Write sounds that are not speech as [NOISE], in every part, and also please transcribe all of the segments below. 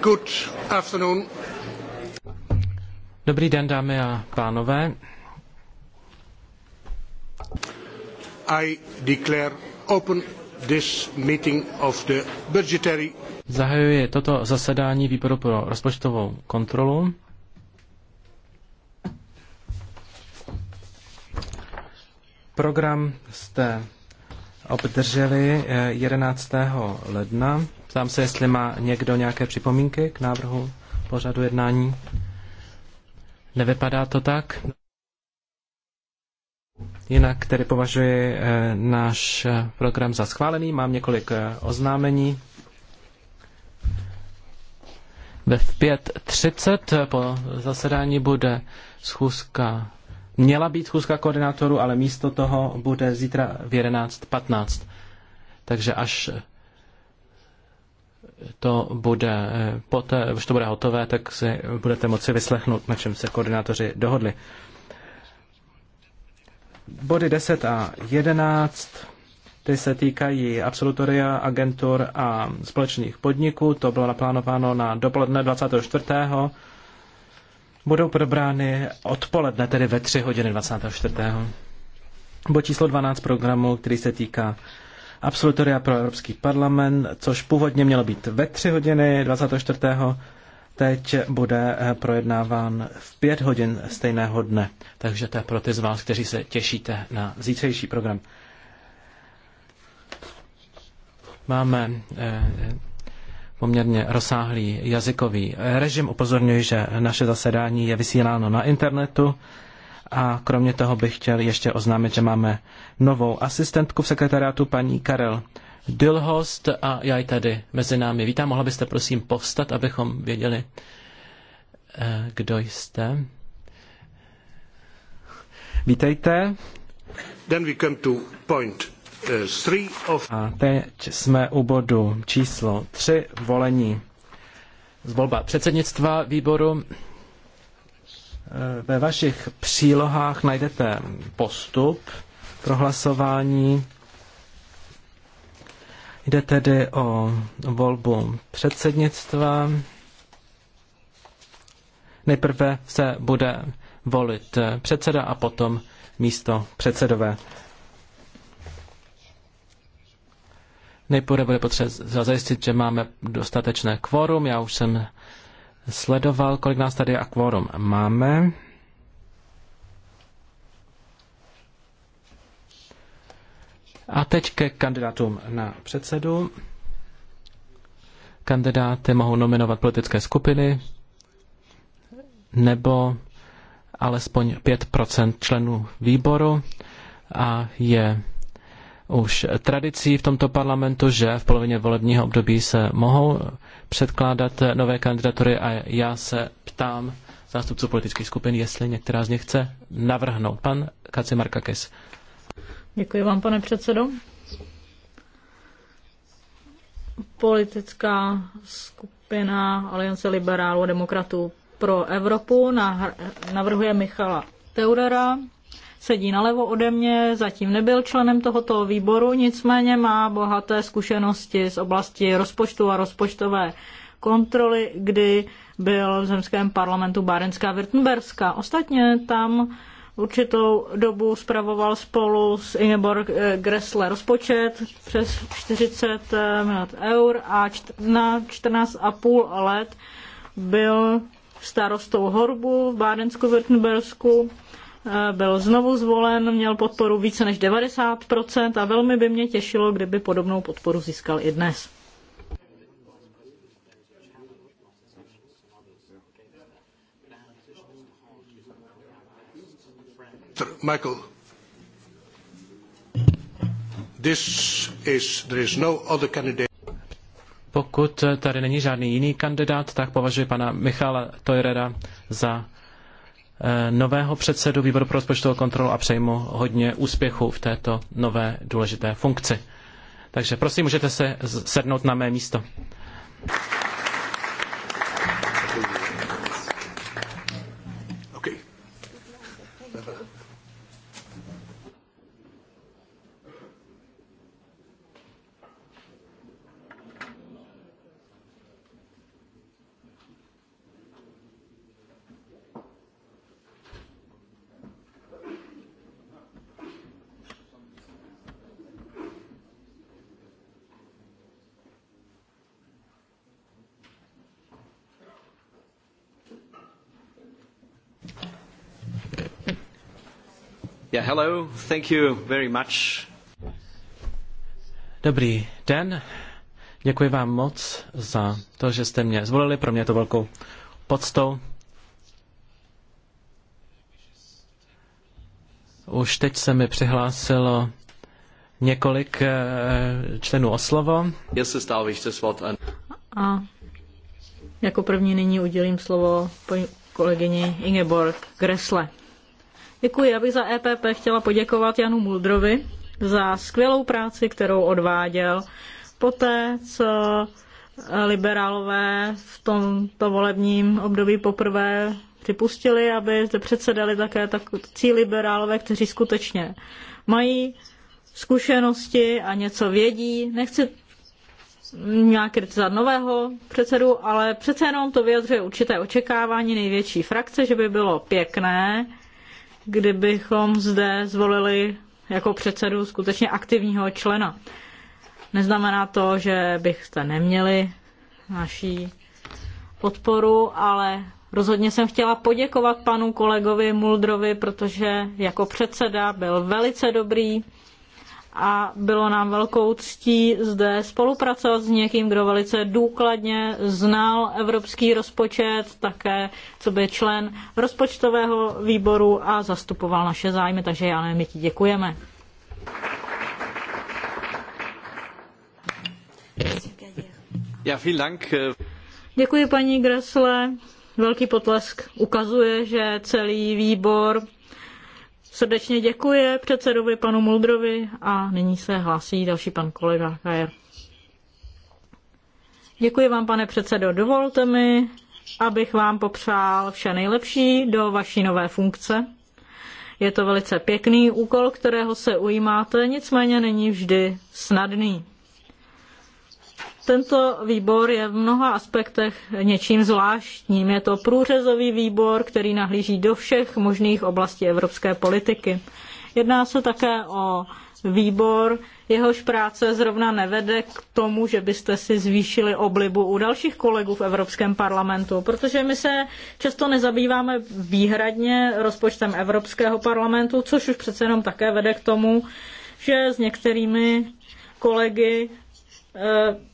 Good afternoon. Dobrý den, dámy a pánové. I declare open this meeting of the budgetary. Zahajuji toto zasedání výboru pro rozpočtovou kontrolu. Program jste obdrželi 11. Eh, ledna. Ptám se, jestli má někdo nějaké připomínky k návrhu pořadu jednání. Nevypadá to tak? Jinak tedy považuji eh, náš eh, program za schválený. Mám několik oznámení. Ve 5.30 po zasedání bude schůzka měla být schůzka koordinátorů, ale místo toho bude zítra v 11.15. Takže až to bude, poté, až to bude hotové, tak si budete moci vyslechnout, na čem se koordinátoři dohodli. Body 10 a 11, ty se týkají absolutoria, agentur a společných podniků. To bylo naplánováno na dopoledne 24 budou probrány odpoledne, tedy ve 3 hodiny 24. Bo číslo 12 programu, který se týká absolutoria pro Evropský parlament, což původně mělo být ve 3 hodiny 24. Teď bude eh, projednáván v 5 hodin stejného dne. Takže to je pro ty z vás, kteří se těšíte na zítřejší program. Máme eh, poměrně rozsáhlý jazykový režim. Upozorňuji, že naše zasedání je vysíláno na internetu. A kromě toho bych chtěl ještě oznámit, že máme novou asistentku v sekretariátu paní Karel Dilhost a já ji tady mezi námi vítám. Mohla byste prosím povstat, abychom věděli, eh, kdo jste. Vítejte. Then we come to point a teď jsme u bodu číslo 3, volení. Zvolba předsednictva výboru. E, ve vašich přílohách najdete postup pro hlasování. Jde tedy o volbu předsednictva. Nejprve se bude volit předseda a potom místo předsedové. Nejprve bude potřeba zajistit, že máme dostatečné kvorum. Já už jsem sledoval, kolik nás tady a kvorum máme. A teď ke kandidátům na předsedu. Kandidáty mohou nominovat politické skupiny nebo alespoň 5 členů výboru a je už tradicí v tomto parlamentu, že v polovině volebního období se mohou předkládat nové kandidatury a já se ptám zástupců politických skupin, jestli některá z nich chce navrhnout. Pan Kaci Markakis. Děkuji vám, pane předsedo. Politická skupina Aliance liberálů a demokratů pro Evropu navrhuje Michala Teurera sedí nalevo ode mě, zatím nebyl členem tohoto výboru, nicméně má bohaté zkušenosti z oblasti rozpočtu a rozpočtové kontroly, kdy byl v zemském parlamentu Bárenská Württemberska. Ostatně tam určitou dobu spravoval spolu s Ingeborg eh, Gressle rozpočet přes 40 eh, milionů eur a na 14,5 let byl starostou Horbu v Bádensku-Württembersku Eh, byl znovu zvolen, měl podporu více než 90% a velmi by mě těšilo, kdyby podobnou podporu získal i dnes. Michael, this is, there is no other candidate. Pokud tady není žádný jiný kandidát, tak považuji pana Michala Tojrera za Eh, nového předsedu výboru pro rozpočtovou kontrolu a přeji mu hodně úspěchu v této nové důležité funkci. Takže prosím, můžete se sednout na mé místo. Yeah, hello. Thank you very much. Dobrý den. Děkuji vám moc za to, že jste mě zvolili. Pro mě je to velkou poctou. Už teď se mi přihlásilo několik eh, členů o slovo. A jako první nyní udělím slovo kolegyni Ingeborg Gressle. Děkuji, já bych za EPP chtěla poděkovat Janu Muldrovi za skvělou práci, kterou odváděl. Poté, co eh, liberálové v tomto volebním období poprvé připustili, aby zde předsedali také takoví liberálové, kteří skutečně mají zkušenosti a něco vědí. Nechci nějak kritizovat nového předsedu, ale přece jenom to vyjadřuje určité očekávání největší frakce, že by bylo pěkné, kdybychom zde zvolili jako předsedu skutečně aktivního člena. Neznamená to, že bychste neměli naší podporu, ale rozhodně jsem chtěla poděkovat panu kolegovi Muldrovi, protože jako předseda byl velice dobrý a bylo nám velkou ctí zde spolupracovat s někým, kdo velice důkladně znal evropský rozpočet, také co by člen rozpočtového výboru a zastupoval naše zájmy, takže já my ti děkujeme. Já, vielen Dank. Äh, Děkuji paní Gressle. Velký potlesk ukazuje, že celý výbor Srdečně děkuji předsedovi panu Muldrovi a nyní se hlásí další pan kolega Kajer. Děkuji vám, pane předsedo. Dovolte mi, abych vám popřál vše nejlepší do vaší nové funkce. Je to velice pěkný úkol, kterého se ujímáte, nicméně není vždy snadný. Tento výbor je v mnoha aspektech něčím zvláštním. Je to průřezový výbor, který nahlíží do všech možných oblastí evropské politiky. Jedná se také o výbor, jehož práce zrovna nevede k tomu, že byste si zvýšili oblibu u dalších kolegů v Evropském parlamentu, protože my se často nezabýváme výhradně rozpočtem Evropského parlamentu, což už přece jenom také vede k tomu, že s některými kolegy eh,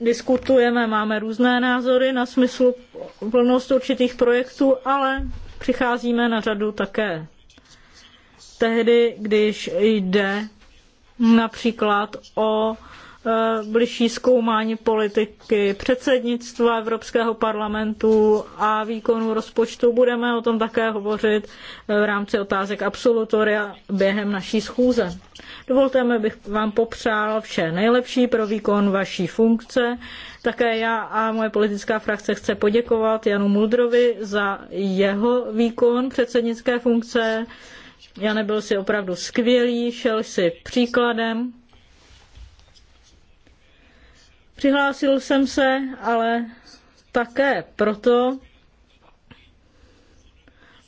diskutujeme, máme různé názory na smyslu plnost určitých projektů, ale přicházíme na řadu také tehdy, když jde například o Eh, bližší zkoumání politiky předsednictva Evropského parlamentu a výkonu rozpočtu. Budeme o tom také hovořit eh, v rámci otázek absolutoria během naší schůze. Dovolte mi, bych vám popřál vše nejlepší pro výkon vaší funkce. Také já a moje politická frakce chce poděkovat Janu Muldrovi za jeho výkon předsednické funkce. Jan byl si opravdu skvělý, šel si příkladem Přihlásil jsem se, ale také proto,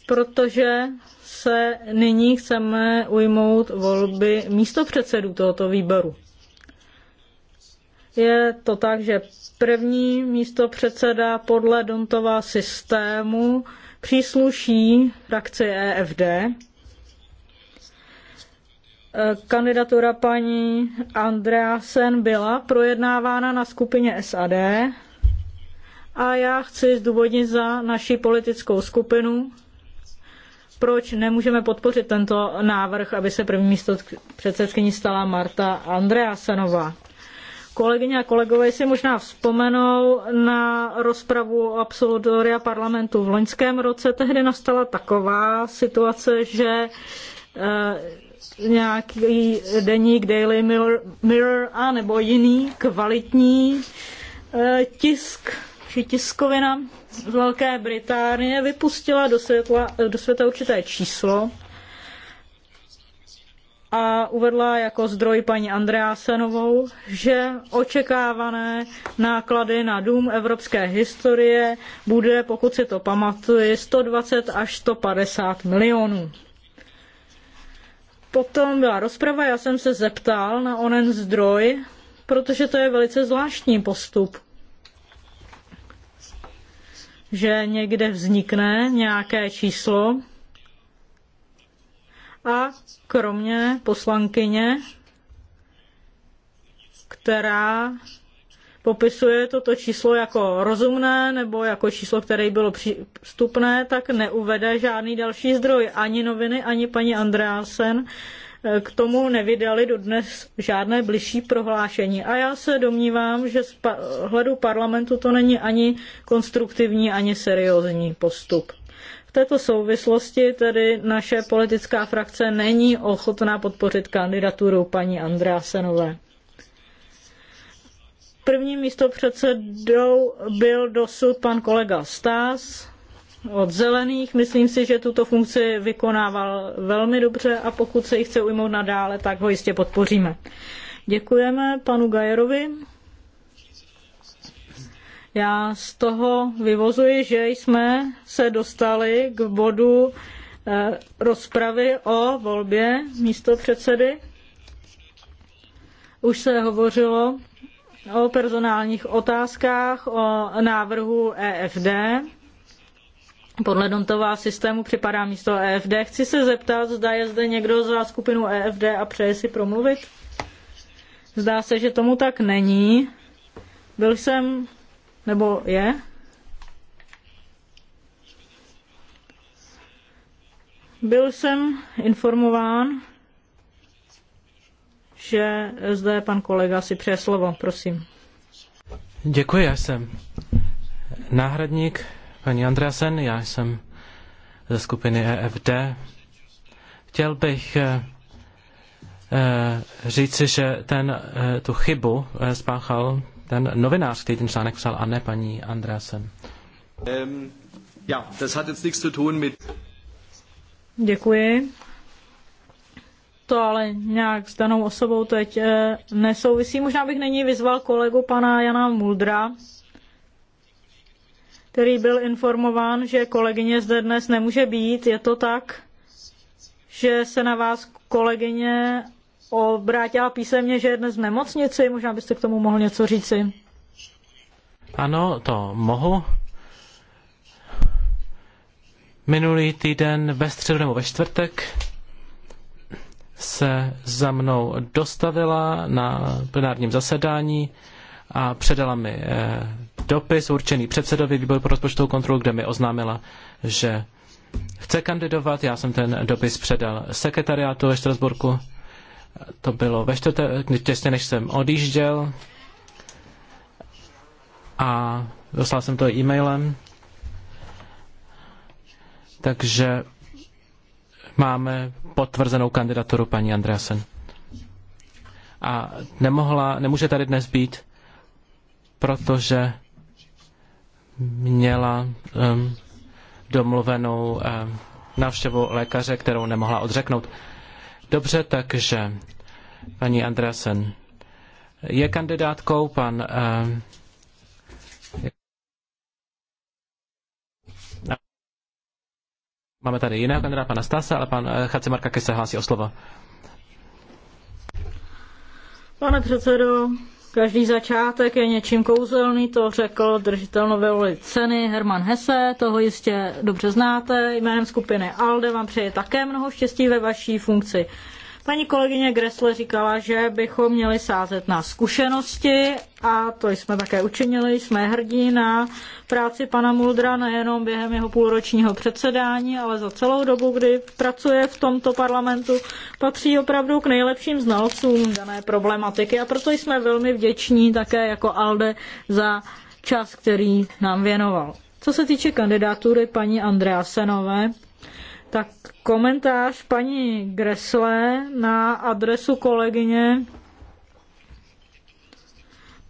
protože se nyní chceme ujmout volby místopředsedů tohoto výboru. Je to tak, že první místopředseda podle Dontova systému přísluší frakci EFD, Eh, kandidatura paní Andreasen byla projednávána na skupině SAD a já chci zdůvodnit za naši politickou skupinu, proč nemůžeme podpořit tento návrh, aby se první místo předsedkyní stala Marta Andreasenová. Kolegyně a kolegové si možná vzpomenou na rozpravu absolutoria parlamentu v loňském roce. Tehdy nastala taková situace, že eh, nějaký deník Daily Mirror, Mirror a nebo jiný kvalitní eh, tisk či tiskovina z Velké Británie vypustila do světla, do světa určité číslo a uvedla jako zdroj paní Andreasenovou, že očekávané náklady na dům evropské historie bude, pokud si to pamatuju, 120 až 150 milionů. Potom byla rozprava, já jsem se zeptal na onen zdroj, protože to je velice zvláštní postup. Že někde vznikne nějaké číslo a kromě poslankyně, která popisuje toto číslo jako rozumné nebo jako číslo, které bylo přístupné, tak neuvede žádný další zdroj. Ani noviny, ani paní Andreasen eh, k tomu nevydali dodnes žádné bližší prohlášení. A já se domnívám, že z hledu parlamentu to není ani konstruktivní, ani seriózní postup. V této souvislosti tedy naše politická frakce není ochotná podpořit kandidaturu paní Andreasenové. Prvním místopředsedou byl dosud pan kolega Stás od zelených. Myslím si, že tuto funkci vykonával velmi dobře a pokud se jí chce ujmout nadále, tak ho jistě podpoříme. Děkujeme panu Gajerovi. Já z toho vyvozuji, že jsme se dostali k bodu eh, rozpravy o volbě místo Už se hovořilo o personálních otázkách, o návrhu EFD. Podle Dontová systému připadá místo EFD. Chci se zeptat, zda je zde někdo za skupinu EFD a přeje si promluvit? Zdá se, že tomu tak není. Byl jsem, nebo je? Byl jsem informován, že zde pan kolega si přeje slovo, prosím. Děkuji, já jsem náhradník paní Andreasen, já jsem ze skupiny EFD. Chtěl bych eh, eh, říci, že ten, eh, tu chybu spáchal ten novinář, který ten článek psal, a ne paní Andreasen. Um, ja, das hat jetzt nichts zu tun mit... Děkuji to ale nějak s danou osobou teď eh, nesouvisí. Možná bych není vyzval kolegu pana Jana Muldra, který byl informován, že kolegyně zde dnes nemůže být. Je to tak, že se na vás kolegyně obrátila písemně, že je dnes v nemocnici. Možná byste k tomu mohl něco říci. Ano, to mohu. Minulý týden ve středu nebo ve čtvrtek se za mnou dostavila na plenárním zasedání a předala mi eh, dopis určený předsedovi výboru pro rozpočtovou kontrolu, kde mi oznámila, že chce kandidovat. Já jsem ten dopis předal sekretariátu ve Štrasburku. To bylo ve čtvrtek, těsně než jsem odjížděl. A dostal jsem to e-mailem. Takže Máme potvrzenou kandidaturu paní Andreasen. A nemohla, nemůže tady dnes být, protože měla um, domluvenou um, návštěvu lékaře, kterou nemohla odřeknout. Dobře, takže paní Andreasen je kandidátkou, pan um, Máme tady jiného kandidáta, pana Stase, ale pan eh, Chacimarka se hlásí o slovo. Pane předsedo, každý začátek je něčím kouzelný, to řekl držitel Nobelovy ceny Herman Hesse, toho jistě dobře znáte, jménem skupiny ALDE vám přeje také mnoho štěstí ve vaší funkci. Paní kolegyně Gressle říkala, že bychom měli sázet na zkušenosti a to jsme také učinili. Jsme hrdí na práci pana Muldra nejenom během jeho půlročního předsedání, ale za celou dobu, kdy pracuje v tomto parlamentu, patří opravdu k nejlepším znalcům dané problematiky a proto jsme velmi vděční také jako ALDE za čas, který nám věnoval. Co se týče kandidatury paní Andreasenové, tak komentář paní Gresle na adresu kolegyně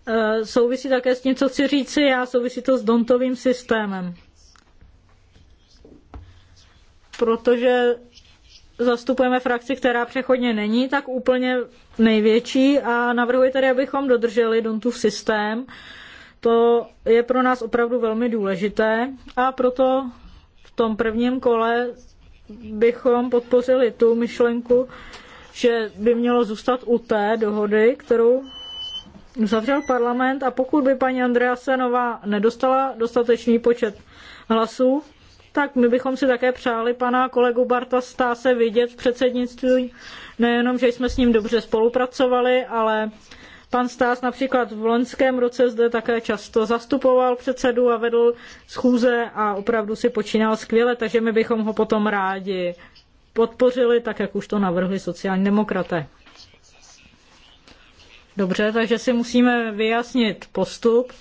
eh, souvisí také s tím, co chci říci já, souvisí to s Dontovým systémem. Protože zastupujeme frakci, která přechodně není tak úplně největší a navrhuji tady, abychom dodrželi Dontův systém. To je pro nás opravdu velmi důležité a proto v tom prvním kole bychom podpořili tu myšlenku, že by mělo zůstat u té dohody, kterou zavřel parlament a pokud by paní Andrea Senová nedostala dostatečný počet hlasů, tak my bychom si také přáli pana kolegu Barta Stáse vidět v předsednictví. Nejenom, že jsme s ním dobře spolupracovali, ale Pan Stás například v loňském roce zde také často zastupoval předsedu a vedl schůze a opravdu si počínal skvěle, takže my bychom ho potom rádi podpořili, tak jak už to navrhli sociální demokraté. Dobře, takže si musíme vyjasnit postup.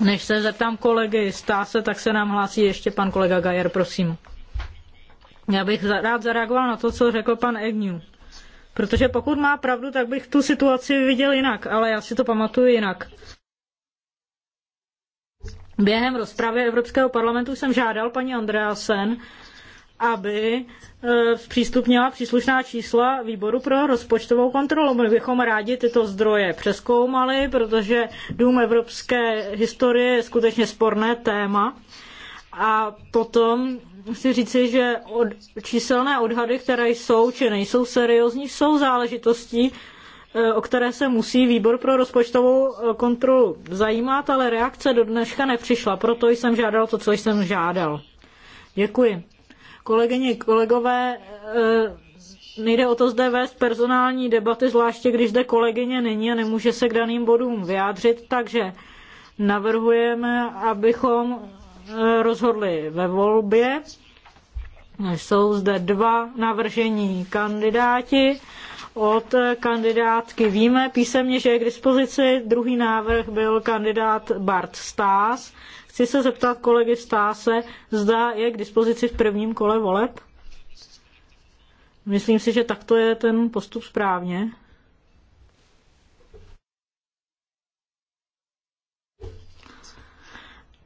Než se zeptám kolegy Stáse, tak se nám hlásí ještě pan kolega Gajer, prosím. Já bych rád zareagoval na to, co řekl pan Egnu. Protože pokud má pravdu, tak bych tu situaci viděl jinak, ale já si to pamatuju jinak. Během rozpravy Evropského parlamentu jsem žádal paní Andreasen, aby e, zpřístupnila příslušná čísla výboru pro rozpočtovou kontrolu. My bychom rádi tyto zdroje přeskoumali, protože Dům evropské historie je skutečně sporné téma. A potom musím říci, že od, číselné odhady, které jsou či nejsou seriózní, jsou záležitostí, e, o které se musí výbor pro rozpočtovou e, kontrolu zajímat, ale reakce do dneška nepřišla, proto jsem žádal to, co jsem žádal. Děkuji. Kolegyně, kolegové, e, nejde o to zde vést personální debaty, zvláště když zde kolegyně není a nemůže se k daným bodům vyjádřit, takže navrhujeme, abychom rozhodli ve volbě. Jsou zde dva navržení kandidáti. Od kandidátky víme písemně, že je k dispozici. Druhý návrh byl kandidát Bart Stás. Chci se zeptat kolegy Stáse, zda je k dispozici v prvním kole voleb? Myslím si, že takto je ten postup správně.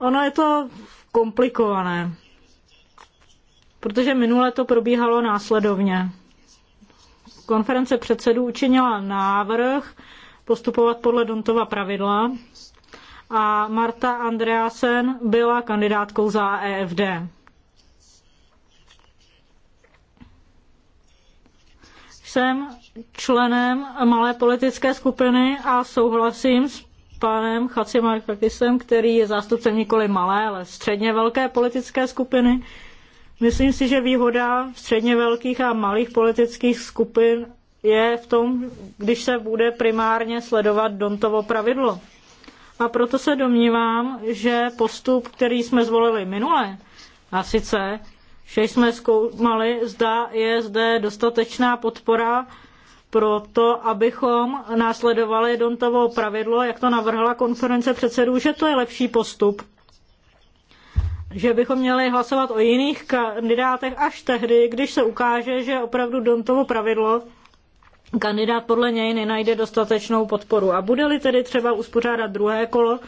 Ono je to komplikované, protože minule to probíhalo následovně. Konference předsedů učinila návrh postupovat podle Dontova pravidla a Marta Andreasen byla kandidátkou za EFD. Jsem členem malé politické skupiny a souhlasím s panem Chacimarkakisem, který je zástupcem nikoli malé, ale středně velké politické skupiny. Myslím si, že výhoda středně velkých a malých politických skupin je v tom, když se bude primárně sledovat Dontovo pravidlo. A proto se domnívám, že postup, který jsme zvolili minule, a sice, že jsme zkoumali, zda je zde dostatečná podpora pro to abychom následovali Dontovo pravidlo, jak to navrhla konference předsedů, že to je lepší postup. Že bychom měli hlasovat o jiných kandidátech až tehdy, když se ukáže, že opravdu Dontovo pravidlo kandidát podle něj nenajde dostatečnou podporu. A bude-li tedy třeba uspořádat druhé kolo,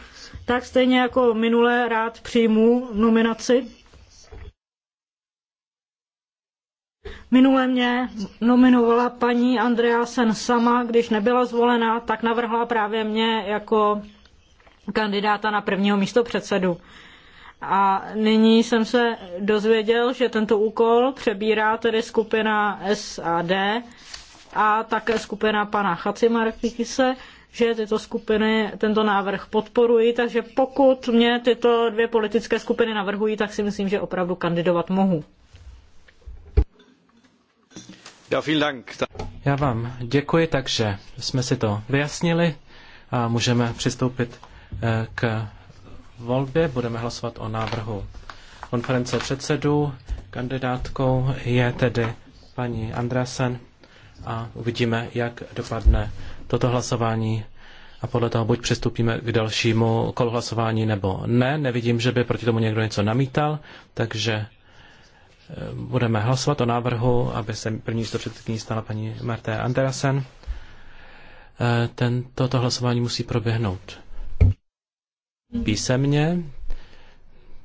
tak stejně jako minule rád přijmu nominaci Minule mě nominovala paní Andreasen sama, když nebyla zvolena, tak navrhla právě mě jako kandidáta na prvního místo předsedu. A nyní jsem se dozvěděl, že tento úkol přebírá tedy skupina SAD a také skupina pana Chacimarkise, že tyto skupiny tento návrh podporují, takže pokud mě tyto dvě politické skupiny navrhují, tak si myslím, že opravdu kandidovat mohu. Já vám děkuji, takže jsme si to vyjasnili a můžeme přistoupit eh, k volbě. Budeme hlasovat o návrhu konference předsedů. Kandidátkou je tedy paní Andrasen a uvidíme, jak dopadne toto hlasování a podle toho buď přistoupíme k dalšímu kolu hlasování nebo ne. Nevidím, že by proti tomu někdo něco namítal, takže budeme hlasovat o návrhu, aby se první místopředsedkyní stala paní Marta Andersen. Eh, Tento hlasování musí proběhnout písemně,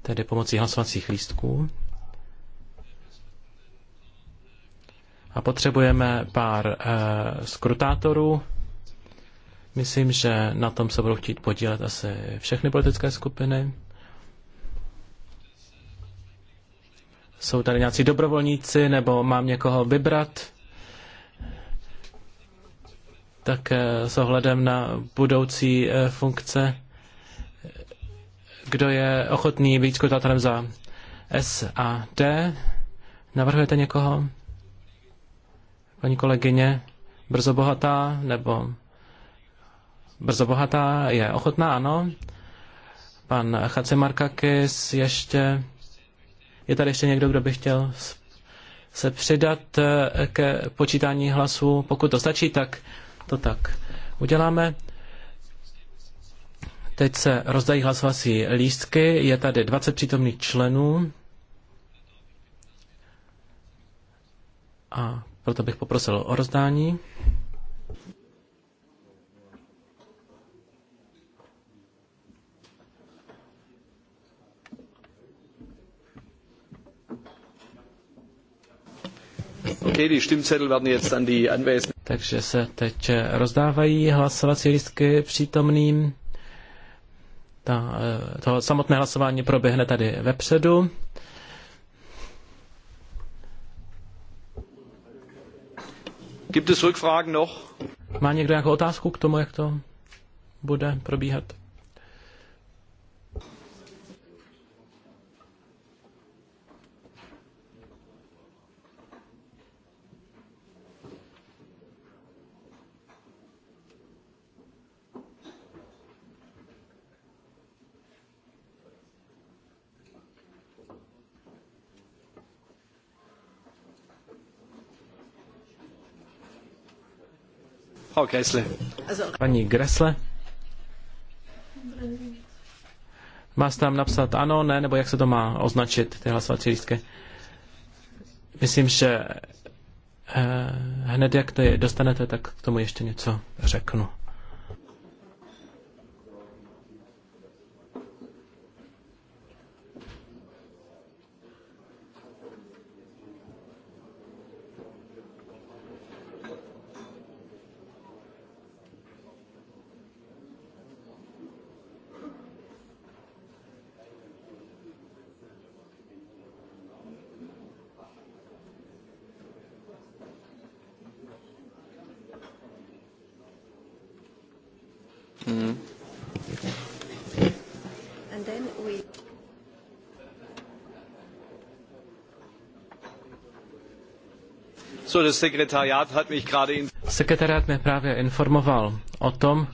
tedy pomocí hlasovacích lístků. A potřebujeme pár eh, skrutátorů. Myslím, že na tom se budou chtít podílet asi všechny politické skupiny. Jsou tady nějací dobrovolníci, nebo mám někoho vybrat? Tak eh, s ohledem na budoucí eh, funkce, kdo je ochotný být skrutátorem za S a D? Navrhujete někoho? Paní kolegyně, brzo bohatá, nebo brzo bohatá je ochotná, ano. Pan Chacimarkakis ještě. Je tady ještě někdo, kdo by chtěl se přidat eh, ke počítání hlasů? Pokud to stačí, tak to tak uděláme. Teď se rozdají hlasovací lístky. Je tady 20 přítomných členů. A proto bych poprosil o rozdání. Takže se teď rozdávají hlasovací lístky přítomným. Ta, eh, to samotné hlasování proběhne tady vepředu. Gibt es Rückfragen noch? Má někdo nějakou otázku k tomu, jak to bude probíhat? Gressle. Paní Gressle. Má se tam napsat ano, ne, nebo jak se to má označit, ty hlasovací lístky? Myslím, že eh, hned jak to je dostanete, tak k tomu ještě něco řeknu. Sekretariát mě právě informoval o tom,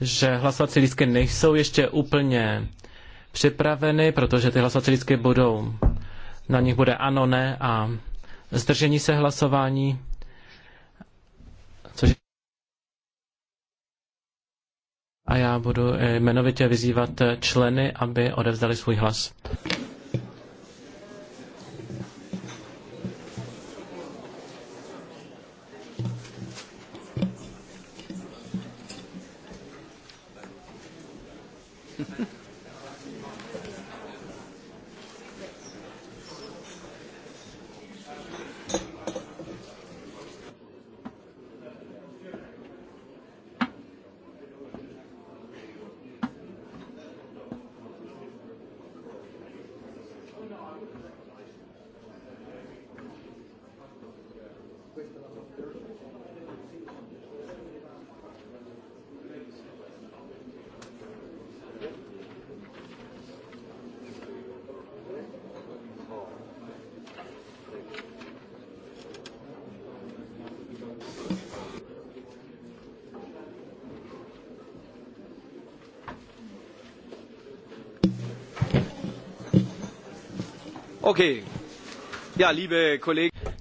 že hlasovací lístky nejsou ještě úplně připraveny, protože ty hlasovací lístky budou, na nich bude ano, ne a zdržení se hlasování, což a já budu eh, jmenovitě vyzývat eh, členy, aby odevzdali svůj hlas.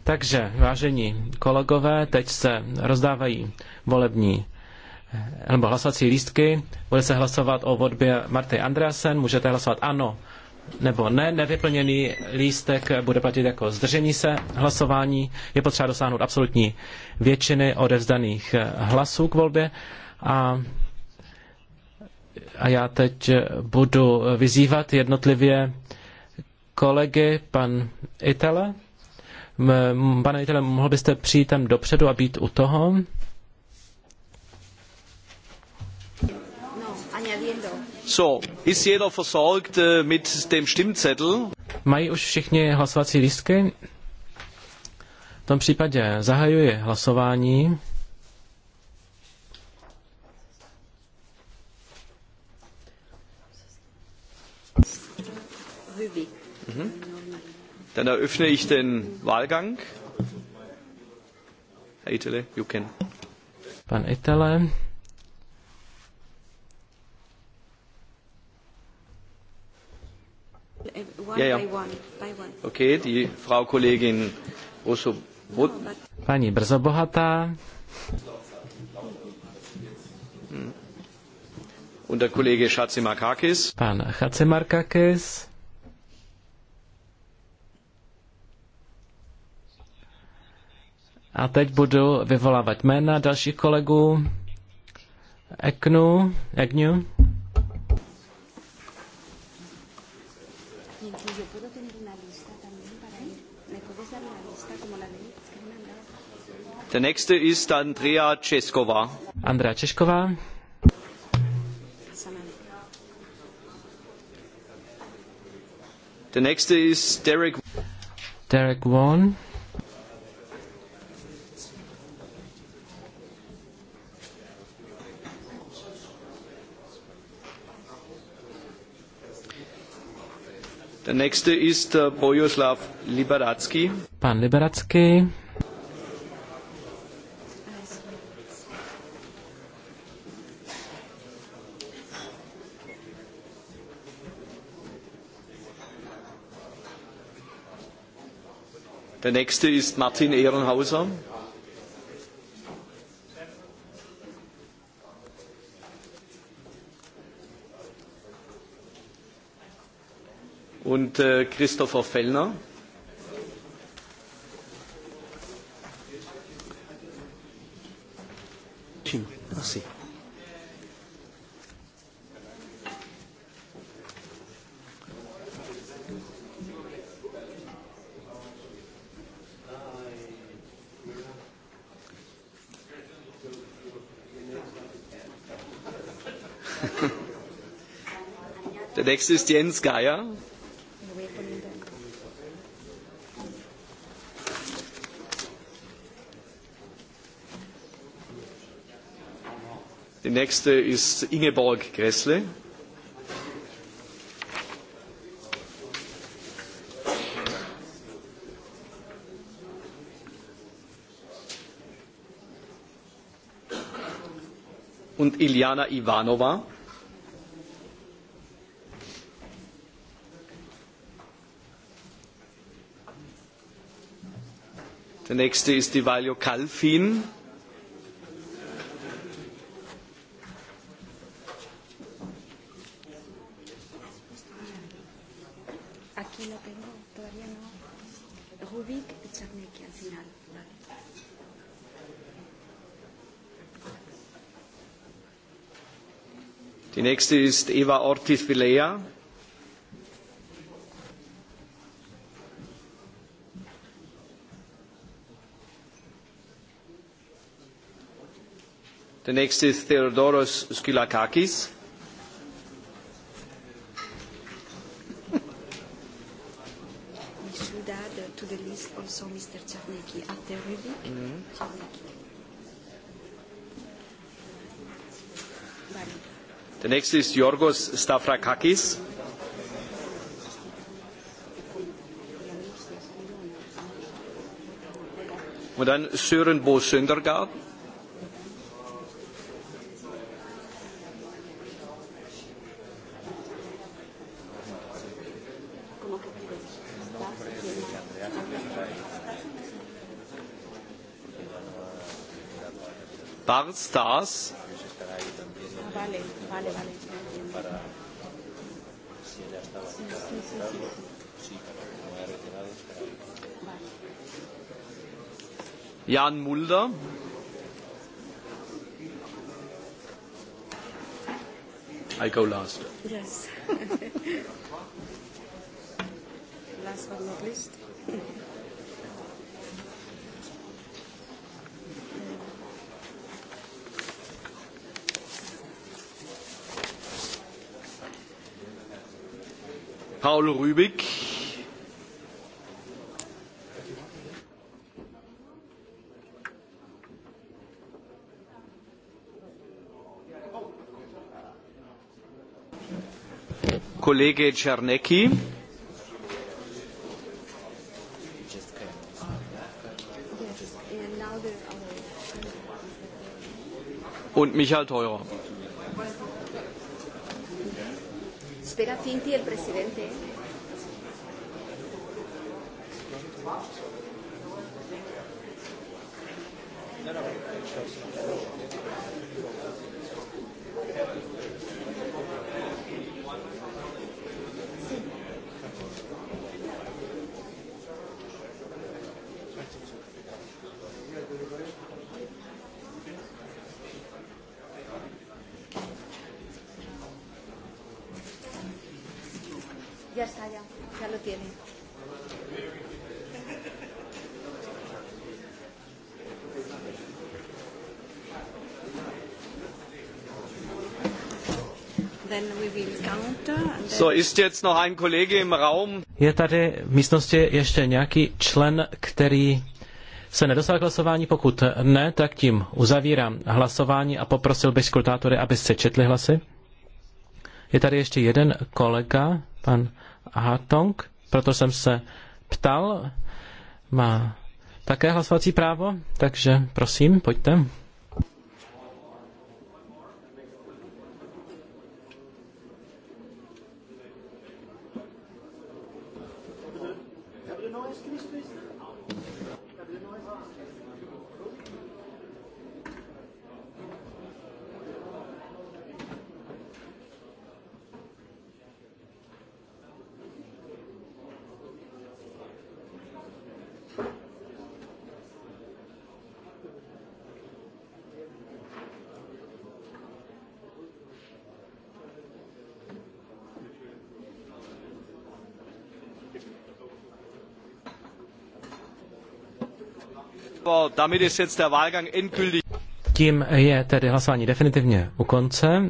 Takže, vážení kolegové, teď se rozdávají volební nebo hlasovací lístky. Bude se hlasovat o vodbě Marty Andreasen. Můžete hlasovat ano nebo ne. Nevyplněný lístek bude platit jako zdržení se hlasování. Je potřeba dosáhnout absolutní většiny odevzdaných hlasů k volbě. A a já teď budu vyzývat jednotlivě kolegy, pan Itele. Pane Itele, mohl byste přijít tam dopředu a být u toho? No, so, ist jeder versorgt äh, mit dem Stimmzettel? Mají už všichni hlasovací lístky? V tom případě zahajuji hlasování. Dann eröffne ich den Wahlgang. Herr Itele, you can. Pan Itele. Ja, ja. Okay, die Frau Kollegin Russo. Paní Brzobohatá. Und der Kollege Schatzimarkakis. Pan Schatzimarkakis. A teď budu vyvolávat jména dalších kolegů. Eknu, Egnu. Der nächste ist Andrea Česková. Andrea Česková. Der nächste ist Derek. Derek Vaughan. Der nächste ist äh, Bojoslav Liberacky. Pan Liberacky. Der nächste ist Martin Ehrenhauser. und äh, eh, Christopher Fellner. Merci. Der nächste ist Jens Geier. nächste ist Ingeborg Gressle. und Iliana Ivanova. Der nächste ist Divalio Kalfin. nächste ist Eva Ortiz Vilea. Der nächste ist Theodoros Skylakakis. to the list also Mr. Czarnecki after review. Der nächste ist Yorgos Stavrakakis. Und dann Sören Bo Söndergaard. Bart Stars. Vale, vale. Para, si ella estaba sí, para sí, retirarlo, sí, sí. sí, para que no haya retirado. Para... Vale. Jan Mulder. I go last. Yes. [LAUGHS] last but not least. Paul Rübig. Kollege Czarnecki. Und Michael Theurer. espera Cinti, el presidente. No, no, no. Je tady v místnosti ještě nějaký člen, který se nedostal k hlasování? Pokud ne, tak tím uzavírám hlasování a poprosil bych skrutátory, aby se četli hlasy. Je tady ještě jeden kolega, pan Hartong, proto jsem se ptal, má také hlasovací právo, takže prosím, pojďte. Tím je tedy hlasování definitivně u konce.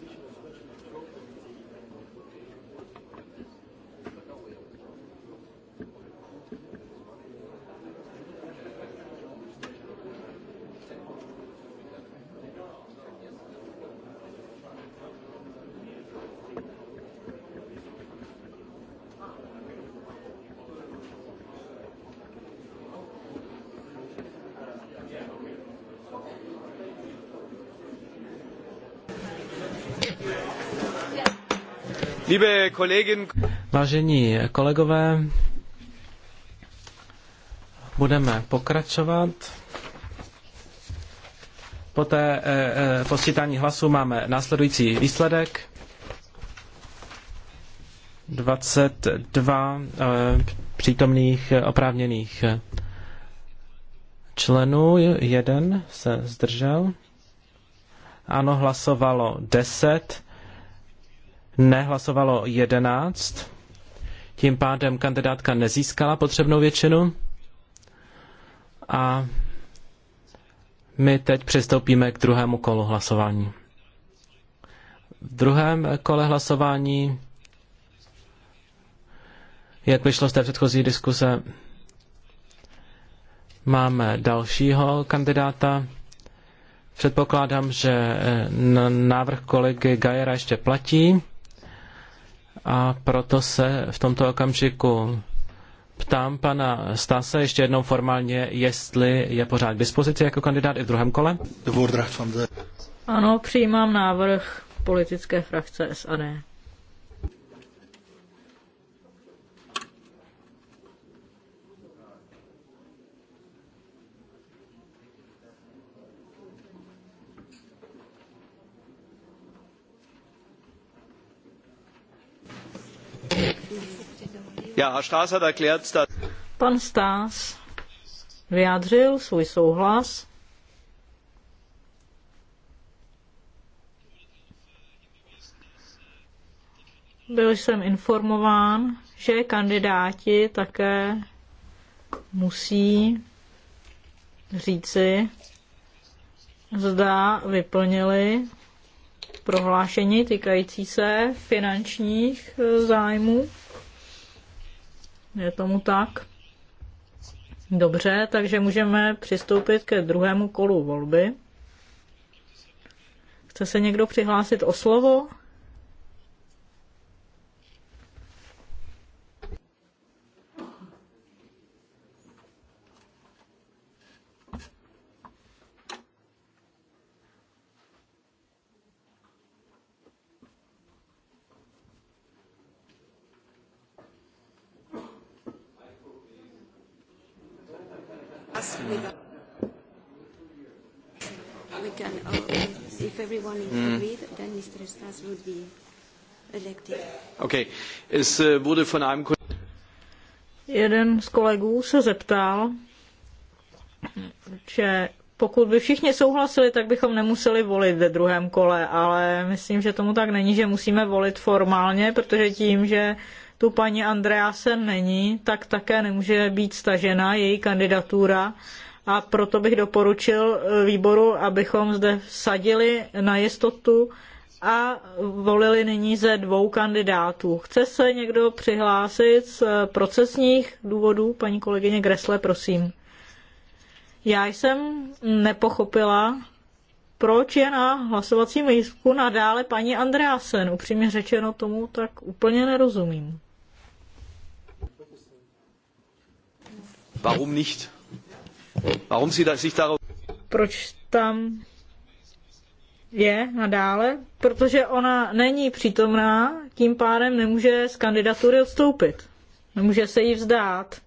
position Vážení kolegové, budeme pokračovat. Po té eh, eh posčítání hlasů máme následující výsledek. 22 eh, přítomných eh, oprávněných eh, členů, jeden se zdržel. Ano, hlasovalo 10 nehlasovalo 11, tím pádem kandidátka nezískala potřebnou většinu a my teď přistoupíme k druhému kolu hlasování. V druhém kole hlasování, jak vyšlo z té předchozí diskuse, máme dalšího kandidáta. Předpokládám, že návrh kolegy Gajera ještě platí. A proto se v tomto okamžiku ptám pana Stase ještě jednou formálně, jestli je pořád k dispozici jako kandidát i v druhém kole. Ano, přijímám návrh politické frakce SAD. Pan staes vyjádřil svůj souhlas. Byl jsem informován, že kandidáti také musí říci, zda vyplnili prohlášení týkající se finančních e, zájmů. Je tomu tak? Dobře, takže můžeme přistoupit ke druhému kolu volby. Chce se někdo přihlásit o slovo? Äh, Jeden z kolegů se zeptal, že pokud by všichni souhlasili, tak bychom nemuseli volit ve druhém kole, ale myslím, že tomu tak není, že musíme volit formálně, protože tím, že tu paní Andreasen není, tak také nemůže být stažena její kandidatura a proto bych doporučil eh, výboru, abychom zde vsadili na jistotu a volili nyní ze dvou kandidátů. Chce se někdo přihlásit z eh, procesních důvodů? Paní kolegyně Gresle, prosím. Já jsem nepochopila, proč je na hlasovacím lístku nadále paní Andreasen. Upřímně řečeno tomu tak úplně nerozumím. Warum nicht? Warum Sie sich darauf... Proč tam je nadále? Protože ona není přítomná, tím pádem nemůže z kandidatury odstoupit. Nemůže se jí vzdát.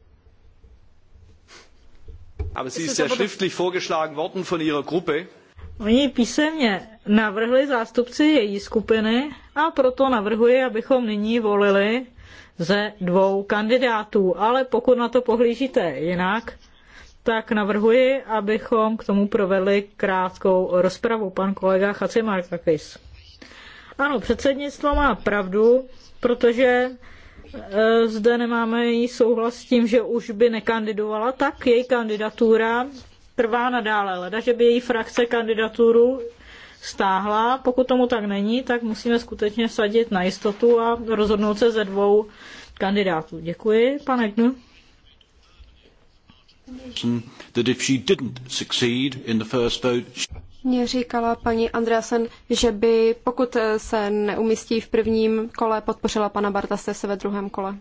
Aber sie ist ja schriftlich vorgeschlagen worden von ihrer Gruppe. Oni písemně navrhli zástupci její skupiny a proto navrhuji, abychom nyní volili ze dvou kandidátů. Ale pokud na to pohlížíte jinak, tak navrhuji, abychom k tomu provedli krátkou rozpravu. Pan kolega Chacimarkakis. Ano, předsednictvo má pravdu, protože e, zde nemáme její souhlas s tím, že už by nekandidovala, tak její kandidatura trvá nadále. Leda, že by její frakce kandidaturu stáhla. Pokud tomu tak není, tak musíme skutečně sadit na jistotu a rozhodnout se ze dvou kandidátů. Děkuji, pane Gnu. Mně říkala paní Andreasen, že by, pokud se neumístí v prvním kole, podpořila pana se ve druhém kole.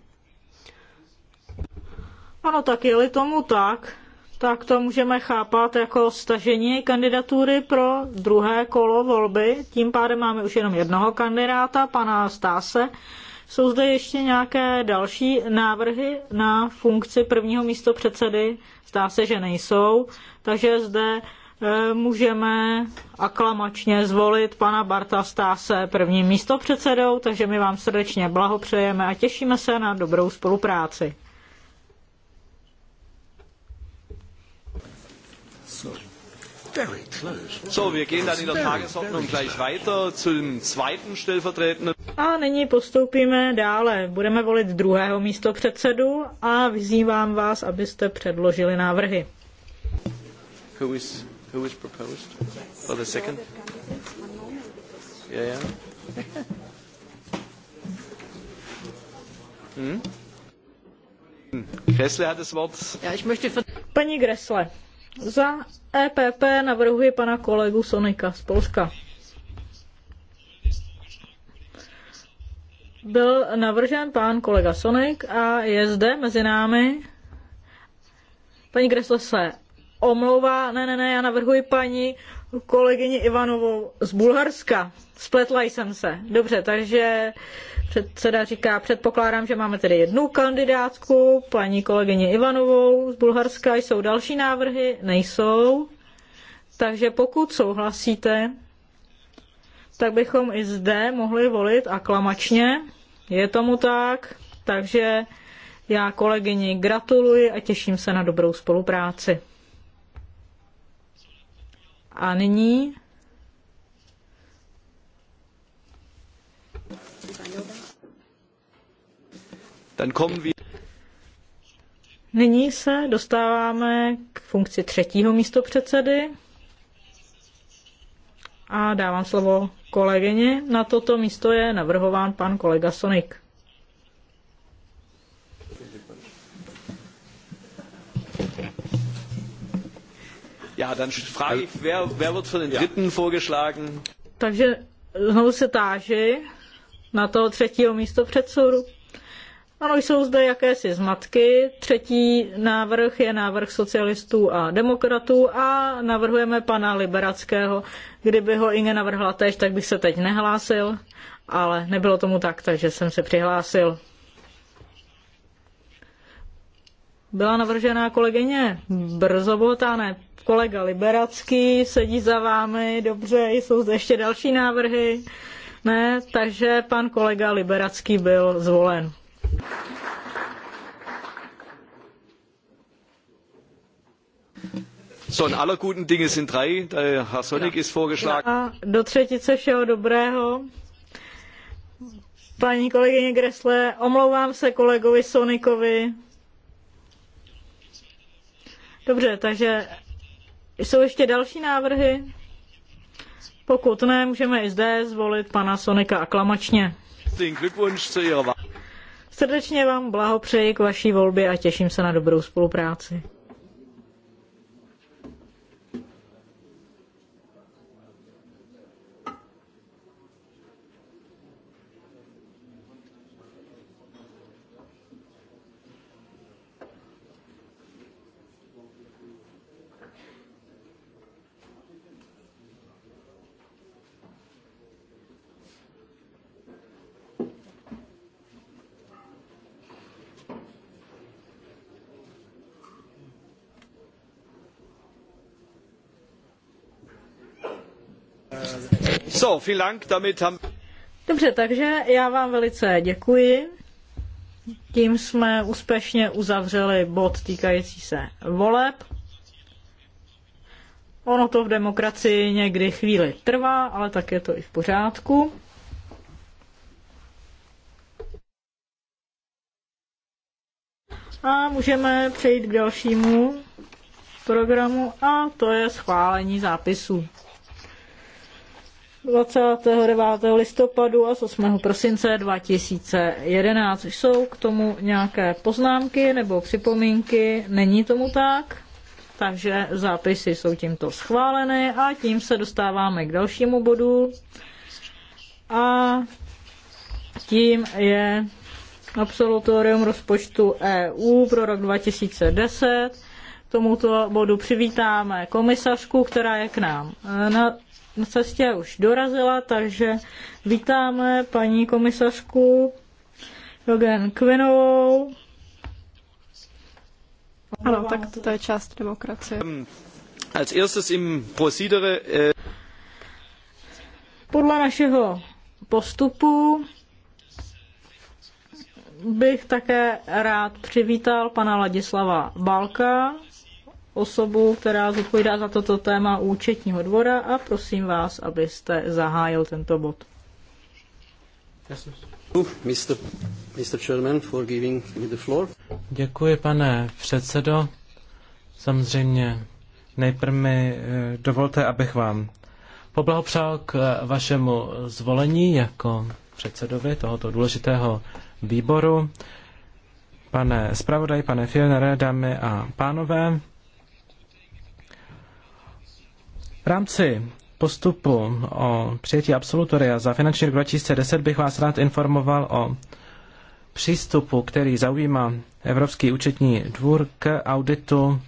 Ano, tak je-li tomu tak, tak to můžeme chápat jako stažení kandidatury pro druhé kolo volby. Tím pádem máme už jenom jednoho kandidáta, pana Stáse. Jsou zde ještě nějaké další návrhy na funkci prvního místo předsedy? Zdá se, že nejsou, takže zde eh, můžeme aklamačně zvolit pana Barta Stáse prvním místopředsedou, takže my vám srdečně blahopřejeme a těšíme se na dobrou spolupráci. So, wir gehen dann in der Tagesordnung gleich weiter zum zweiten stellvertretenden. A nyní postoupíme dále. Budeme volit druhého místo předsedu a vyzývám vás, abyste předložili návrhy. Who is, who is proposed for the second? Yeah, yeah. [LAUGHS] Hmm? Hm? Gressle hat das Wort. Ja, ich möchte von... Paní Gressle, za EPP navrhuji pana kolegu Sonika z Polska. Byl navržen pán kolega Sonik a je zde mezi námi. Paní Gresle se omlouvá. Ne, ne, ne, já navrhuji paní kolegyni Ivanovou z Bulharska. Spletla jsem se. Dobře, takže předseda říká, předpokládám, že máme tedy jednu kandidátku, paní kolegyni Ivanovou z Bulharska. Jsou další návrhy? Nejsou. Takže pokud souhlasíte, tak bychom i zde mohli volit aklamačně. Je tomu tak, takže já kolegyni gratuluji a těším se na dobrou spolupráci. A nyní Nyní se dostáváme k funkci třetího místopředsedy a dávám slovo kolegyně. Na toto místo je navrhován pan kolega Sonik. Ja, dann frage ich, wer, wer wird den dritten vorgeschlagen? Takže znovu se táži na toho třetího místo předsedu. Ano, jsou zde jakési zmatky. Třetí návrh je návrh socialistů a demokratů a navrhujeme pana Liberackého. Kdyby ho Inge navrhla tež, tak bych se teď nehlásil, ale nebylo tomu tak, takže jsem se přihlásil. Byla navržená kolegyně Brzo ne kolega Liberacký sedí za vámi, dobře, jsou zde ještě další návrhy. Ne, takže pan kolega Liberacký byl zvolen. So, aller guten Dinge sind drei. Herr Sonik ist vorgeschlagen. Do třetice všeho dobrého. Paní kolegyně Gresle, omlouvám se kolegovi Sonikovi. Dobře, takže jsou ještě další návrhy? Pokud ne, můžeme i zde zvolit pana Sonika aklamačně. Srdečně vám blahopřeji k vaší volbě a těším se na dobrou spolupráci. Dobře, takže já vám velice děkuji. Tím jsme úspěšně uzavřeli bod týkající se voleb. Ono to v demokracii někdy chvíli trvá, ale tak je to i v pořádku. A můžeme přejít k dalšímu programu a to je schválení zápisu. 29. listopadu a z 8. prosince 2011. Jsou k tomu nějaké poznámky nebo připomínky? Není tomu tak? Takže zápisy jsou tímto schváleny a tím se dostáváme k dalšímu bodu. A tím je absolutorium rozpočtu EU pro rok 2010. K tomuto bodu přivítáme komisařku, která je k nám na cestě už dorazila, takže vítáme paní komisařku Jogen Kvinovou. Ano, tak to je část demokracie. Als erstes im Procedere, äh, Podle našeho postupu bych také rád přivítal pana Ladislava Balka, osobu, která zodpovídá za toto téma účetního dvora a prosím vás, abyste zahájil tento bod. Děkuji, pane předsedo. Samozřejmě nejprve mi eh, dovolte, abych vám poblahopřál k eh, vašemu zvolení jako předsedovi tohoto důležitého výboru. Pane zpravodaj, pane Fielnere, dámy a pánové, V rámci postupu o přijetí absolutoria za finanční rok 2010 bych vás rád informoval o přístupu, který zaujímá Evropský účetní dvůr k auditu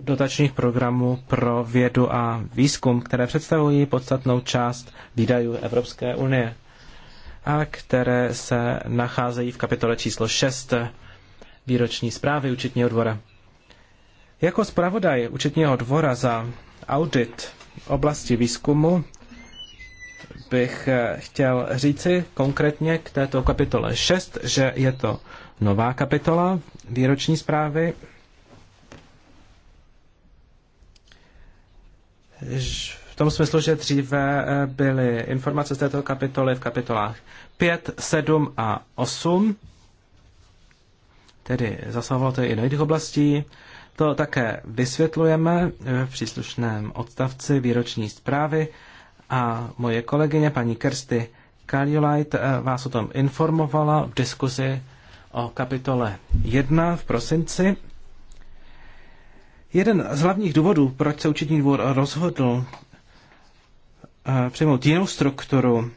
dotačních programů pro vědu a výzkum, které představují podstatnou část výdajů Evropské unie a které se nacházejí v kapitole číslo 6 výroční zprávy účetního dvora. Jako zpravodaj účetního dvora za audit oblasti výzkumu bych eh, chtěl říci konkrétně k této kapitole 6, že je to nová kapitola výroční zprávy, v tom smyslu, že dříve eh, byly informace z této kapitoly v kapitolách 5, 7 a 8, tedy zasahovalo to i do jiných oblastí, to také vysvětlujeme eh, v příslušném odstavci výroční zprávy a moje kolegyně paní Kersty Kaliolajt eh, vás o tom informovala v diskuzi o kapitole 1 v prosinci. Jeden z hlavních důvodů, proč se Učitní dvůr rozhodl eh, přijmout jinou strukturu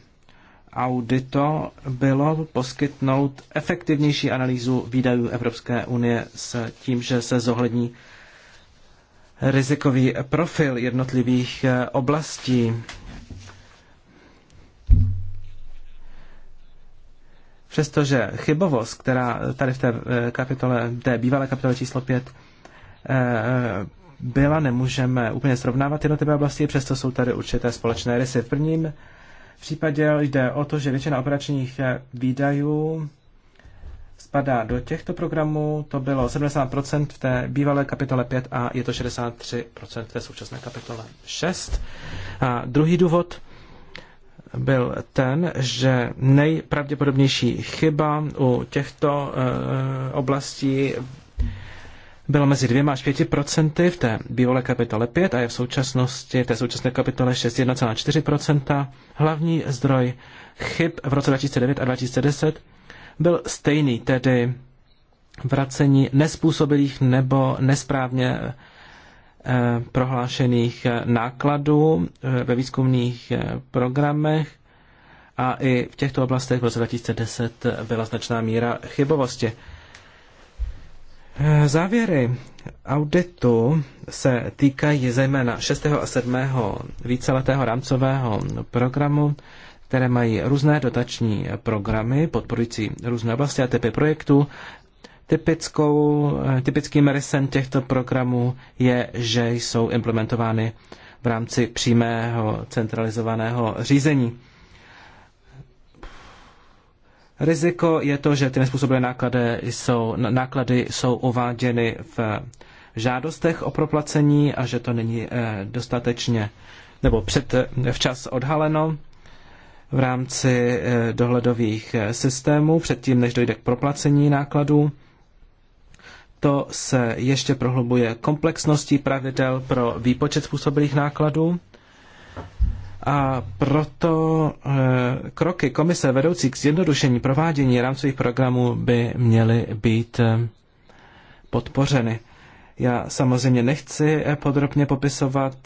audito bylo poskytnout efektivnější analýzu výdajů Evropské unie s tím, že se zohlední rizikový profil jednotlivých eh, oblastí. Přestože chybovost, která tady v té eh, kapitole, té bývalé kapitole číslo 5, eh, byla, nemůžeme úplně srovnávat jednotlivé oblasti, přesto jsou tady určité společné rysy. V prvním v případě jde o to, že většina operačních eh, výdajů spadá do těchto programů. To bylo 70% v té bývalé kapitole 5 a je to 63% v té současné kapitole 6. A druhý důvod byl ten, že nejpravděpodobnější chyba u těchto eh, oblastí byla mezi dvěma až pěti procenty v té bývalé kapitole 5 a je v současnosti, v té současné kapitole 6 1,4%. Hlavní zdroj chyb v roce 2009 a 2010 byl stejný, tedy vracení nespůsobilých nebo nesprávně eh, prohlášených eh, nákladů eh, ve výzkumných programech a i v těchto oblastech v roce 2010 byla značná míra chybovosti. Závěry auditu se týkají zejména 6. a 7. víceletého rámcového programu, které mají různé dotační programy podporující různé oblasti a typy projektů. Typickou, typickým rysem těchto programů je, že jsou implementovány v rámci přímého centralizovaného řízení. Riziko je to, že ty nespůsobilé náklady jsou, náklady jsou uváděny v žádostech o proplacení a že to není eh, dostatečně nebo před, eh, včas odhaleno v rámci eh, dohledových systémů, předtím, než dojde k proplacení nákladů. To se ještě prohlubuje komplexností pravidel pro výpočet způsobilých nákladů a proto eh, kroky komise vedoucí k zjednodušení provádění rámcových programů by měly být eh, podpořeny. Já samozřejmě nechci eh, podrobně popisovat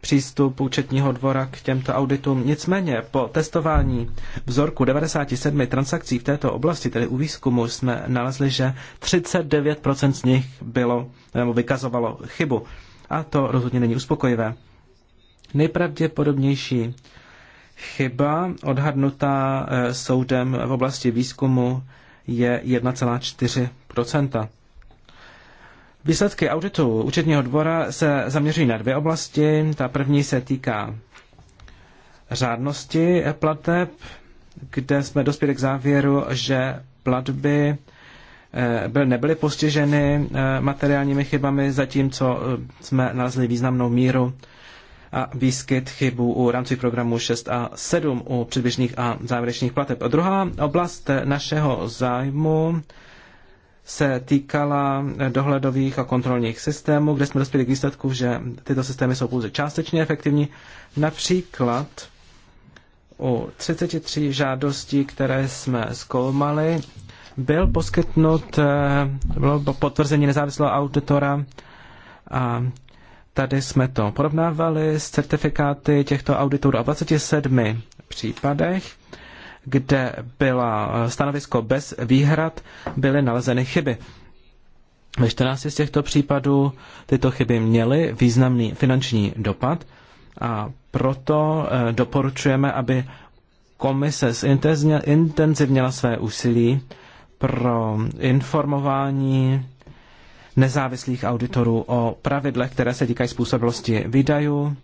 přístup účetního dvora k těmto auditům. Nicméně po testování vzorku 97 transakcí v této oblasti, tedy u výzkumu, jsme nalezli, že 39% z nich bylo, nebo vykazovalo chybu. A to rozhodně není uspokojivé. Nejpravděpodobnější chyba odhadnutá eh, soudem v oblasti výzkumu je 1,4 Výsledky auditu účetního dvora se zaměřují na dvě oblasti. Ta první se týká řádnosti plateb, kde jsme dospěli k závěru, že platby eh, nebyly postiženy eh, materiálními chybami, zatímco jsme nalezli významnou míru a výskyt chybů u rámcových programů 6 a 7 u předběžných a závěrečných plateb. A druhá oblast našeho zájmu se týkala dohledových a kontrolních systémů, kde jsme dospěli k výsledku, že tyto systémy jsou pouze částečně efektivní. Například u 33 žádostí, které jsme zkoumali, byl poskytnut, eh, bylo potvrzení nezávislého auditora a Tady jsme to porovnávali s certifikáty těchto auditorů a 27 případech, kde byla eh, stanovisko bez výhrad, byly nalezeny chyby. Ve 14 z těchto případů tyto chyby měly významný finanční dopad a proto eh, doporučujeme, aby komise zintenzivněla své úsilí pro informování nezávislých auditorů o pravidlech, které se týkají způsobilosti výdajů.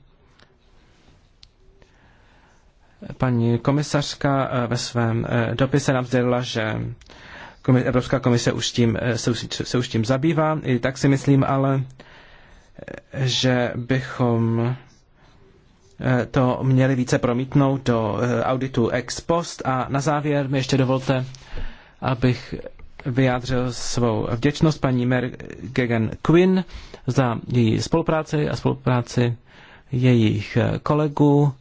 Paní komisařka eh, ve svém eh, dopise nám sdělila, že Evropská komise už tím, eh, se, už, se už tím zabývá. I tak si myslím ale, že bychom to měli více promítnout do auditu ex post. A na závěr mi ještě dovolte, abych vyjádřil svou vděčnost paní Mergegen Quinn za její spolupráci a spolupráci jejich kolegů,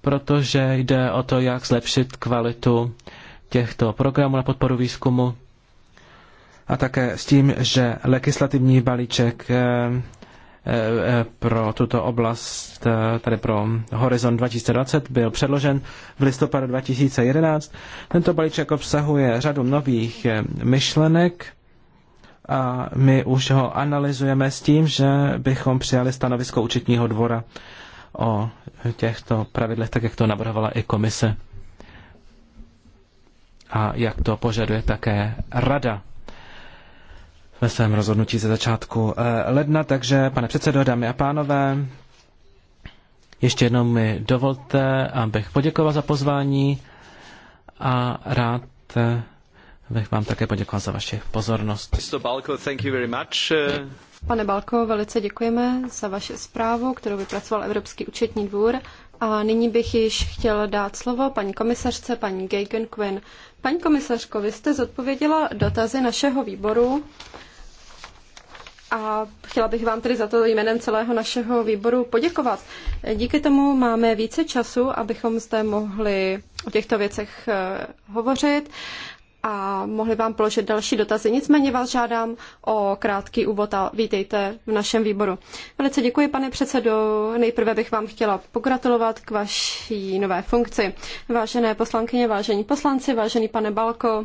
protože jde o to, jak zlepšit kvalitu těchto programů na podporu výzkumu a také s tím, že legislativní balíček eh, Eh, eh, pro tuto oblast, eh, tady pro Horizon 2020, byl předložen v listopadu 2011. Tento balíček obsahuje řadu nových myšlenek a my už ho analyzujeme s tím, že bychom přijali stanovisko účetního dvora o těchto pravidlech, tak jak to navrhovala i komise a jak to požaduje také rada ve svém rozhodnutí ze začátku eh, ledna. Takže, pane předsedo, dámy a pánové, ještě jednou mi dovolte, abych poděkoval za pozvání a rád eh, bych vám také poděkoval za vaši pozornost. Pane Balko, velice děkujeme za vaši zprávu, kterou vypracoval Evropský účetní dvůr. A nyní bych již chtěl dát slovo paní komisařce, paní Gagan Quinn. Paní komisařko, vy jste zodpověděla dotazy našeho výboru a chtěla bych vám tedy za to jménem celého našeho výboru poděkovat. Díky tomu máme více času, abychom zde mohli o těchto věcech eh, hovořit a mohli vám položit další dotazy. Nicméně vás žádám o krátký úvod a vítejte v našem výboru. Velice děkuji, pane předsedo. Nejprve bych vám chtěla pogratulovat k vaší nové funkci. Vážené poslankyně, vážení poslanci, vážený pane Balko,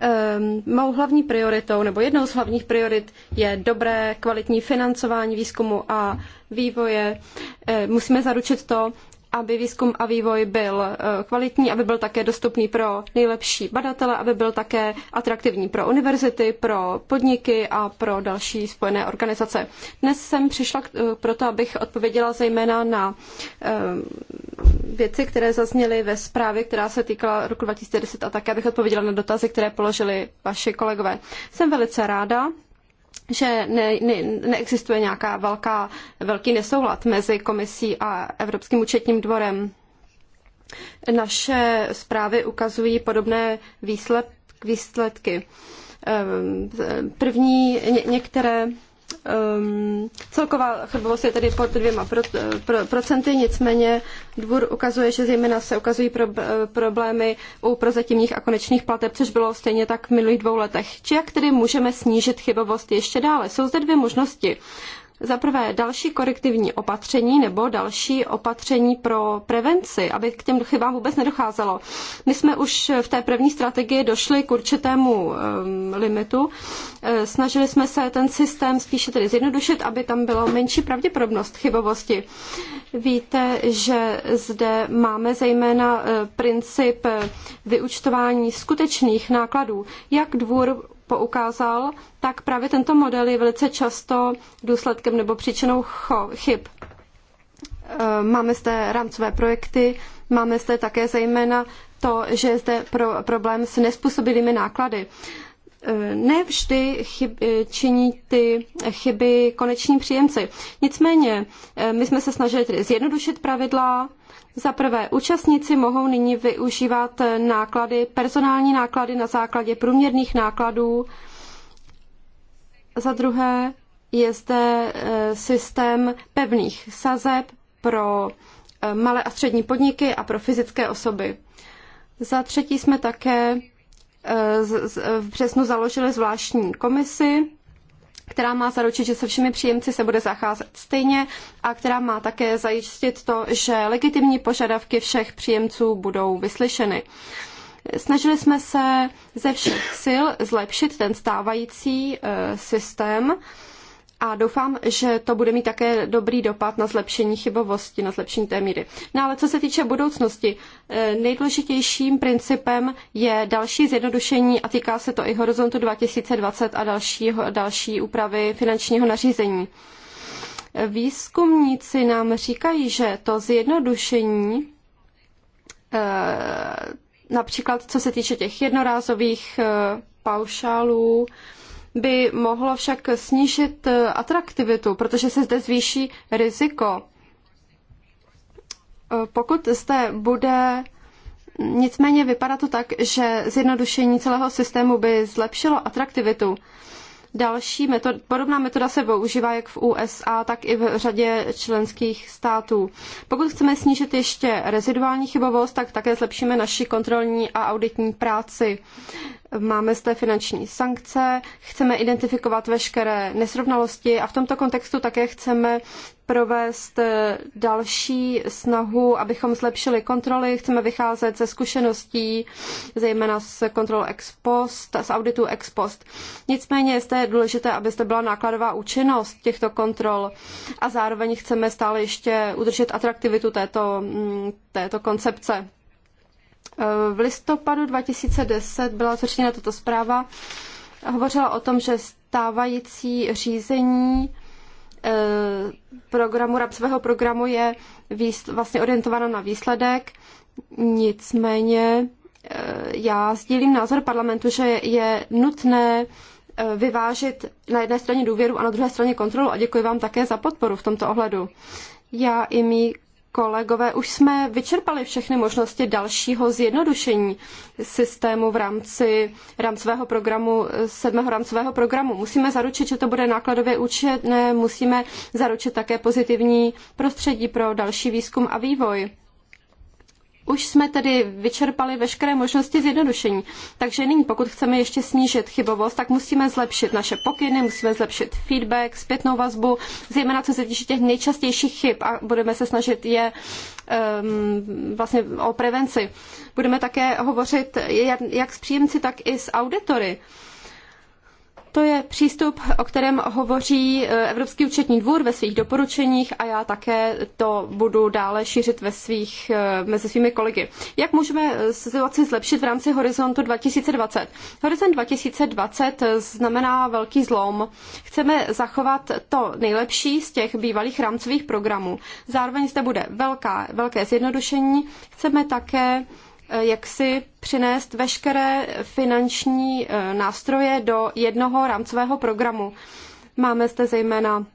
Ehm, mou hlavní prioritou, nebo jednou z hlavních priorit, je dobré kvalitní financování výzkumu a vývoje. Ehm, musíme zaručit to, aby výzkum a vývoj byl eh, kvalitní, aby byl také dostupný pro nejlepší badatele, aby byl také atraktivní pro univerzity, pro podniky a pro další spojené organizace. Dnes jsem přišla eh, proto, abych odpověděla zejména na eh, věci, které zazněly ve zprávě, která se týkala roku 2010 a také abych odpověděla na dotazy, které položili vaši kolegové. Jsem velice ráda, že ne, ne, neexistuje nějaká velká, velký nesoulad mezi komisí a Evropským účetním dvorem. Naše zprávy ukazují podobné výsled, výsledky. Ehm, první, ně, některé Um, celková chybovost je tedy pod dvěma pro, pro, procenty, nicméně dvůr ukazuje, že zejména se ukazují pro, eh, problémy u prozatímních a konečných plateb, což bylo stejně tak v minulých dvou letech. Či jak tedy můžeme snížit chybovost ještě dále? Jsou zde dvě možnosti za prvé další korektivní opatření nebo další opatření pro prevenci, aby k těm chybám vůbec nedocházelo. My jsme už v té první strategii došli k určitému ehm, limitu. E, snažili jsme se ten systém spíše tedy zjednodušit, aby tam byla menší pravděpodobnost chybovosti. Víte, že zde máme zejména e, princip e, vyučtování skutečných nákladů. Jak dvůr poukázal, tak právě tento model je velice často důsledkem nebo příčinou chyb. Eh, máme zde rámcové projekty, máme zde také zejména to, že je zde pro, problém s nespůsobilými náklady. Eh, ne vždy chyb, eh, činí ty chyby koneční příjemci. Nicméně, my jsme se snažili tedy zjednodušit pravidla, za prvé, účastníci mohou nyní využívat náklady, personální náklady na základě průměrných nákladů. Za druhé, je zde eh, systém pevných sazeb pro eh, malé a střední podniky a pro fyzické osoby. Za třetí jsme také eh, v březnu založili zvláštní komisi která má zaručit, že se všemi příjemci se bude zacházet stejně a která má také zajistit to, že legitimní požadavky všech příjemců budou vyslyšeny. Snažili jsme se ze všech sil zlepšit ten stávající eh, systém, a doufám, že to bude mít také dobrý dopad na zlepšení chybovosti, na zlepšení té míry. No ale co se týče budoucnosti, eh, nejdůležitějším principem je další zjednodušení a týká se to i horizontu 2020 a dalšího, další úpravy finančního nařízení. Výzkumníci nám říkají, že to zjednodušení eh, například co se týče těch jednorázových eh, paušálů, by mohlo však snížit eh, atraktivitu, protože se zde zvýší riziko. Eh, pokud zde bude Nicméně vypadá to tak, že zjednodušení celého systému by zlepšilo atraktivitu. Další metod, podobná metoda se používá jak v USA, tak i v řadě členských států. Pokud chceme snížit ještě reziduální chybovost, tak také zlepšíme naši kontrolní a auditní práci máme zde finanční sankce, chceme identifikovat veškeré nesrovnalosti a v tomto kontextu také chceme provést eh, další snahu, abychom zlepšili kontroly, chceme vycházet ze zkušeností, zejména z kontrol ex post, z auditů ex post. Nicméně zde důležité, aby zde byla nákladová účinnost těchto kontrol a zároveň chceme stále ještě udržet atraktivitu této, mm, této koncepce. V listopadu 2010 byla zveřejněna tato zpráva. Hovořila o tom, že stávající řízení eh, programu, rapsového programu je vlastně orientováno na výsledek. Nicméně eh, já sdílím názor parlamentu, že je nutné eh, vyvážit na jedné straně důvěru a na druhé straně kontrolu a děkuji vám také za podporu v tomto ohledu. Já i mý kolegové, už jsme vyčerpali všechny možnosti dalšího zjednodušení systému v rámci rámcového programu, sedmého rámcového programu. Musíme zaručit, že to bude nákladově účinné, musíme zaručit také pozitivní prostředí pro další výzkum a vývoj. Už jsme tedy vyčerpali veškeré možnosti zjednodušení. Takže nyní, pokud chceme ještě snížit chybovost, tak musíme zlepšit naše pokyny, musíme zlepšit feedback, zpětnou vazbu, zejména co se týče těch nejčastějších chyb a budeme se snažit je um, vlastně o prevenci. Budeme také hovořit jak, s příjemci, tak i s auditory. Uh, to je přístup, o kterém hovoří e, Evropský účetní dvůr ve svých doporučeních a já také to budu dále šířit ve svých, e, mezi svými kolegy. Jak můžeme e, situaci zlepšit v rámci Horizontu 2020? Horizont 2020 znamená velký zlom. Chceme zachovat to nejlepší z těch bývalých rámcových programů. Zároveň zde bude velká, velké zjednodušení. Chceme také Eh, jak si přinést veškeré finanční eh, nástroje do jednoho rámcového programu. Máme zde zejména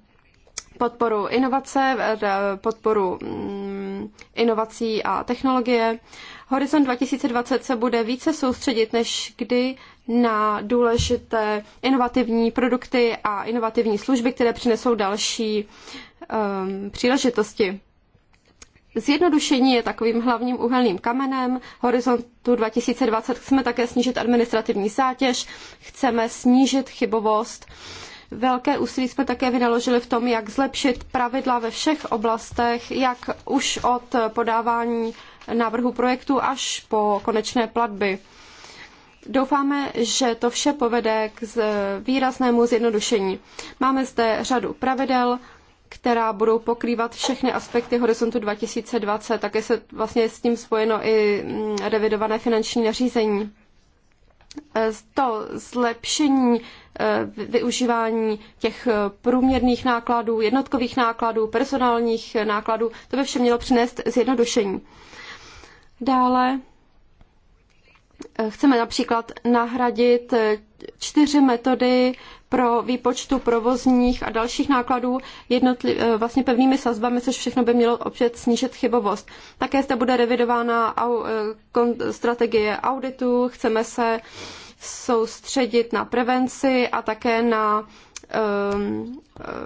podporu inovace, eh, podporu mm, inovací a technologie. Horizont 2020 se bude více soustředit než kdy na důležité inovativní produkty a inovativní služby, které přinesou další um, příležitosti. Zjednodušení je takovým hlavním uhelným kamenem. Horizontu 2020 chceme také snížit administrativní zátěž, chceme snížit chybovost. Velké úsilí jsme také vynaložili v tom, jak zlepšit pravidla ve všech oblastech, jak už od podávání návrhu projektu až po konečné platby. Doufáme, že to vše povede k výraznému zjednodušení. Máme zde řadu pravidel, která budou pokrývat všechny aspekty horizontu 2020. Také se vlastně s tím spojeno i mm, revidované finanční nařízení. E, to zlepšení e, využívání těch e, průměrných nákladů, jednotkových nákladů, personálních nákladů, to by vše mělo přinést zjednodušení. Dále chceme například nahradit čtyři metody pro výpočtu provozních a dalších nákladů jednotli, eh, vlastně pevnými sazbami, což všechno by mělo opět snížit chybovost. Také zde bude revidována au, eh, kon, strategie auditu, chceme se soustředit na prevenci a také na um,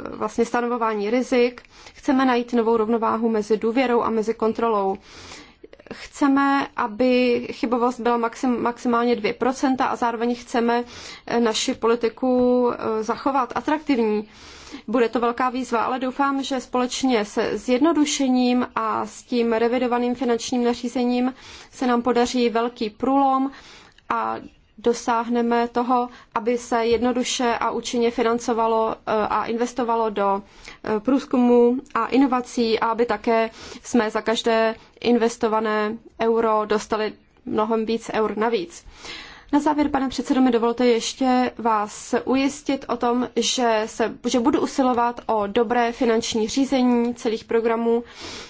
vlastně stanovování rizik. Chceme najít novou rovnováhu mezi důvěrou a mezi kontrolou chceme, aby chybovost byla maxim, maximálně 2% a zároveň chceme eh, naši politiku eh, zachovat atraktivní. Bude to velká výzva, ale doufám, že společně se zjednodušením a s tím revidovaným finančním nařízením se nám podaří velký průlom a dosáhneme toho, aby se jednoduše a účinně financovalo eh, a investovalo do eh, průzkumu a inovací a aby také jsme za každé investované euro dostali mnohem víc eur navíc. Na závěr, pane předsedo, mi dovolte ještě vás ujistit o tom, že, se, že budu usilovat o dobré finanční řízení celých programů.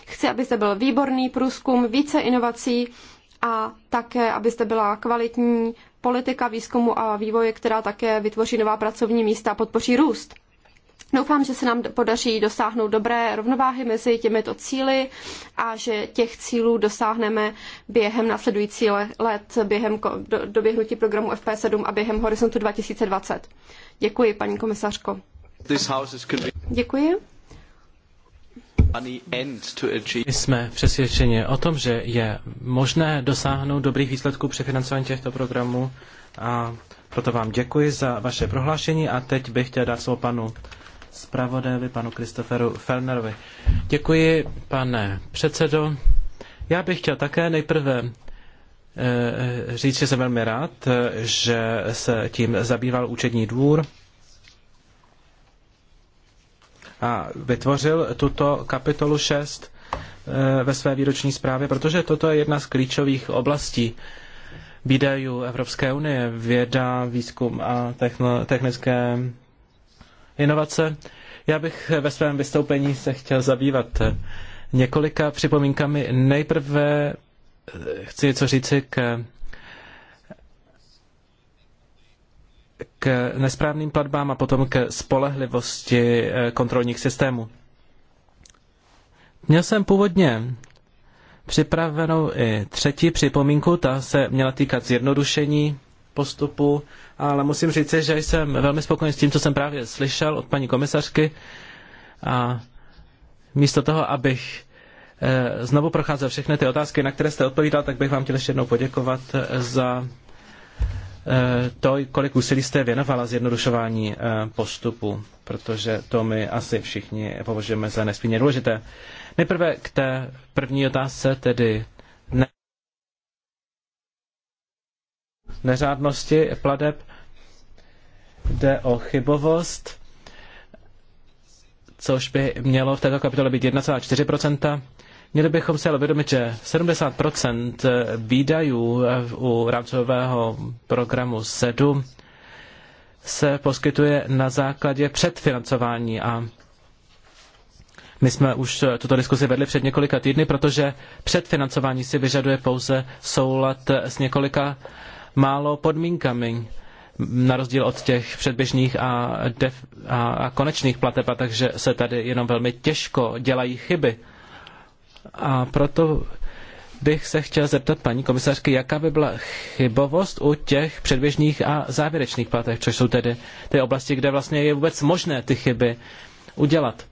Chci, aby zde byl výborný průzkum, více inovací a také, aby zde byla kvalitní politika výzkumu a vývoje, která také vytvoří nová pracovní místa a podpoří růst. Doufám, že se nám podaří dosáhnout dobré rovnováhy mezi těmito cíly a že těch cílů dosáhneme během následující let, během doběhnutí programu FP7 a během horizontu 2020. Děkuji, paní komisařko. Děkuji. My jsme přesvědčeni o tom, že je možné dosáhnout dobrých výsledků při financování těchto programů a proto vám děkuji za vaše prohlášení a teď bych chtěl dát slovo panu zpravodajovi, panu Kristoferu Felnerovi. Děkuji, pane předsedo. Já bych chtěl také nejprve eh, říct, že jsem velmi rád, eh, že se tím zabýval účetní dvůr a vytvořil tuto kapitolu 6 eh, ve své výroční zprávě, protože toto je jedna z klíčových oblastí výdajů Evropské unie, věda, výzkum a technické inovace. Já bych ve svém vystoupení se chtěl zabývat několika připomínkami. Nejprve eh, chci něco říci k k nesprávným platbám a potom k spolehlivosti eh, kontrolních systémů. Měl jsem původně připravenou i třetí připomínku, ta se měla týkat zjednodušení postupu, ale musím říct, že jsem velmi spokojen s tím, co jsem právě slyšel od paní komisařky a místo toho, abych eh, znovu procházel všechny ty otázky, na které jste odpovídal, tak bych vám chtěl ještě jednou poděkovat eh, za Eh, to, kolik úsilí jste věnovala zjednodušování eh, postupu, protože to my asi všichni považujeme za nesmírně důležité. Nejprve k té první otázce, tedy ne- neřádnosti pladeb. Jde o chybovost, což by mělo v této kapitole být 1,4 Měli bychom si ale vědomit, že 70 výdajů u rámcového programu 7 se poskytuje na základě předfinancování a my jsme už tuto diskusi vedli před několika týdny, protože předfinancování si vyžaduje pouze soulad s několika málo podmínkami, na rozdíl od těch předběžných a, def- a, a konečných plateb, a takže se tady jenom velmi těžko dělají chyby. A proto bych se chtěl zeptat paní komisařky, jaká by byla chybovost u těch předběžných a závěrečných platech, což jsou tedy ty oblasti, kde vlastně je vůbec možné ty chyby udělat.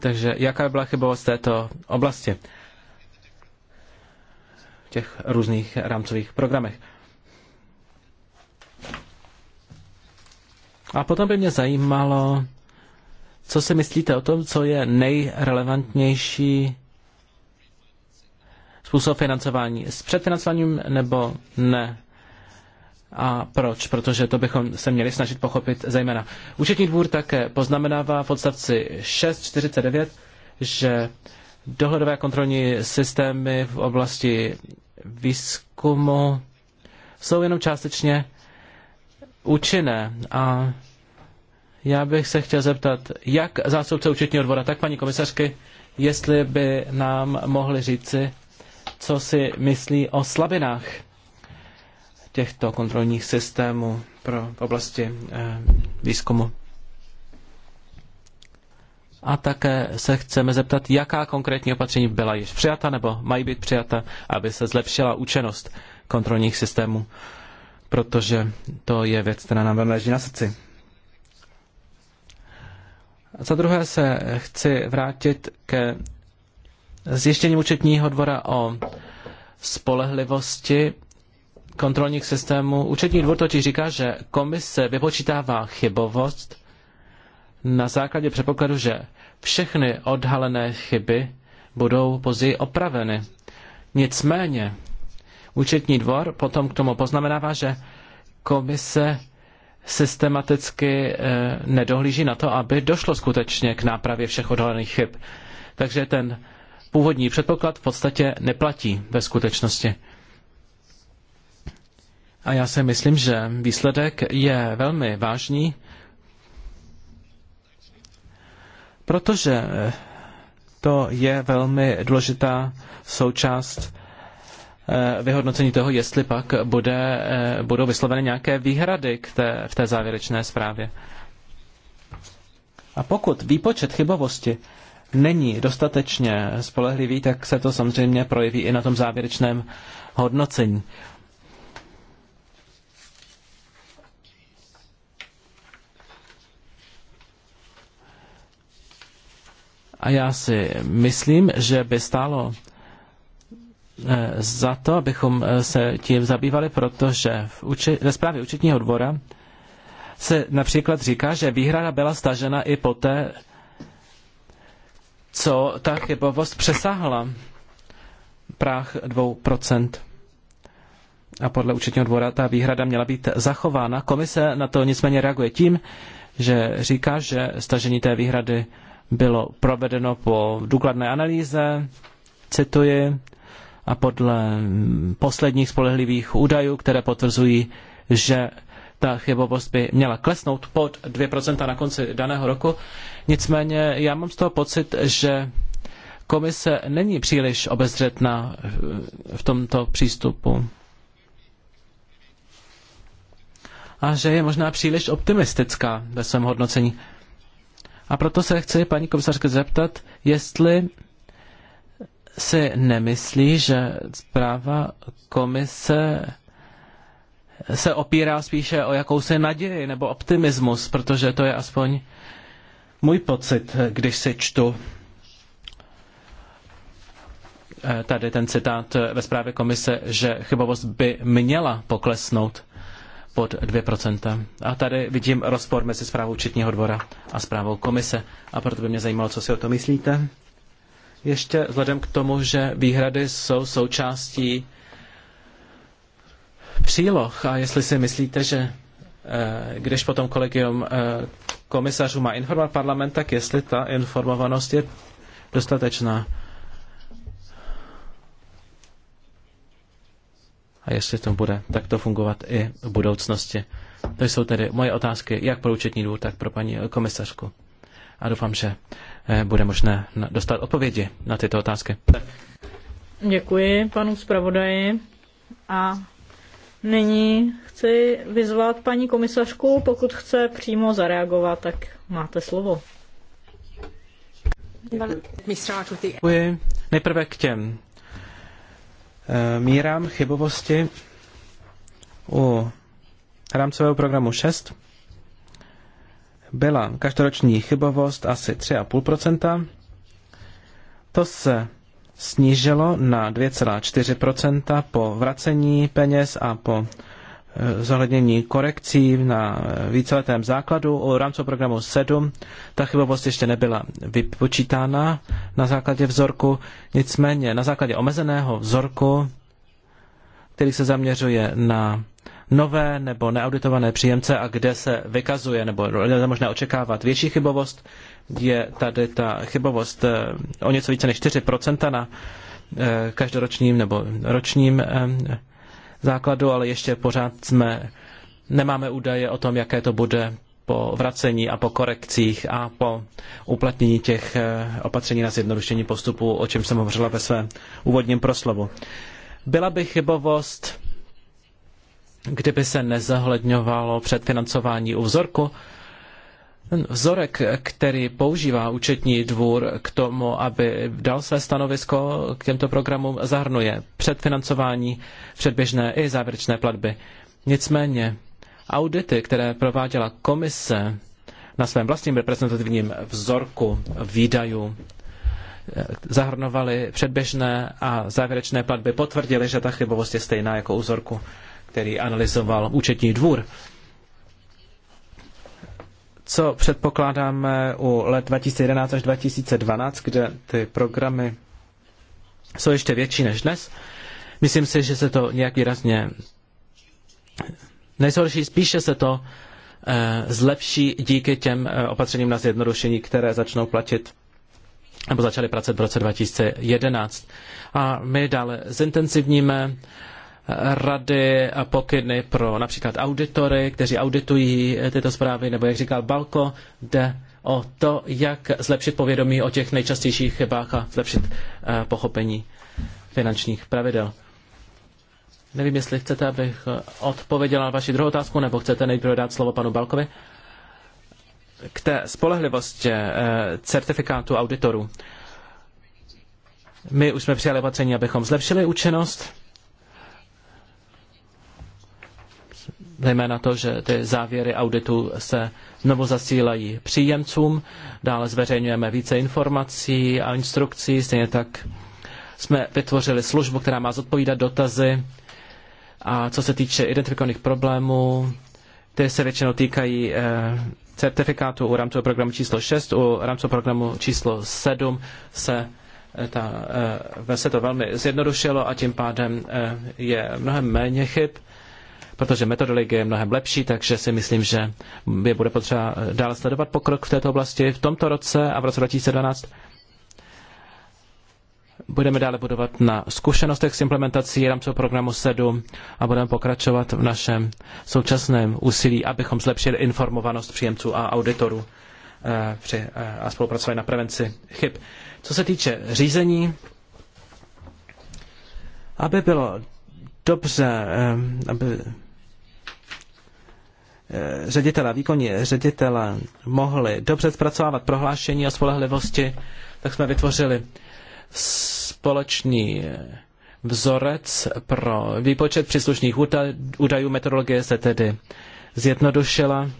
Takže jaká by byla chybovost této oblasti v těch různých rámcových programech? A potom by mě zajímalo, co si myslíte o tom, co je nejrelevantnější způsob financování? S předfinancováním nebo ne? A proč? Protože to bychom se měli snažit pochopit zejména. Účetní dvůr také poznamenává v odstavci 6.49, že dohledové kontrolní systémy v oblasti výzkumu jsou jenom částečně účinné a já bych se chtěl zeptat, jak zástupce účetního dvora, tak paní komisařky, jestli by nám mohli říci, co si myslí o slabinách těchto kontrolních systémů pro oblasti eh, výzkumu. A také se chceme zeptat, jaká konkrétní opatření byla již přijata nebo mají být přijata, aby se zlepšila účinnost kontrolních systémů, protože to je věc, která nám velmi leží na srdci. Za druhé se chci vrátit ke zjištění účetního dvora o spolehlivosti kontrolních systémů. Účetní dvor totiž říká, že komise vypočítává chybovost na základě předpokladu, že všechny odhalené chyby budou později opraveny. Nicméně účetní dvor potom k tomu poznamenává, že komise systematicky eh, nedohlíží na to, aby došlo skutečně k nápravě všech odhalených chyb. Takže ten původní předpoklad v podstatě neplatí ve skutečnosti. A já si myslím, že výsledek je velmi vážný, protože to je velmi důležitá součást Eh, vyhodnocení toho, jestli pak bude, eh, budou vysloveny nějaké výhrady k té, v té závěrečné zprávě. A pokud výpočet chybovosti není dostatečně spolehlivý, tak se to samozřejmě projeví i na tom závěrečném hodnocení. A já si myslím, že by stálo Eh, za to, abychom eh, se tím zabývali, protože v uči- ve zprávě účetního dvora se například říká, že výhrada byla stažena i poté, co ta chybovost přesáhla práh 2%. A podle účetního dvora ta výhrada měla být zachována. Komise na to nicméně reaguje tím, že říká, že stažení té výhrady bylo provedeno po důkladné analýze, cituji, a podle posledních spolehlivých údajů, které potvrzují, že ta chybovost by měla klesnout pod 2% na konci daného roku. Nicméně já mám z toho pocit, že komise není příliš obezřetná v tomto přístupu. A že je možná příliš optimistická ve svém hodnocení. A proto se chci paní komisařky zeptat, jestli si nemyslí, že zpráva komise se opírá spíše o jakousi naději nebo optimismus, protože to je aspoň můj pocit, když si čtu eh, tady ten citát eh, ve zprávě komise, že chybovost by měla poklesnout pod 2%. A tady vidím rozpor mezi zprávou Četního dvora a zprávou komise. A proto by mě zajímalo, co si o to myslíte. Ještě vzhledem k tomu, že výhrady jsou součástí příloh a jestli si myslíte, že eh, když potom kolegium eh, komisařů má informovat parlament, tak jestli ta informovanost je dostatečná. A jestli to bude takto fungovat i v budoucnosti. To jsou tedy moje otázky, jak pro účetní dvůr, tak pro paní komisařku. A doufám, že Eh, bude možné dostat odpovědi na tyto otázky. Děkuji panu zpravodaji a nyní chci vyzvat paní komisařku, pokud chce přímo zareagovat, tak máte slovo. Děkuji. Nejprve k těm eh, mírám chybovosti u rámcového programu 6 byla každoroční chybovost asi 3,5%. To se snížilo na 2,4% po vracení peněz a po e, zohlednění korekcí na e, víceletém základu u rámcu programu 7. Ta chybovost ještě nebyla vypočítána na základě vzorku, nicméně na základě omezeného vzorku, který se zaměřuje na nové nebo neauditované příjemce a kde se vykazuje nebo je možné očekávat větší chybovost. Je tady ta chybovost eh, o něco více než 4% na eh, každoročním nebo ročním eh, základu, ale ještě pořád jsme, nemáme údaje o tom, jaké to bude po vracení a po korekcích a po uplatnění těch opatření na zjednodušení postupu, o čem jsem hovořila ve svém úvodním proslovu. Byla by chybovost kdyby se nezahledňovalo předfinancování u vzorku. Vzorek, který používá účetní dvůr k tomu, aby dal své stanovisko k těmto programům, zahrnuje předfinancování, předběžné i závěrečné platby. Nicméně audity, které prováděla komise na svém vlastním reprezentativním vzorku výdajů, zahrnovaly předběžné a závěrečné platby, potvrdily, že ta chybovost je stejná jako u vzorku který analyzoval účetní dvůr. Co předpokládáme u let 2011 až 2012, kde ty programy jsou ještě větší než dnes, myslím si, že se to nějak výrazně nejhorší, spíše se to eh, zlepší díky těm eh, opatřením na zjednodušení, které začnou platit nebo začaly pracovat v roce 2011. A my dále zintenzivníme rady a pokyny pro například auditory, kteří auditují eh, tyto zprávy, nebo jak říkal Balko, jde o to, jak zlepšit povědomí o těch nejčastějších chybách a zlepšit eh, pochopení finančních pravidel. Nevím, jestli chcete, abych eh, odpověděla na vaši druhou otázku, nebo chcete nejprve dát slovo panu Balkovi. K té spolehlivosti certifikátu auditorů. My už jsme přijali opatření, abychom zlepšili účinnost zejména to, že ty závěry auditu se znovu zasílají příjemcům, dále zveřejňujeme více informací a instrukcí, stejně tak jsme vytvořili službu, která má zodpovídat dotazy a co se týče identifikovaných problémů, ty se většinou týkají eh, certifikátu u rámcového programu číslo 6, u rámcového programu číslo 7 se eh, ta, eh, se to velmi zjednodušilo a tím pádem je mnohem méně chyb protože metodologie je mnohem lepší, takže si myslím, že je bude potřeba eh, dál sledovat pokrok v této oblasti v tomto roce a v roce 2012. Budeme dále budovat na zkušenostech s implementací rámcového programu 7 a budeme pokračovat v našem současném úsilí, abychom zlepšili informovanost příjemců a auditorů eh, při, eh, a spolupracovali na prevenci chyb. Co se týče řízení, aby bylo dobře, aby Eh, ředitele, výkonní ředitele mohli dobře zpracovávat prohlášení o spolehlivosti, tak jsme vytvořili společný eh, vzorec pro výpočet příslušných údajů. Metodologie se tedy zjednodušila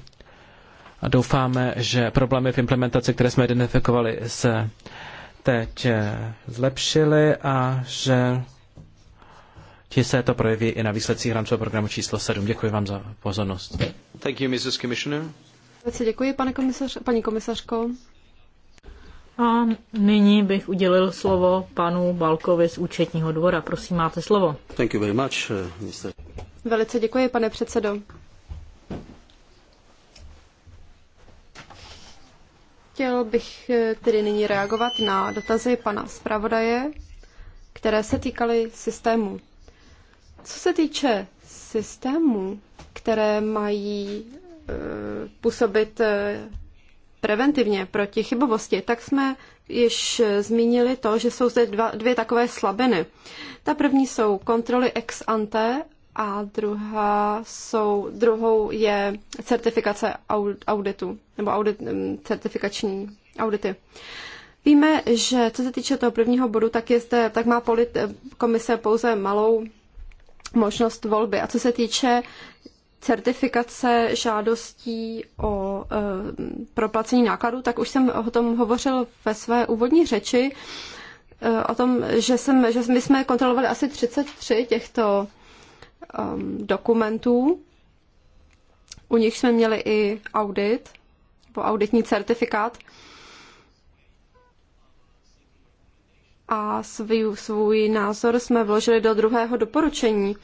a doufáme, že problémy v implementaci, které jsme identifikovali, se teď eh, zlepšily a že že se to projeví i na výsledcích rámcového programu číslo 7. Děkuji vám za pozornost. Thank you, Mrs. Commissioner. Děkuji, pane komisař, paní komisařko. A nyní bych udělil slovo panu Balkovi z účetního dvora. Prosím, máte slovo. Thank you very much, eh, Mr. Velice děkuji, pane předsedo. Chtěl bych eh, tedy nyní reagovat na dotazy pana zpravodaje, které se týkaly systému co se týče systémů, které mají eh, působit eh, preventivně proti chybovosti, tak jsme již eh, zmínili to, že jsou zde dva, dvě takové slabiny. Ta první jsou kontroly ex ante a druhá jsou, druhou je certifikace auditu, nebo audit, mm, certifikační audity. Víme, že co se týče toho prvního bodu, tak, je zde, tak má polit, komise pouze malou možnost volby. A co se týče certifikace žádostí o e, proplacení nákladů, tak už jsem o tom hovořil ve své úvodní řeči, e, o tom, že, jsem, že my jsme kontrolovali asi 33 těchto ehm, dokumentů. U nich jsme měli i audit, nebo auditní certifikát. E, a svý, svůj názor jsme vložili do druhého doporučení,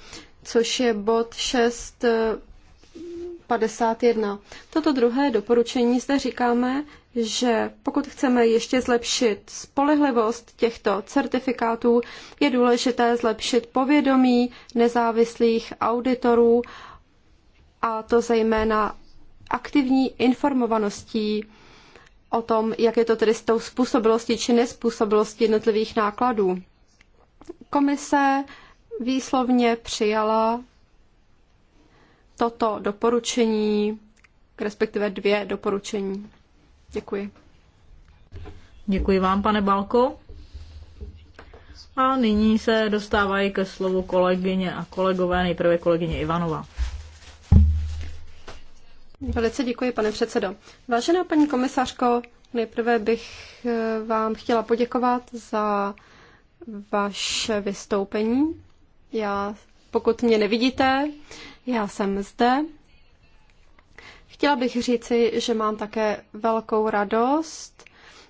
což je bod 651. Eh, Toto druhé doporučení zde říkáme, že pokud chceme ještě zlepšit spolehlivost těchto certifikátů, je důležité zlepšit povědomí nezávislých auditorů, a to zejména aktivní informovaností o tom, jak je to tedy s tou způsobilostí či nespůsobilostí jednotlivých nákladů. Komise výslovně přijala toto doporučení, respektive dvě doporučení. Děkuji. Děkuji vám, pane Balko. A nyní se dostávají ke slovu kolegyně a kolegové, nejprve kolegyně Ivanova. Velice děkuji, pane předsedo. Vážená paní komisařko, nejprve bych eh, vám chtěla poděkovat za vaše vystoupení. Já, pokud mě nevidíte, já jsem zde. Chtěla bych říci, že mám také velkou radost,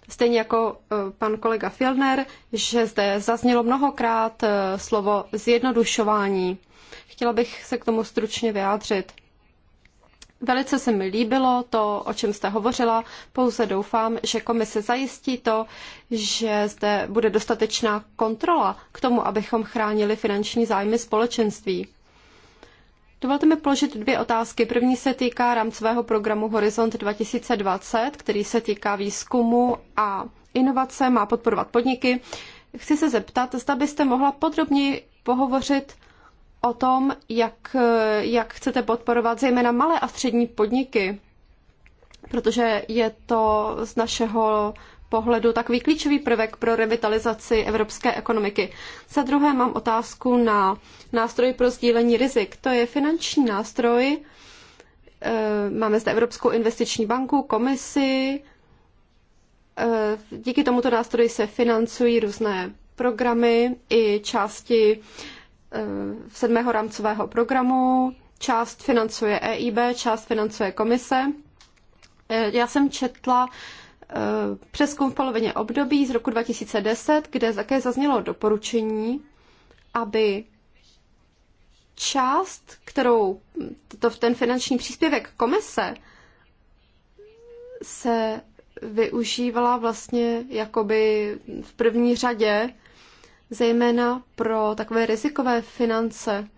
stejně jako eh, pan kolega Filner, že zde zaznělo mnohokrát eh, slovo zjednodušování. Chtěla bych se k tomu stručně vyjádřit. Velice se mi líbilo to, o čem jste hovořila, pouze doufám, že komise zajistí to, že zde bude dostatečná kontrola k tomu, abychom chránili finanční zájmy společenství. Dovolte mi položit dvě otázky. První se týká rámcového programu Horizont 2020, který se týká výzkumu a inovace, má podporovat podniky. Chci se zeptat, zda byste mohla podrobněji pohovořit o tom, jak, jak chcete podporovat zejména malé a střední podniky, protože je to z našeho pohledu takový klíčový prvek pro revitalizaci evropské ekonomiky. Za druhé mám otázku na nástroj pro sdílení rizik. To je finanční nástroj. E, máme zde Evropskou investiční banku, komisi. E, díky tomuto nástroji se financují různé programy i části Eh, sedmého rámcového programu. Část financuje EIB, část financuje komise. Eh, já jsem četla eh, přeskum v polovině období z roku 2010, kde také zaznělo doporučení, aby část, kterou to, ten finanční příspěvek komise se využívala vlastně jakoby v první řadě zejména pro takové rizikové finance.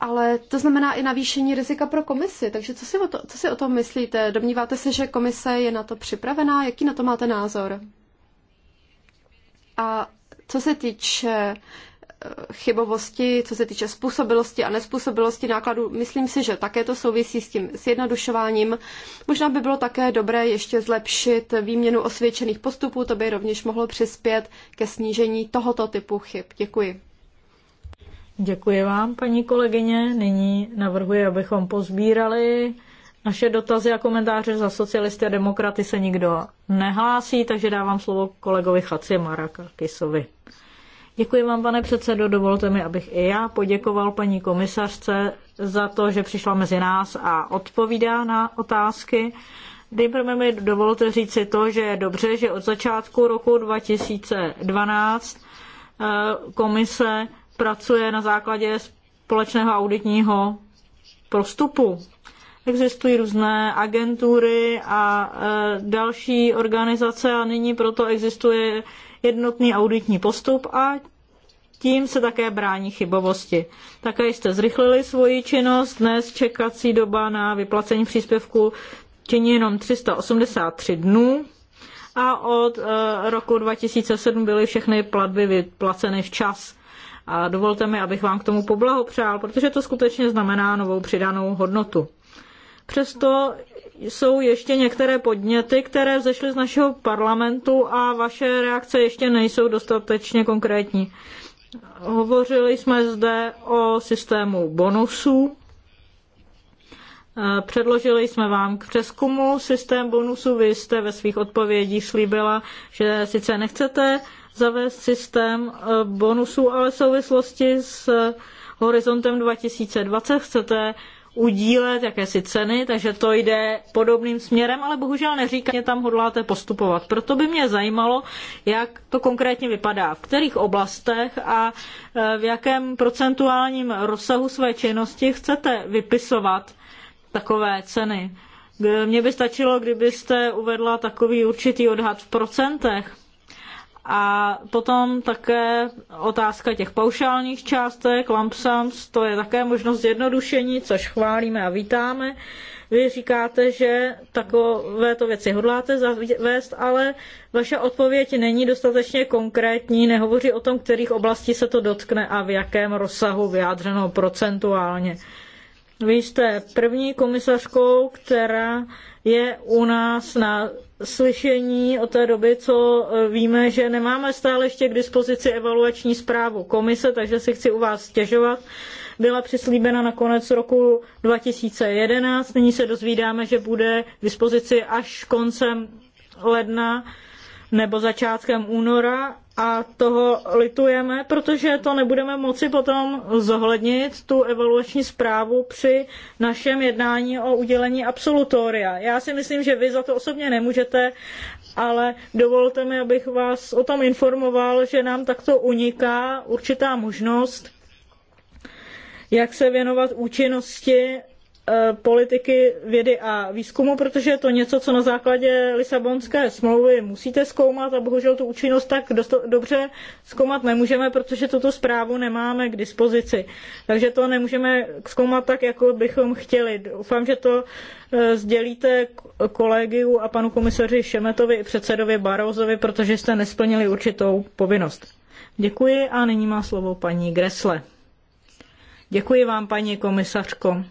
Ale to znamená i navýšení rizika pro komisi. Takže co si, o to, co si o tom myslíte? Domníváte se, že komise je na to připravená? Jaký na to máte názor? A co se týče chybovosti, co se týče způsobilosti a nespůsobilosti nákladů, myslím si, že také to souvisí s tím zjednodušováním. Možná by bylo také dobré ještě zlepšit výměnu osvědčených postupů, to by rovněž mohlo přispět ke snížení tohoto typu chyb. Děkuji. Děkuji vám, paní kolegyně. Nyní navrhuji, abychom pozbírali naše dotazy a komentáře za socialisty a demokraty se nikdo nehlásí, takže dávám slovo kolegovi Chaci Maraka Kisovi. Děkuji vám, pane předsedo. Dovolte mi, abych i já poděkoval paní komisařce za to, že přišla mezi nás a odpovídá na otázky. Nejprve mi dovolte říci to, že je dobře, že od začátku roku 2012 eh, komise pracuje na základě společného auditního prostupu. Existují různé agentury a eh, další organizace a nyní proto existuje jednotný auditní postup a tím se také brání chybovosti. Také jste zrychlili svoji činnost. Dnes čekací doba na vyplacení příspěvku činí jenom 383 dnů a od eh, roku 2007 byly všechny platby vyplaceny včas. A dovolte mi, abych vám k tomu poblahopřál, protože to skutečně znamená novou přidanou hodnotu. Přesto jsou ještě některé podněty, které vzešly z našeho parlamentu a vaše reakce ještě nejsou dostatečně konkrétní. Hovořili jsme zde o systému bonusů. Eh, předložili jsme vám k přeskumu systém bonusů. Vy jste ve svých odpovědích slíbila, že sice nechcete zavést systém eh, bonusů, ale v souvislosti s eh, horizontem 2020 chcete udílet jakési ceny, takže to jde podobným směrem, ale bohužel neříkáte tam hodláte postupovat. Proto by mě zajímalo, jak to konkrétně vypadá, v kterých oblastech a e, v jakém procentuálním rozsahu své činnosti chcete vypisovat takové ceny. Mně by stačilo, kdybyste uvedla takový určitý odhad v procentech a potom také otázka těch paušálních částek, lump sums, to je také možnost zjednodušení, což chválíme a vítáme. Vy říkáte, že takovéto věci hodláte zavést, ale vaše odpověď není dostatečně konkrétní, nehovoří o tom, kterých oblastí se to dotkne a v jakém rozsahu vyjádřeno procentuálně. Vy jste první komisařkou, která je u nás na slyšení od té doby, co e, víme, že nemáme stále ještě k dispozici evaluační zprávu komise, takže si chci u vás stěžovat. Byla přislíbena na konec roku 2011, nyní se dozvídáme, že bude k dispozici až koncem ledna nebo začátkem února a toho litujeme, protože to nebudeme moci potom zohlednit tu evaluační zprávu při našem jednání o udělení absolutoria. Já si myslím, že vy za to osobně nemůžete, ale dovolte mi, abych vás o tom informoval, že nám takto uniká určitá možnost, jak se věnovat účinnosti Eh, politiky vědy a výzkumu, protože je to něco, co na základě Lisabonské smlouvy musíte zkoumat a bohužel tu účinnost tak dobře zkoumat nemůžeme, protože tuto zprávu nemáme k dispozici. Takže to nemůžeme zkoumat tak, jako bychom chtěli. Doufám, že to eh, sdělíte kolegiu a panu komisaři Šemetovi i předsedovi Barouzovi, protože jste nesplnili určitou povinnost. Děkuji a nyní má slovo paní Gresle. Děkuji vám, paní komisařko.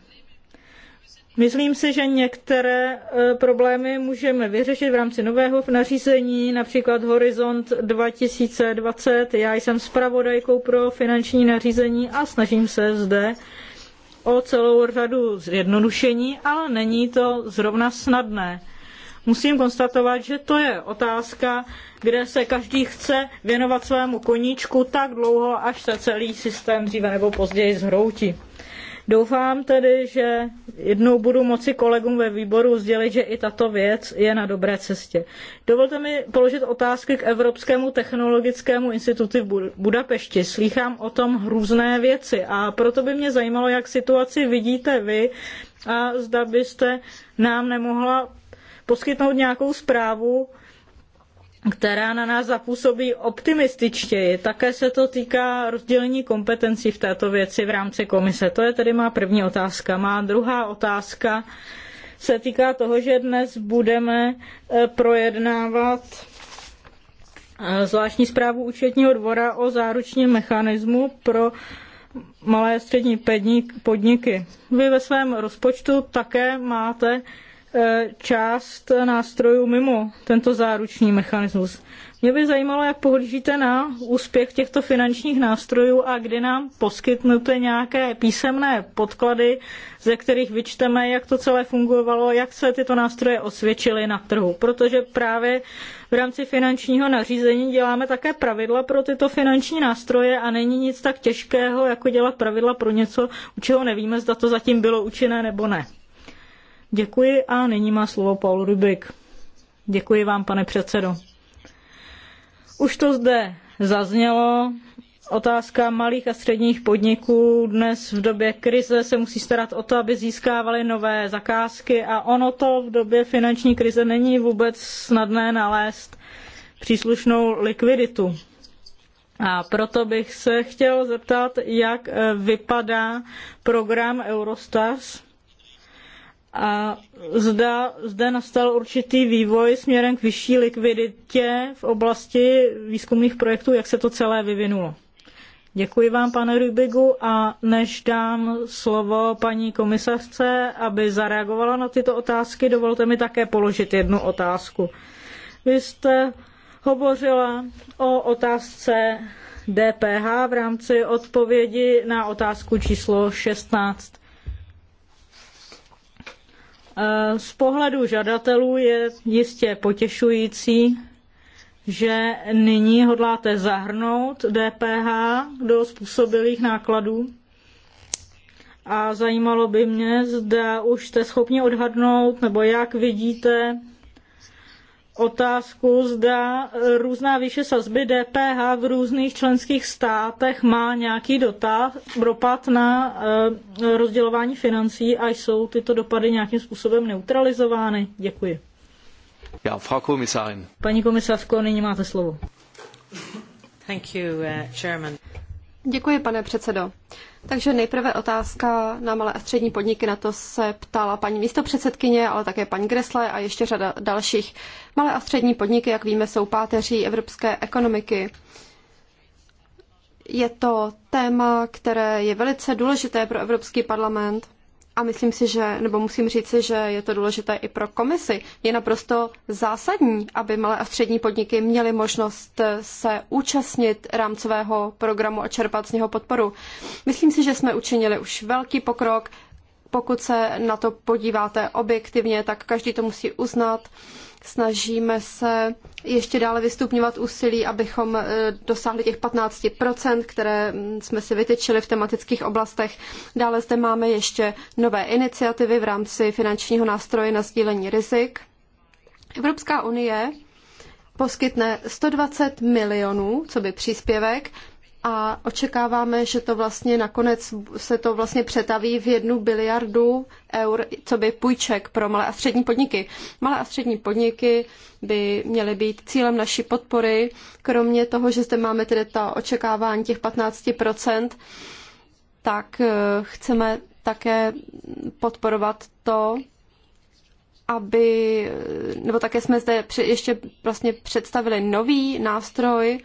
Myslím si, že některé e, problémy můžeme vyřešit v rámci nového nařízení, například Horizont 2020. Já jsem zpravodajkou pro finanční nařízení a snažím se zde o celou řadu zjednodušení, ale není to zrovna snadné. Musím konstatovat, že to je otázka, kde se každý chce věnovat svému koníčku tak dlouho, až se celý systém dříve nebo později zhroutí. Doufám tedy, že jednou budu moci kolegům ve výboru sdělit, že i tato věc je na dobré cestě. Dovolte mi položit otázky k Evropskému technologickému institutu v Budapešti. Slýchám o tom různé věci a proto by mě zajímalo, jak situaci vidíte vy a zda byste nám nemohla poskytnout nějakou zprávu, která na nás zapůsobí optimističtěji. Také se to týká rozdělení kompetencí v této věci v rámci komise. To je tedy má první otázka. Má druhá otázka se týká toho, že dnes budeme eh, projednávat eh, zvláštní zprávu účetního dvora o záručním mechanismu pro malé a střední podniky. Vy ve svém rozpočtu také máte Eh, část nástrojů mimo tento záruční mechanismus. Mě by zajímalo, jak pohlížíte na úspěch těchto finančních nástrojů a kdy nám poskytnete nějaké písemné podklady, ze kterých vyčteme, jak to celé fungovalo, jak se tyto nástroje osvědčily na trhu. Protože právě v rámci finančního nařízení děláme také pravidla pro tyto finanční nástroje a není nic tak těžkého, jako dělat pravidla pro něco, u čeho nevíme, zda to zatím bylo účinné nebo ne. Děkuji a nyní má slovo Paul Rubik. Děkuji vám, pane předsedo. Už to zde zaznělo. Otázka malých a středních podniků dnes v době krize se musí starat o to, aby získávali nové zakázky a ono to v době finanční krize není vůbec snadné nalézt příslušnou likviditu. A proto bych se chtěl zeptat, jak vypadá program Eurostars a zda, zde nastal určitý vývoj směrem k vyšší likviditě v oblasti výzkumných projektů, jak se to celé vyvinulo. Děkuji vám, pane Rubigu, a než dám slovo paní komisařce, aby zareagovala na tyto otázky, dovolte mi také položit jednu otázku. Vy jste hovořila o otázce DPH v rámci odpovědi na otázku číslo 16. Eh, z pohledu žadatelů je jistě potěšující, že nyní hodláte zahrnout DPH do způsobilých nákladů. A zajímalo by mě, zda už jste schopni odhadnout, nebo jak vidíte otázku, zda e, různá výše sazby DPH v různých členských státech má nějaký dotaz, dopad na e, rozdělování financí a jsou tyto dopady nějakým způsobem neutralizovány. Děkuji. Ja, Frau Kommissarin. Paní komisařko, nyní máte slovo. Thank you, uh, Chairman. Děkuji, pane předsedo. Takže nejprve otázka na malé a střední podniky. Na to se ptala paní místopředsedkyně, ale také paní Gresle a ještě řada dalších. Malé a střední podniky, jak víme, jsou páteří evropské ekonomiky. Je to téma, které je velice důležité pro Evropský parlament a myslím si, že, nebo musím říci, že je to důležité i pro komisi, je naprosto zásadní, aby malé a střední podniky měly možnost se účastnit rámcového programu a čerpat z něho podporu. Myslím si, že jsme učinili už velký pokrok. Pokud se na to podíváte objektivně, tak každý to musí uznat. Snažíme se ještě dále vystupňovat úsilí, abychom eh, dosáhli těch 15%, které mm, jsme si vytyčili v tematických oblastech. Dále zde máme ještě nové iniciativy v rámci finančního nástroje na sdílení rizik. Evropská unie poskytne 120 milionů, co by příspěvek, a očekáváme, že to vlastně nakonec se to vlastně přetaví v jednu biliardu eur, co by půjček pro malé a střední podniky. Malé a střední podniky by měly být cílem naší podpory, kromě toho, že zde máme tedy ta očekávání těch 15%, tak eh, chceme také podporovat to, aby, eh, nebo také jsme zde ještě vlastně představili nový nástroj,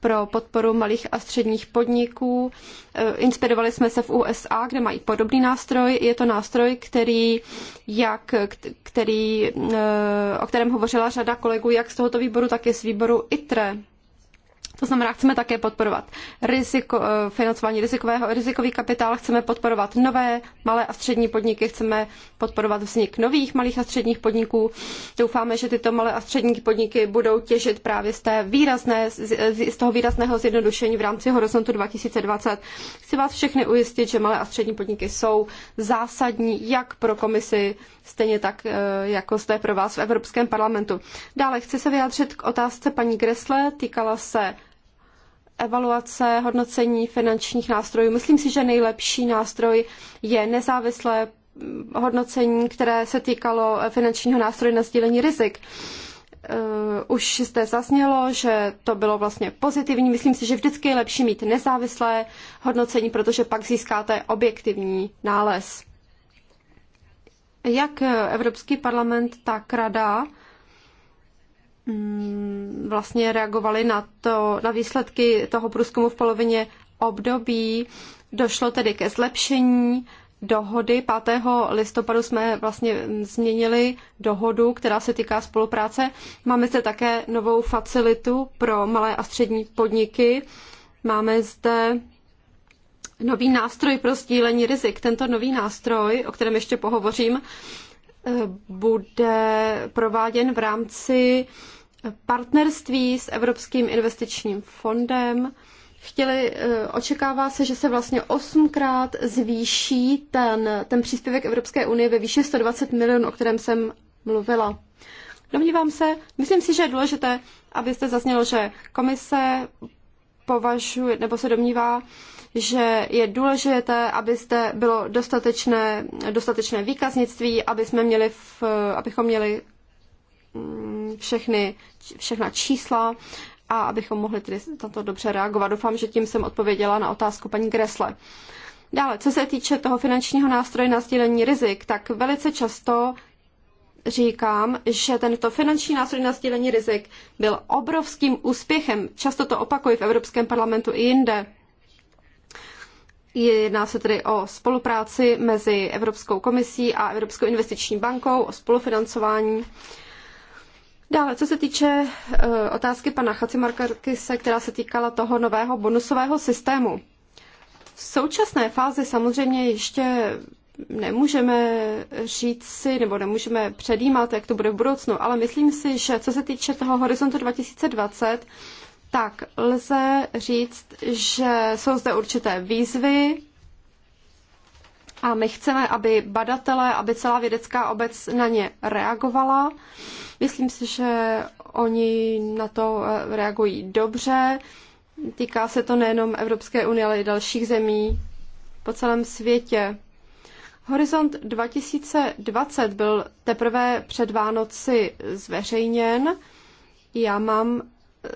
pro podporu malých a středních podniků. Eh, inspirovali jsme se v USA, kde mají podobný nástroj. Je to nástroj, který, jak, který, eh, o kterém hovořila řada kolegů, jak z tohoto výboru, tak i z výboru ITRE. To znamená, chceme také podporovat riziko, eh, financování rizikového, rizikový kapitál, chceme podporovat nové malé a střední podniky, chceme podporovat vznik nových malých a středních podniků. Doufáme, že tyto malé a střední podniky budou těžit právě z, té výrazné, z toho výrazného zjednodušení v rámci horizontu 2020. Chci vás všechny ujistit, že malé a střední podniky jsou zásadní jak pro komisi, stejně tak eh, jako jste pro vás v Evropském parlamentu. Dále chci se vyjádřit k otázce paní Gresle, týkala se evaluace, hodnocení finančních nástrojů. Myslím si, že nejlepší nástroj je nezávislé hodnocení, které se týkalo finančního nástroje na sdílení rizik. Eh, už zde zaznělo, že to bylo vlastně pozitivní. Myslím si, že vždycky je lepší mít nezávislé hodnocení, protože pak získáte objektivní nález. Jak Evropský parlament, tak Rada Mm, vlastně reagovali na, to, na výsledky toho průzkumu v polovině období. Došlo tedy ke zlepšení dohody. 5. listopadu jsme vlastně změnili dohodu, která se týká spolupráce. Máme zde také novou facilitu pro malé a střední podniky. Máme zde nový nástroj pro sdílení rizik. Tento nový nástroj, o kterém ještě pohovořím, eh, bude prováděn v rámci partnerství s Evropským investičním fondem. Chtěli, eh, očekává se, že se vlastně osmkrát zvýší ten, ten příspěvek Evropské unie ve výši 120 milionů, o kterém jsem mluvila. Domnívám se, myslím si, že je důležité, abyste zaznělo, že komise považuje, nebo se domnívá, že je důležité, aby zde bylo dostatečné, dostatečné výkaznictví, aby jsme měli v, eh, abychom měli Mm, všechny, všechna čísla a abychom mohli tedy na to dobře reagovat. Doufám, že tím jsem odpověděla na otázku paní Gresle. Dále, co se týče toho finančního nástroje na sdílení rizik, tak velice často říkám, že tento finanční nástroj na sdílení rizik byl obrovským úspěchem. Často to opakuji v Evropském parlamentu i jinde. Jedná se tedy o spolupráci mezi Evropskou komisí a Evropskou investiční bankou, o spolufinancování. Dále, co se týče eh, otázky pana Chacimarkakise, která se týkala toho nového bonusového systému. V současné fázi samozřejmě ještě nemůžeme říct si nebo nemůžeme předjímat, jak to bude v budoucnu, ale myslím si, že co se týče toho horizontu 2020, tak lze říct, že jsou zde určité výzvy, a my chceme, aby badatelé, aby celá vědecká obec na ně reagovala. Myslím si, že oni na to eh, reagují dobře. Týká se to nejenom Evropské unie, ale i dalších zemí po celém světě. Horizont 2020 byl teprve před Vánoci zveřejněn. Já mám Eh,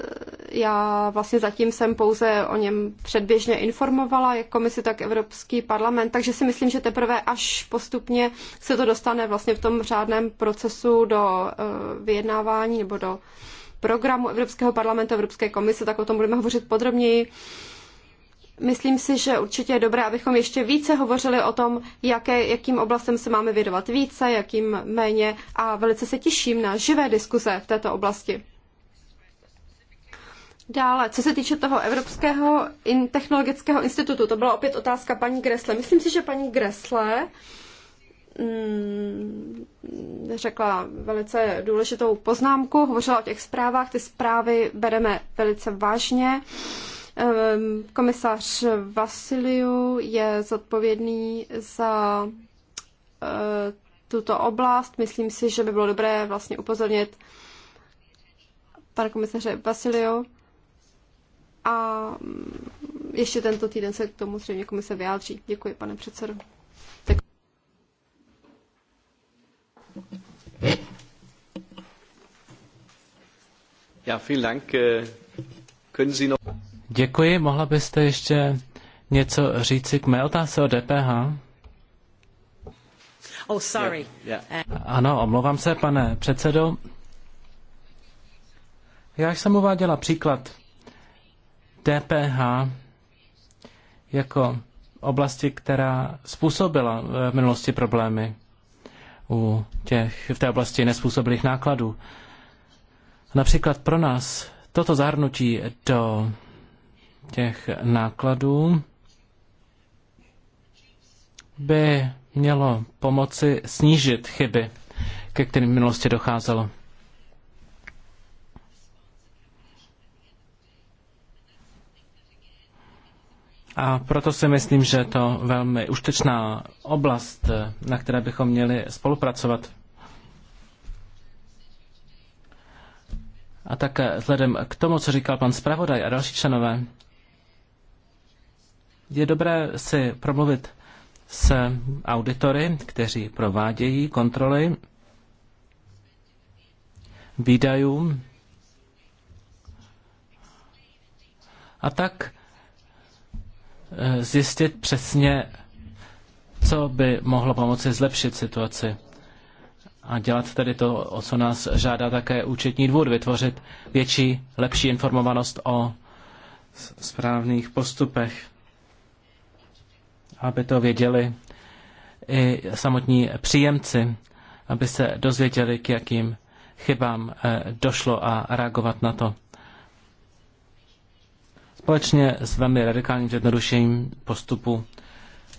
já vlastně zatím jsem pouze o něm předběžně informovala, jak komisi, tak Evropský parlament, takže si myslím, že teprve až postupně se to dostane vlastně v tom řádném procesu do eh, vyjednávání nebo do programu Evropského parlamentu, Evropské komise, tak o tom budeme hovořit podrobněji. Myslím si, že určitě je dobré, abychom ještě více hovořili o tom, jaké, jakým oblastem se máme věnovat více, jakým méně a velice se těším na živé diskuze v této oblasti. Dále, co se týče toho Evropského in technologického institutu, to byla opět otázka paní Gresle. Myslím si, že paní Gresle mm, řekla velice důležitou poznámku, hovořila o těch zprávách, ty zprávy bereme velice vážně. Ehm, komisař Vasiliu je zodpovědný za e, tuto oblast. Myslím si, že by bylo dobré vlastně upozornit pana komisaře Vasiliu a ještě tento týden se k tomu zřejmě komise vyjádří. Děkuji, pane předsedo. Tak... Ja, vielen Dank. Äh, können Sie noch... Děkuji. Mohla byste ještě něco říci k mé otázce o DPH? Oh, sorry. Yeah, yeah. Eh, ano, omlouvám se, pane předsedo. Já jsem uváděla příklad DPH jako oblasti, která způsobila eh, v minulosti problémy u těch v té oblasti nespůsobilých nákladů. Například pro nás toto zahrnutí do těch nákladů by mělo pomoci snížit chyby, ke kterým v minulosti docházelo. A proto si myslím, že je to velmi užtečná oblast, na které bychom měli spolupracovat. A také vzhledem k tomu, co říkal pan zpravodaj a další členové, je dobré si promluvit s auditory, kteří provádějí kontroly výdajů. A tak Eh, zjistit přesně, co by mohlo pomoci zlepšit situaci. A dělat tedy to, o co nás žádá také účetní dvůr, vytvořit větší, lepší informovanost o správných postupech, aby to věděli i samotní příjemci, aby se dozvěděli, k jakým chybám eh, došlo a reagovat na to. Společně s velmi radikálním zjednodušením postupu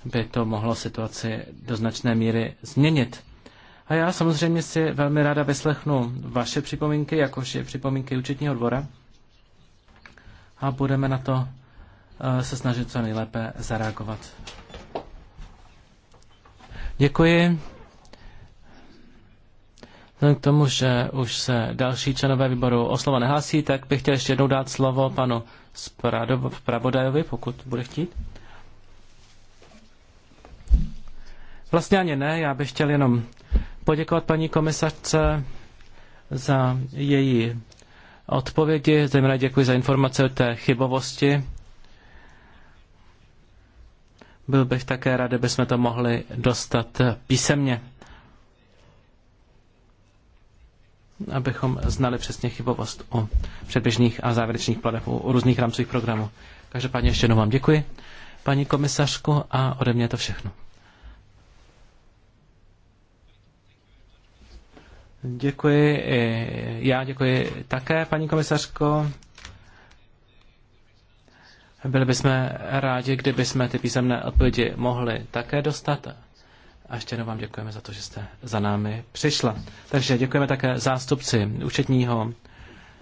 by to mohlo situaci do značné míry změnit. A já samozřejmě si velmi ráda vyslechnu vaše připomínky, jakož je připomínky účetního dvora. A budeme na to eh, se snažit co nejlépe zareagovat. Děkuji. k tomu, že už se další členové výboru o slovo nehlásí, tak bych chtěl ještě jednou dát slovo panu zpravodajovi, pokud bude chtít. Vlastně ani ne, já bych chtěl jenom poděkovat paní komisařce za její odpovědi, zejména děkuji za informace o té chybovosti. Byl bych také rád, kdybychom to mohli dostat písemně. abychom znali přesně chybovost o předběžných a závěrečných platech u různých rámcových programů. Každopádně ještě jednou vám děkuji, paní komisařku, a ode mě je to všechno. Děkuji. Já děkuji také, paní komisařko. Byli bychom rádi, jsme ty písemné odpovědi mohli také dostat. A ještě jednou vám děkujeme za to, že jste za námi přišla. Takže děkujeme také zástupci účetního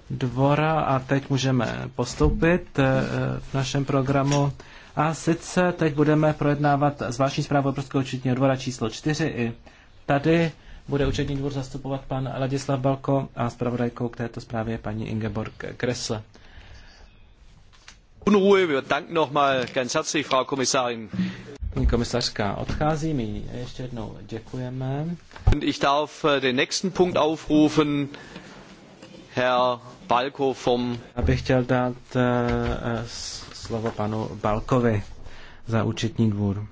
dvora a teď můžeme postoupit eh, v našem programu. A sice teď budeme projednávat zvláštní zprávu Evropského účetního dvora číslo 4 i tady bude účetní dvůr zastupovat pan Ladislav Balko a zpravodajkou k této zprávě je paní Ingeborg Kresle. Unruhe, wir danken nochmal ganz herzlich, Frau Kommissarin Paní komisařka odchází, my ještě jednou děkujeme. Ich darf äh, den nächsten Punkt aufrufen, Herr Balko vom... Abych chtěl dát äh, slovo panu Balkovi za účetní dvůr. Uh,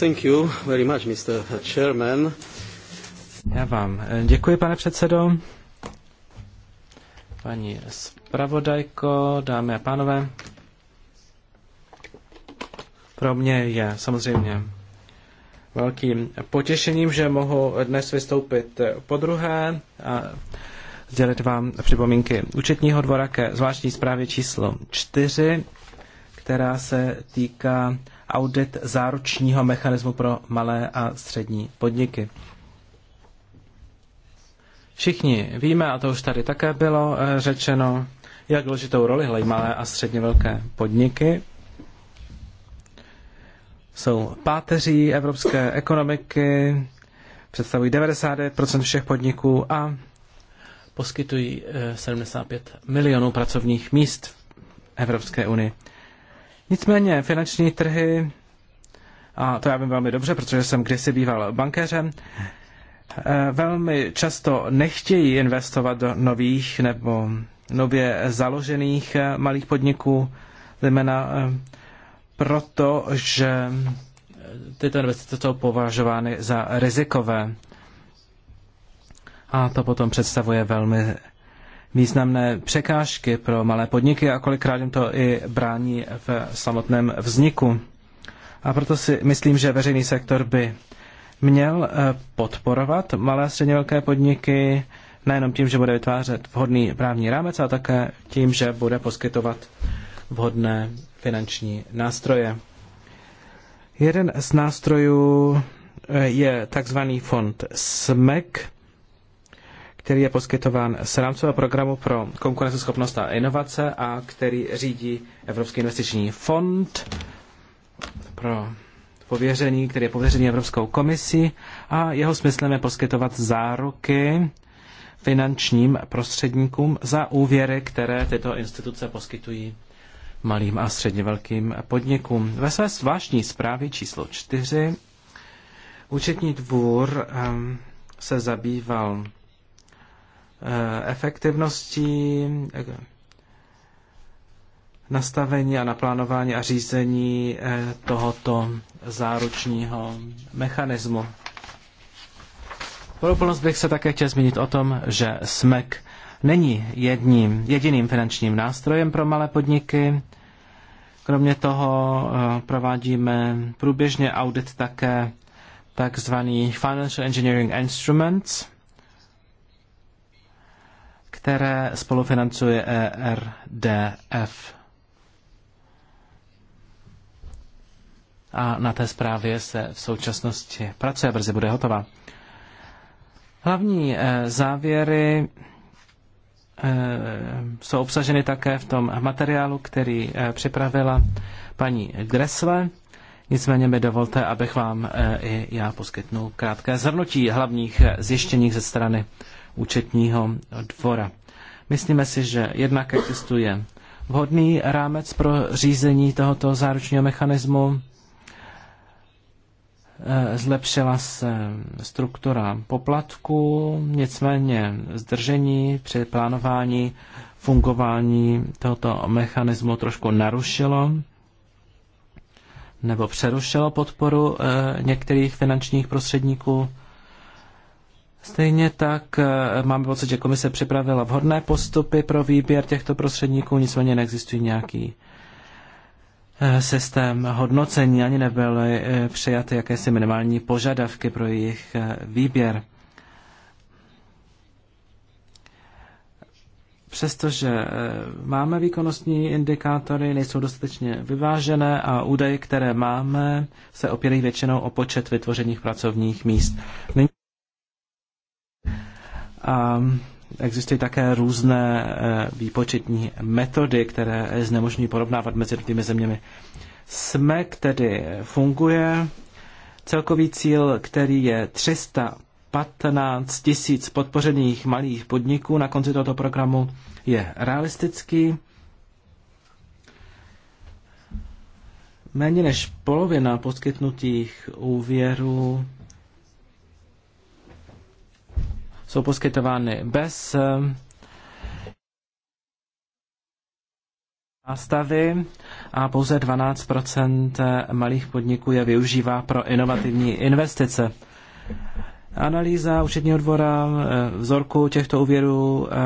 thank you very much, Mr. Chairman. Já vám eh, děkuji, pane předsedo. Paní zpravodajko, dámy a pánové, pro mě je samozřejmě velkým potěšením, že mohu dnes vystoupit po druhé a sdělit vám připomínky účetního dvora ke zvláštní zprávě číslo 4, která se týká audit záručního mechanismu pro malé a střední podniky. Všichni víme, a to už tady také bylo eh, řečeno, jak důležitou roli hrají malé a středně velké podniky. Jsou páteří evropské ekonomiky, představují 99% všech podniků a poskytují 75 eh, milionů pracovních míst v Evropské unii. Nicméně finanční trhy, a to já vím velmi dobře, protože jsem kdysi býval bankéřem, Eh, velmi často nechtějí investovat do nových nebo nově založených eh, malých podniků, zejména eh, proto, že tyto investice jsou považovány za rizikové. A to potom představuje velmi významné překážky pro malé podniky a kolikrát jim to i brání v samotném vzniku. A proto si myslím, že veřejný sektor by měl eh, podporovat malé a středně velké podniky nejenom tím, že bude vytvářet vhodný právní rámec, ale také tím, že bude poskytovat vhodné finanční nástroje. Jeden z nástrojů eh, je takzvaný fond SMEC, který je poskytován z rámcového programu pro konkurenceschopnost a inovace a který řídí Evropský investiční fond pro pověřený, který je pověřený Evropskou komisí a jeho smyslem je poskytovat záruky finančním prostředníkům za úvěry, které tyto instituce poskytují malým a středně velkým podnikům. Ve své zvláštní zprávě číslo 4 účetní dvůr ehm, se zabýval eh, efektivností eh, nastavení a naplánování a řízení eh, tohoto záručního mechanismu. Pro úplnost bych se také chtěl zmínit o tom, že SMEC není jedním, jediným finančním nástrojem pro malé podniky. Kromě toho eh, provádíme průběžně audit také takzvaný Financial Engineering Instruments, které spolufinancuje ERDF. a na té zprávě se v současnosti pracuje, brzy bude hotová. Hlavní eh, závěry eh, jsou obsaženy také v tom materiálu, který eh, připravila paní Gresle. Nicméně mi dovolte, abych vám i já poskytnul krátké zhrnutí hlavních zjištění ze strany účetního dvora. Myslíme si, že jednak existuje vhodný rámec pro řízení tohoto záručního mechanismu, Eh, zlepšila se struktura poplatku, nicméně zdržení při plánování fungování tohoto mechanismu trošku narušilo nebo přerušilo podporu eh, některých finančních prostředníků. Stejně tak eh, máme pocit, že komise připravila vhodné postupy pro výběr těchto prostředníků, nicméně neexistují nějaký Eh, systém hodnocení, ani nebyly eh, přijaty jakési minimální požadavky pro jejich eh, výběr. Přestože máme výkonnostní indikátory, nejsou dostatečně vyvážené a údaje, které máme, se opírají většinou o počet vytvořených pracovních míst. A Existují také různé eh, výpočetní metody, které znemožňují porovnávat mezi jednotlivými zeměmi. SMEC tedy funguje. Celkový cíl, který je 315 tisíc podpořených malých podniků na konci tohoto programu, je realistický. Méně než polovina poskytnutých úvěrů jsou poskytovány bez eh, nástavy a pouze 12 malých podniků je využívá pro inovativní investice. Analýza účetního dvora eh, vzorku těchto úvěrů eh,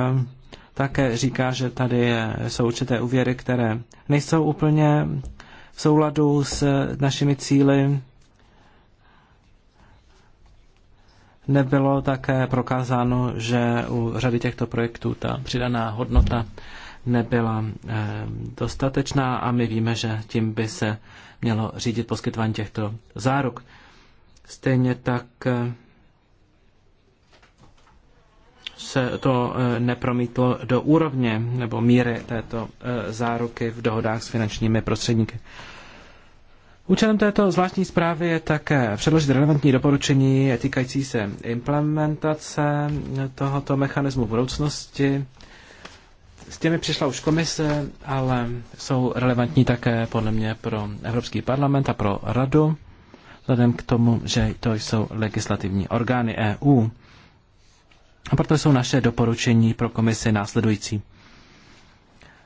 také říká, že tady jsou určité úvěry, které nejsou úplně v souladu s našimi cíly. Nebylo také prokázáno, že u řady těchto projektů ta přidaná hodnota nebyla eh, dostatečná a my víme, že tím by se mělo řídit poskytování těchto záruk. Stejně tak eh, se to eh, nepromítlo do úrovně nebo míry této záruky v dohodách s finančními prostředníky. Účelem této zvláštní zprávy je také předložit relevantní doporučení týkající se implementace tohoto mechanismu v budoucnosti. S těmi přišla už komise, ale jsou relevantní také podle mě pro Evropský parlament a pro radu, vzhledem k tomu, že to jsou legislativní orgány EU. A proto jsou naše doporučení pro komisi následující.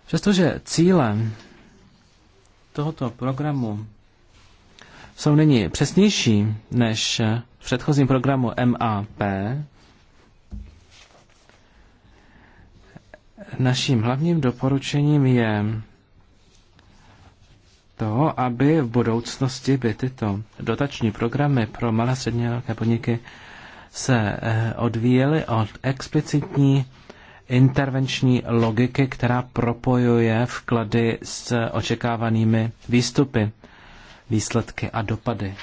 Přestože cílem tohoto programu jsou nyní přesnější než v předchozím programu MAP. Naším hlavním doporučením je to, aby v budoucnosti by tyto dotační programy pro malé střední velké podniky se eh, odvíjely od explicitní intervenční logiky, která propojuje vklady s očekávanými výstupy výsledky a dopady.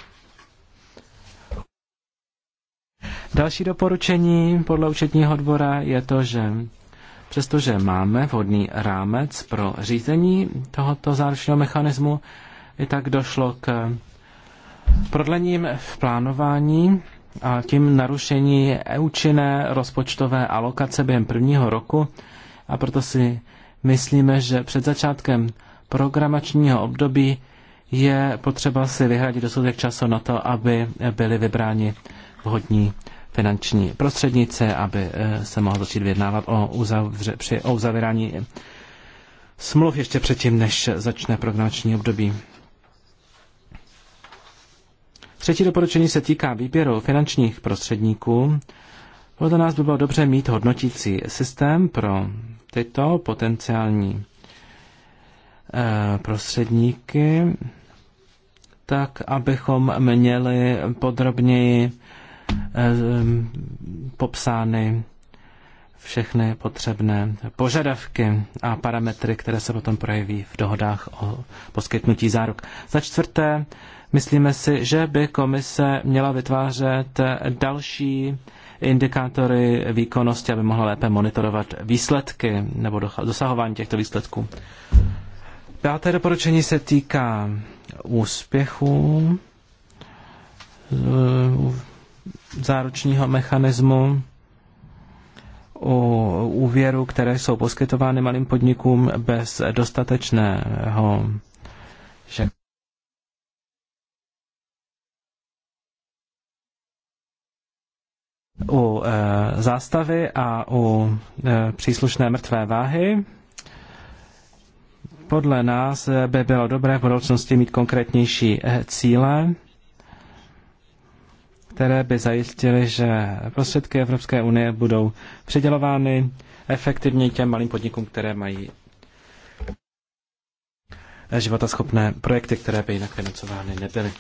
Další doporučení podle účetního dvora je to, že přestože máme vhodný rámec pro řízení tohoto záručního mechanismu, i tak došlo k prodlením v plánování a tím narušení účinné rozpočtové alokace během prvního roku a proto si myslíme, že před začátkem programačního období je potřeba si vyhradit dostatek času na to, aby byli vybráni vhodní finanční prostředníci, aby eh, se mohl začít vyjednávat o, uzavře, při, o uzavírání smluv ještě předtím, než začne programační období. Třetí doporučení se týká výběru finančních prostředníků. Podle nás by bylo dobře mít hodnotící systém pro tyto potenciální eh, prostředníky tak abychom měli podrobněji eh, popsány všechny potřebné požadavky a parametry, které se potom projeví v dohodách o poskytnutí záruk. Za čtvrté, myslíme si, že by komise měla vytvářet další indikátory výkonnosti, aby mohla lépe monitorovat výsledky nebo dosahování těchto výsledků. Páté doporučení se týká úspěchů eh, záručního mechanismu u úvěru, které jsou poskytovány malým podnikům bez dostatečného že u e, zástavy a u e, příslušné mrtvé váhy. Podle nás by bylo dobré v budoucnosti mít konkrétnější eh, cíle, které by zajistily, že prostředky Evropské unie budou předělovány efektivně těm malým podnikům, které mají eh, životaschopné projekty, které by jinak financovány nebyly.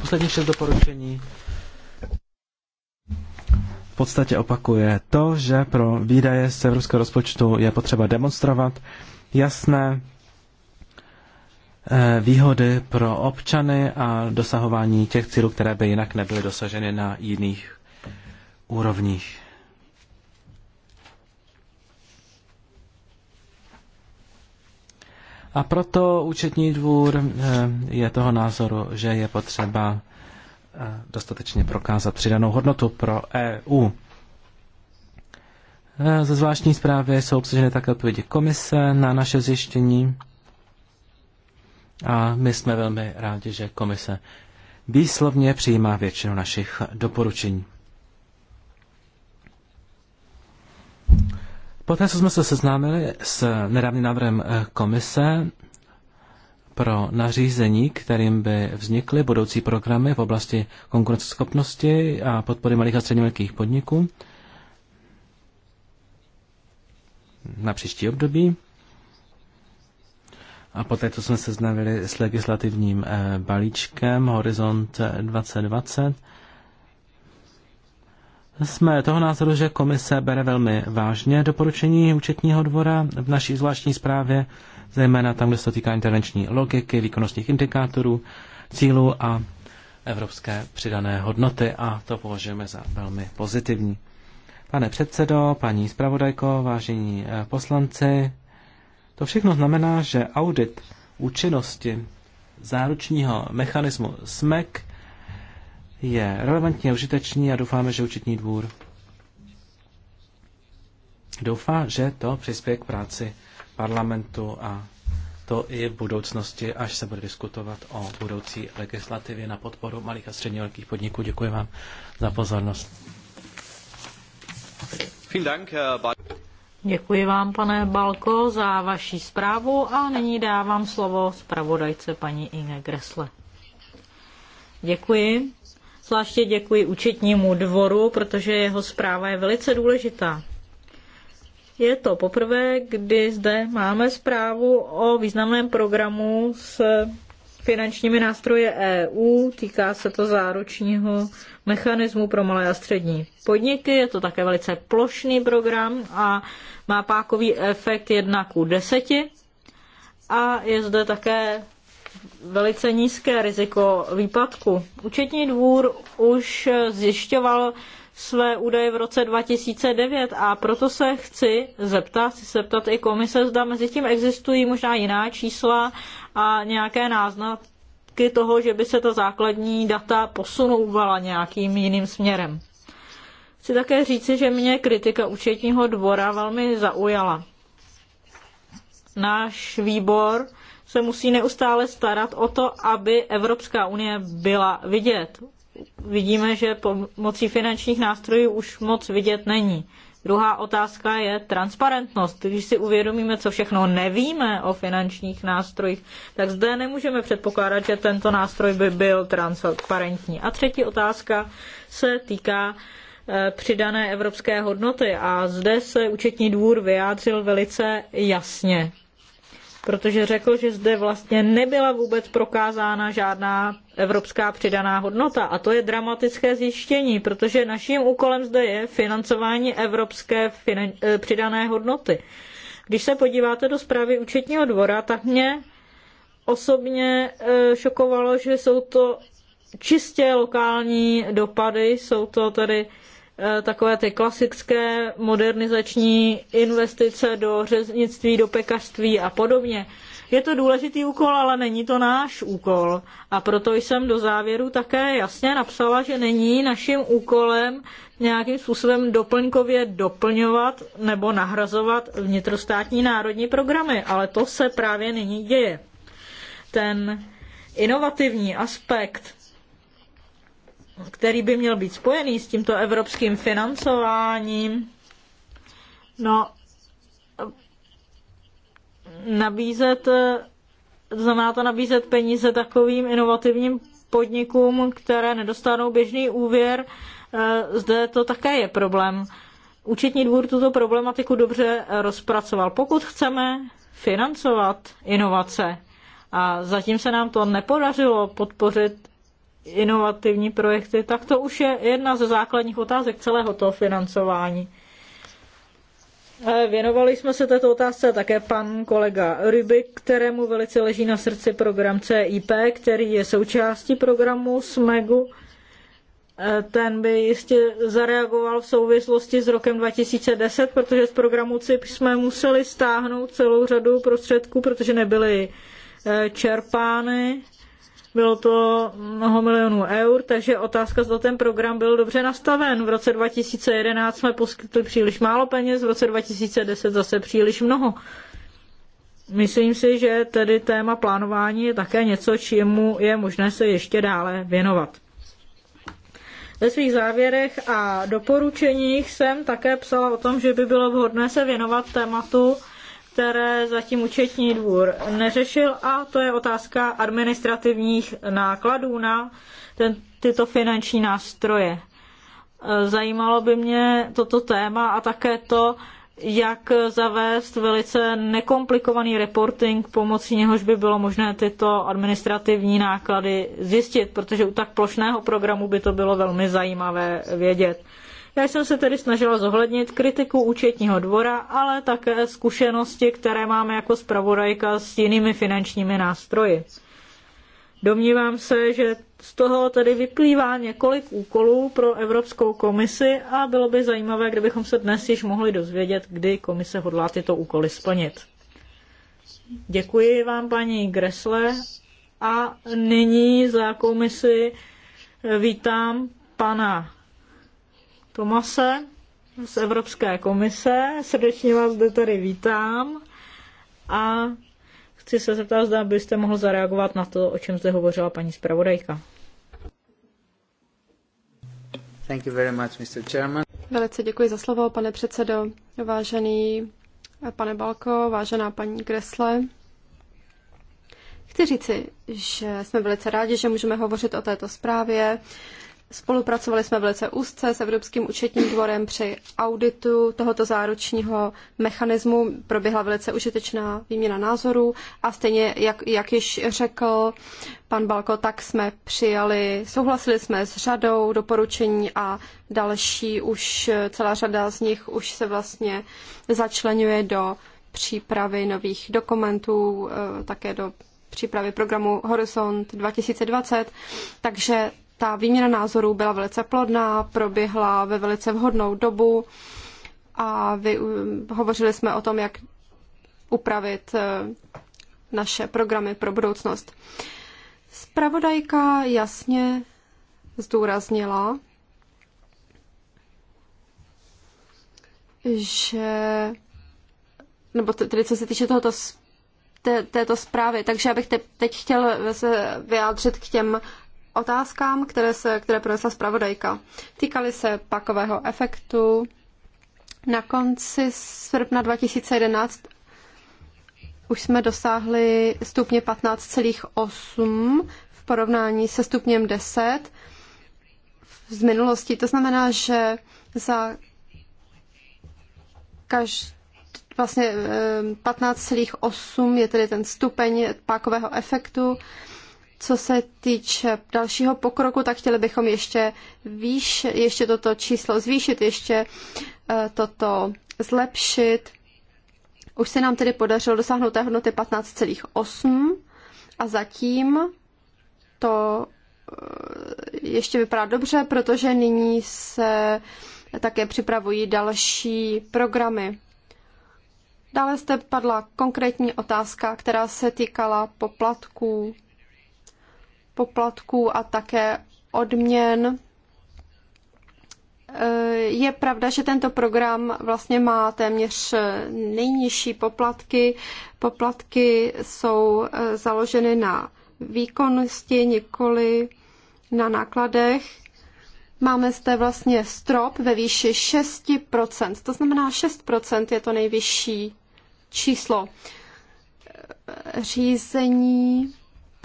Poslední šest doporučení v podstatě opakuje to, že pro výdaje z evropského rozpočtu je potřeba demonstrovat jasné Eh, výhody pro občany a dosahování těch cílů, které by jinak nebyly dosaženy na jiných úrovních. A proto účetní dvůr eh, je toho názoru, že je potřeba eh, dostatečně prokázat přidanou hodnotu pro EU. Ze zvláštní zprávy jsou obsaženy také odpovědi komise na naše zjištění. A my jsme velmi rádi, že komise výslovně přijímá většinu našich doporučení. Poté, co jsme se seznámili s nedávným návrhem eh, komise pro nařízení, kterým by vznikly budoucí programy v oblasti konkurenceschopnosti a podpory malých a středně velkých podniků na příští období, a poté, co jsme seznámili s legislativním eh, balíčkem Horizont 2020, eh, jsme toho názoru, že komise bere velmi vážně doporučení účetního dvora v naší zvláštní zprávě, zejména tam, kde se to týká intervenční logiky, výkonnostních indikátorů, cílů a evropské přidané hodnoty a to považujeme za velmi pozitivní. Pane předsedo, paní zpravodajko, vážení eh, poslanci, to všechno znamená, že audit účinnosti záručního mechanismu SMEC je relevantní a užitečný a doufáme, že účetní dvůr doufá, že to přispěje k práci parlamentu a to i v budoucnosti, až se bude diskutovat o budoucí legislativě na podporu malých a středně velkých podniků. Děkuji vám za pozornost. Děkuji vám, pane Balko, za vaši zprávu a nyní dávám slovo zpravodajce paní Inge Gresle. Děkuji. Zvláště děkuji účetnímu dvoru, protože jeho zpráva je velice důležitá. Je to poprvé, kdy zde máme zprávu o významném programu s finančními nástroje EU. Týká se to záručního mechanismu pro malé a střední podniky. Je to také velice plošný program a má pákový efekt 1 k 10 a je zde také velice nízké riziko výpadku. Účetní dvůr už zjišťoval své údaje v roce 2009 a proto se chci zeptat, chci se zeptat i komise, zda mezi tím existují možná jiná čísla a nějaké náznaky toho, že by se ta základní data posunovala nějakým jiným směrem. Chci také říci, že mě kritika účetního dvora velmi zaujala. Náš výbor se musí neustále starat o to, aby Evropská unie byla vidět. Vidíme, že pomocí finančních nástrojů už moc vidět není. Druhá otázka je transparentnost. Když si uvědomíme, co všechno nevíme o finančních nástrojích, tak zde nemůžeme předpokládat, že tento nástroj by byl transparentní. A třetí otázka se týká Eh, přidané evropské hodnoty a zde se účetní dvůr vyjádřil velice jasně, protože řekl, že zde vlastně nebyla vůbec prokázána žádná evropská přidaná hodnota a to je dramatické zjištění, protože naším úkolem zde je financování evropské finan- eh, přidané hodnoty. Když se podíváte do zprávy účetního dvora, tak mě osobně eh, šokovalo, že jsou to čistě lokální dopady, jsou to tedy Eh, takové ty klasické modernizační investice do řeznictví, do pekařství a podobně. Je to důležitý úkol, ale není to náš úkol. A proto jsem do závěru také jasně napsala, že není naším úkolem nějakým způsobem doplňkově doplňovat nebo nahrazovat vnitrostátní národní programy. Ale to se právě nyní děje. Ten inovativní aspekt který by měl být spojený s tímto evropským financováním, no, nabízet, znamená to nabízet peníze takovým inovativním podnikům, které nedostanou běžný úvěr, zde to také je problém. Účetní dvůr tuto problematiku dobře rozpracoval. Pokud chceme financovat inovace, a zatím se nám to nepodařilo podpořit inovativní projekty, tak to už je jedna ze základních otázek celého toho financování. E, věnovali jsme se této otázce také pan kolega Ryby, kterému velice leží na srdci program CIP, který je součástí programu SMEGu. E, ten by jistě zareagoval v souvislosti s rokem 2010, protože z programu CIP jsme museli stáhnout celou řadu prostředků, protože nebyly e, čerpány bylo to mnoho milionů eur, takže otázka, zda ten program byl dobře nastaven. V roce 2011 jsme poskytli příliš málo peněz, v roce 2010 zase příliš mnoho. Myslím si, že tedy téma plánování je také něco, čemu je možné se ještě dále věnovat. Ve svých závěrech a doporučeních jsem také psala o tom, že by bylo vhodné se věnovat tématu které zatím účetní dvůr neřešil a to je otázka administrativních nákladů na ten, tyto finanční nástroje. Zajímalo by mě toto téma a také to, jak zavést velice nekomplikovaný reporting, pomocí něhož by bylo možné tyto administrativní náklady zjistit, protože u tak plošného programu by to bylo velmi zajímavé vědět. Já jsem se tedy snažila zohlednit kritiku účetního dvora, ale také zkušenosti, které máme jako zpravodajka s jinými finančními nástroji. Domnívám se, že z toho tedy vyplývá několik úkolů pro Evropskou komisi a bylo by zajímavé, kdybychom se dnes již mohli dozvědět, kdy komise hodlá tyto úkoly splnit. Děkuji vám, paní Gresle. A nyní za komisi vítám pana Tomase z Evropské komise. Srdečně vás zde tady vítám a chci se zeptat, zda byste mohl zareagovat na to, o čem zde hovořila paní zpravodajka. Thank you very much, Mr. Chairman. Velice děkuji za slovo, pane předsedo, vážený pane Balko, vážená paní Kresle. Chci říci, že jsme velice rádi, že můžeme hovořit o této zprávě. Spolupracovali jsme velice úzce s Evropským účetním dvorem při auditu tohoto záručního mechanismu. Proběhla velice užitečná výměna názorů a stejně, jak, jak již řekl pan Balko, tak jsme přijali, souhlasili jsme s řadou doporučení a další už, celá řada z nich už se vlastně začlenuje do přípravy nových dokumentů, eh, také do přípravy programu Horizont 2020, takže ta výměna názorů byla velice plodná, proběhla ve velice vhodnou dobu a vy, hovořili jsme o tom, jak upravit eh, naše programy pro budoucnost. Spravodajka jasně zdůraznila, že nebo tedy co se týče tohoto té, této zprávy. Takže já bych te, teď chtěl se vyjádřit k těm otázkám, které, se, které pronesla zpravodajka. Týkaly se pakového efektu. Na konci srpna 2011 už jsme dosáhli stupně 15,8 v porovnání se stupněm 10 z minulosti. To znamená, že za každý vlastně 15,8 eh, je tedy ten stupeň pákového efektu. Co se týče dalšího pokroku, tak chtěli bychom ještě výš, ještě toto číslo zvýšit, ještě eh, toto zlepšit. Už se nám tedy podařilo dosáhnout té hodnoty 15,8 a zatím to eh, ještě vypadá dobře, protože nyní se také připravují další programy. Dále jste padla konkrétní otázka, která se týkala poplatků poplatků a také odměn. Eh, je pravda, že tento program vlastně má téměř eh, nejnižší poplatky. Poplatky jsou eh, založeny na výkonnosti, nikoli na nákladech. Máme zde vlastně strop ve výši 6%, to znamená 6% je to nejvyšší číslo. Řízení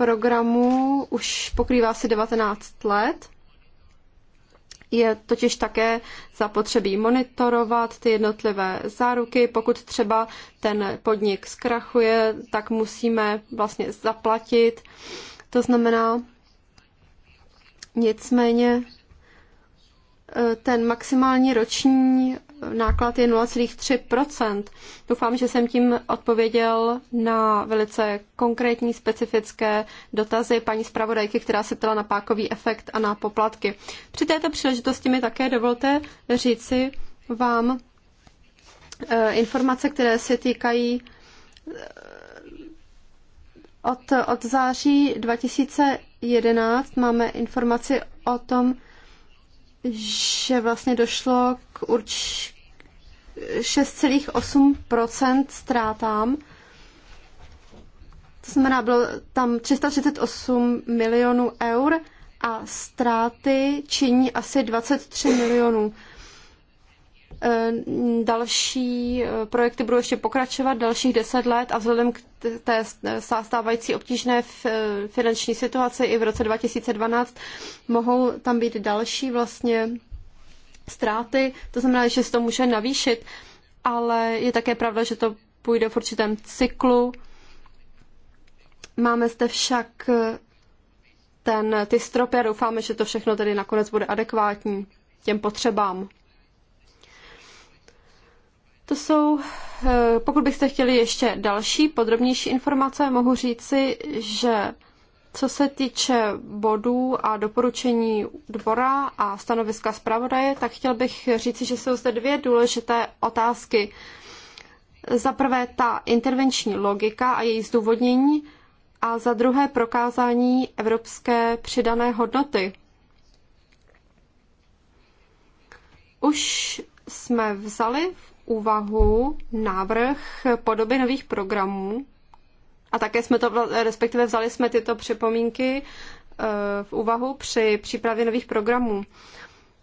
programu už pokrývá asi 19 let. Je totiž také zapotřebí monitorovat ty jednotlivé záruky. Pokud třeba ten podnik zkrachuje, tak musíme vlastně zaplatit. To znamená, nicméně eh, ten maximální roční náklad je 0,3 Doufám, že jsem tím odpověděl na velice konkrétní, specifické dotazy paní zpravodajky, která se ptala na pákový efekt a na poplatky. Při této příležitosti mi také dovolte říci vám eh, informace, které se týkají eh, od, od září 2011 máme informaci o tom, že vlastně došlo k urč 6,8% ztrátám. To znamená, bylo tam 338 milionů eur a ztráty činí asi 23 milionů. Eh, další eh, projekty budou ještě pokračovat dalších deset let a vzhledem k té stávající obtížné finanční situaci i v roce 2012 mohou tam být další vlastně ztráty, to znamená, že se to může navýšit, ale je také pravda, že to půjde v určitém cyklu. Máme zde však eh, ten, ty stropy a doufáme, že to všechno tedy nakonec bude adekvátní těm potřebám. To jsou, eh, pokud byste chtěli ještě další, podrobnější informace, mohu říci, že co se týče bodů a doporučení dvora a stanoviska zpravodaje, tak chtěl bych říci, že jsou zde dvě důležité otázky. Za prvé ta intervenční logika a její zdůvodnění a za druhé prokázání evropské přidané hodnoty. Už jsme vzali v úvahu návrh podoby nových programů a také jsme to, respektive vzali jsme tyto připomínky eh, v úvahu při přípravě nových programů.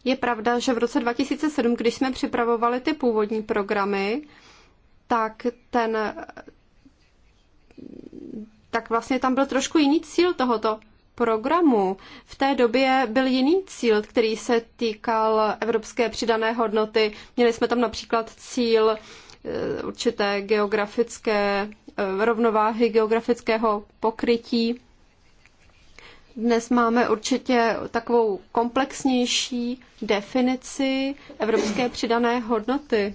Je pravda, že v roce 2007, když jsme připravovali ty původní programy, tak ten tak vlastně tam byl trošku jiný cíl tohoto programu. V té době byl jiný cíl, který se týkal evropské přidané hodnoty. Měli jsme tam například cíl eh, určité geografické eh, rovnováhy geografického pokrytí. Dnes máme určitě takovou komplexnější definici evropské přidané hodnoty.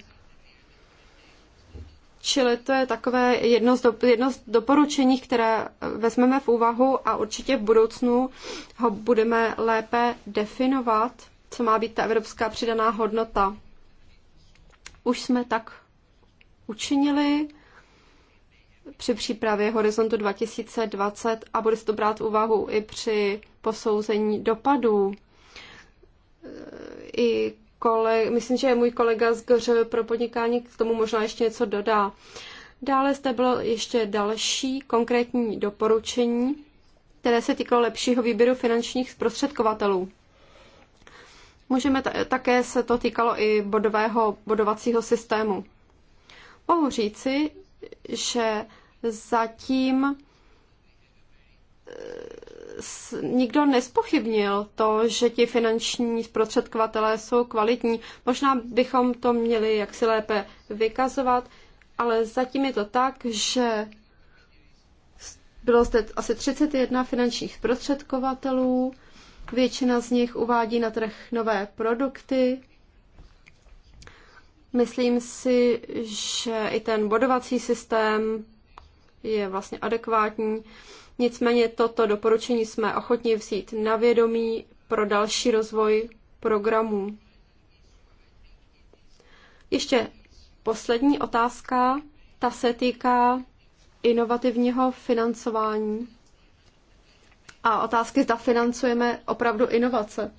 Čili to je takové jedno z, do, jedno z doporučení, které vezmeme v úvahu a určitě v budoucnu ho budeme lépe definovat, co má být ta evropská přidaná hodnota. Už jsme tak učinili při přípravě Horizontu 2020 a bude se to brát v úvahu i při posouzení dopadů i kole, myslím, že můj kolega z GŘ pro podnikání k tomu možná ještě něco dodá. Dále zde bylo ještě další konkrétní doporučení, které se týkalo lepšího výběru finančních zprostředkovatelů. Můžeme také se to týkalo i bodového bodovacího systému. Mohu říci, že zatím nikdo nespochybnil to, že ti finanční zprostředkovatelé jsou kvalitní. Možná bychom to měli jaksi lépe vykazovat, ale zatím je to tak, že bylo zde asi 31 finančních zprostředkovatelů, většina z nich uvádí na trh nové produkty. Myslím si, že i ten bodovací systém je vlastně adekvátní. Nicméně toto doporučení jsme ochotni vzít na vědomí pro další rozvoj programů. Ještě poslední otázka, ta se týká inovativního financování. A otázky, zda financujeme opravdu inovace.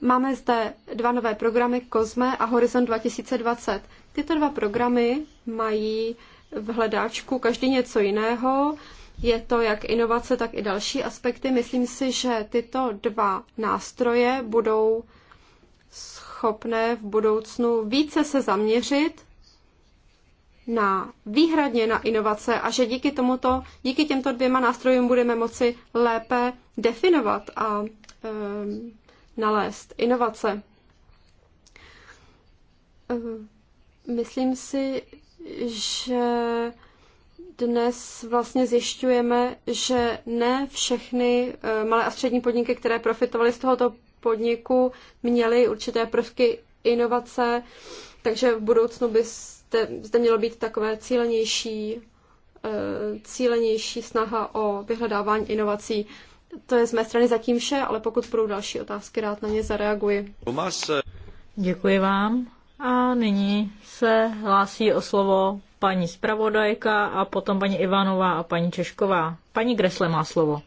Máme zde dva nové programy COSME a Horizon 2020. Tyto dva programy mají v hledáčku každý něco jiného. Je to jak inovace, tak i další aspekty. Myslím si, že tyto dva nástroje budou schopné v budoucnu více se zaměřit na výhradně na inovace a že díky tomuto, díky těmto dvěma nástrojům budeme moci lépe definovat a um, e, nalézt inovace. E, myslím si, že dnes vlastně zjišťujeme, že ne všechny eh, malé a střední podniky, které profitovaly z tohoto podniku, měly určité prvky inovace, takže v budoucnu by zde, zde mělo být takové cílenější, eh, cílenější snaha o vyhledávání inovací. To je z mé strany zatím vše, ale pokud budou další otázky, rád na ně zareaguji. Eh, Děkuji vám. A nyní se hlásí o slovo paní zpravodajka a potom paní Ivanová a paní Češková. Paní Gresle má slovo.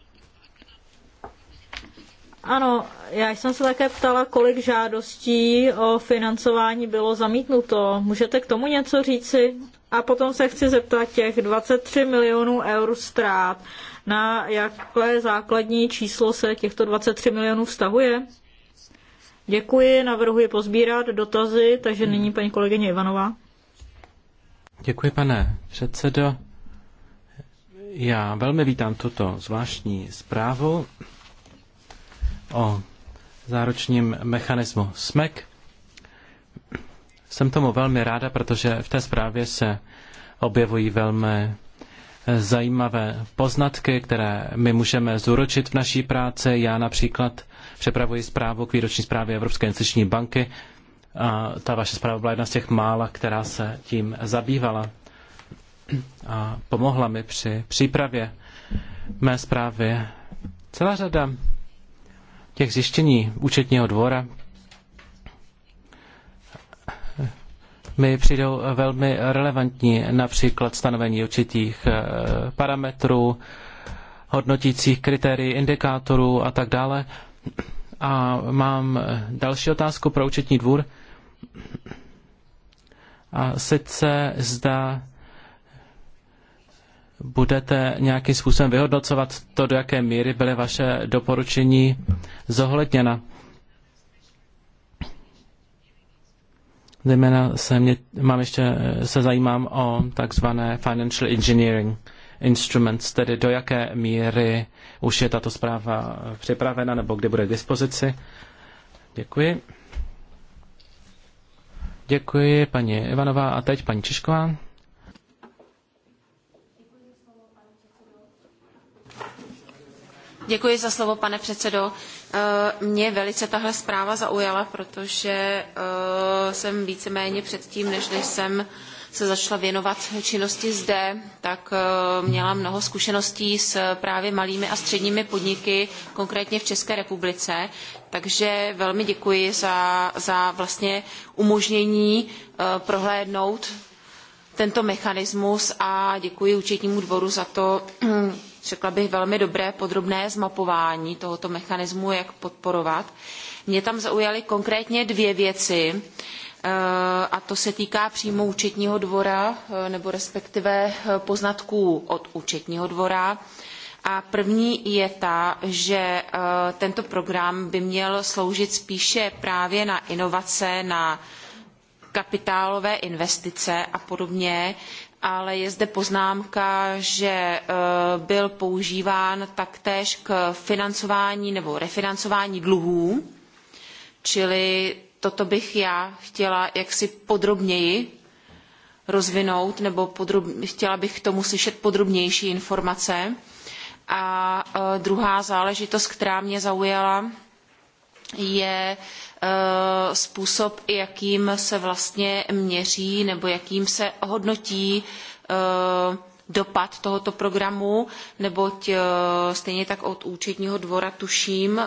Ano, já jsem se také ptala, kolik žádostí o financování bylo zamítnuto. Můžete k tomu něco říci? A potom se chci zeptat těch 23 milionů eur ztrát. Na jaké základní číslo se těchto 23 milionů vztahuje? Děkuji, navrhuji pozbírat dotazy, takže nyní paní kolegyně Ivanová. Děkuji, pane předsedo. Já velmi vítám tuto zvláštní zprávu o záročním mechanismu SMEC. Jsem tomu velmi ráda, protože v té zprávě se objevují velmi zajímavé poznatky, které my můžeme zúročit v naší práci. Já například připravuji zprávu k výroční zprávě Evropské investiční banky, a ta vaše zpráva byla jedna z těch mála, která se tím zabývala a pomohla mi při přípravě mé zprávy. Celá řada těch zjištění účetního dvora mi přijdou velmi relevantní, například stanovení určitých eh, parametrů, hodnotících kritérií, indikátorů a tak dále. A mám další otázku pro účetní dvůr. A sice zda budete nějakým způsobem vyhodnocovat to, do jaké míry byly vaše doporučení zohledněna. Zejména se mě, mám ještě, se zajímám o takzvané financial engineering instruments, tedy do jaké míry už je tato zpráva připravena nebo kdy bude k dispozici. Děkuji. Děkuji, paní Ivanová. A teď paní Češková. Děkuji za slovo, pane předsedo. E, mě velice tahle zpráva zaujala, protože e, jsem víceméně předtím, než jsem se začala věnovat činnosti zde, tak eh, měla mnoho zkušeností s právě malými a středními podniky, konkrétně v České republice. Takže velmi děkuji za, za vlastně umožnění eh, prohlédnout tento mechanismus a děkuji účetnímu dvoru za to, [CLEARS THROAT] řekla bych, velmi dobré podrobné zmapování tohoto mechanismu, jak podporovat. Mě tam zaujaly konkrétně dvě věci. Uh, Eh, a to se týká příjmu účetního dvora eh, nebo respektive eh, poznatků od účetního dvora. A první je ta, že tento program by měl sloužit spíše právě na inovace, na kapitálové investice a podobně, ale je zde poznámka, že byl používán taktéž k financování nebo refinancování dluhů, čili toto bych já chtěla jaksi podrobněji rozvinout, nebo podrob, chtěla bych k tomu slyšet podrobnější informace. A e, druhá záležitost, která mě zaujala, je e, způsob, jakým se vlastně měří nebo jakým se hodnotí e, dopad tohoto programu, neboť stejně tak od účetního dvora tuším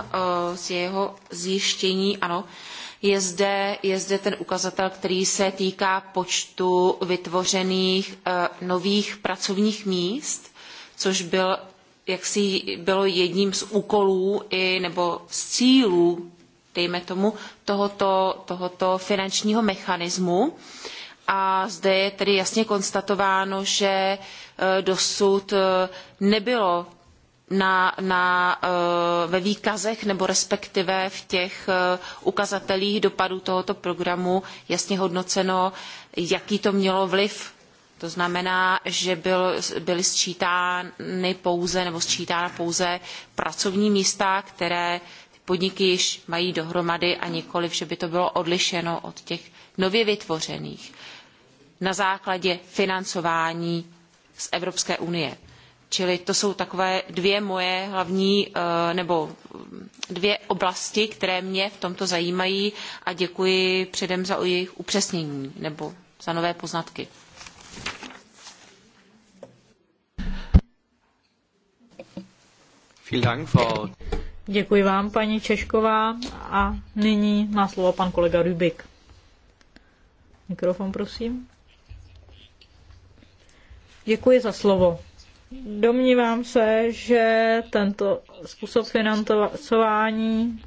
z jeho zjištění, ano, je zde, je zde ten ukazatel, který se týká počtu vytvořených eh, nových pracovních míst, což byl jaksi bylo jedním z úkolů i nebo z cílů, dejme tomu, tohoto, tohoto finančního mechanismu. A zde je tedy jasně konstatováno, že eh, dosud eh, nebylo na, na, eh, ve výkazech nebo respektive v těch eh, ukazatelích dopadů tohoto programu jasně hodnoceno, jaký to mělo vliv. To znamená, že byl, byly sčítány pouze nebo sčítána pouze pracovní místa, které podniky již mají dohromady a nikoliv, že by to bylo odlišeno od těch nově vytvořených na základě financování z Evropské unie. Čili to jsou takové dvě moje hlavní, eh, nebo mm, dvě oblasti, které mě v tomto zajímají a děkuji předem za jejich upřesnění nebo za nové poznatky. Děkuji vám, paní Češková. A nyní má slovo pan kolega Rybik. Mikrofon, prosím. Děkuji za slovo. Domnívám se, že tento způsob financování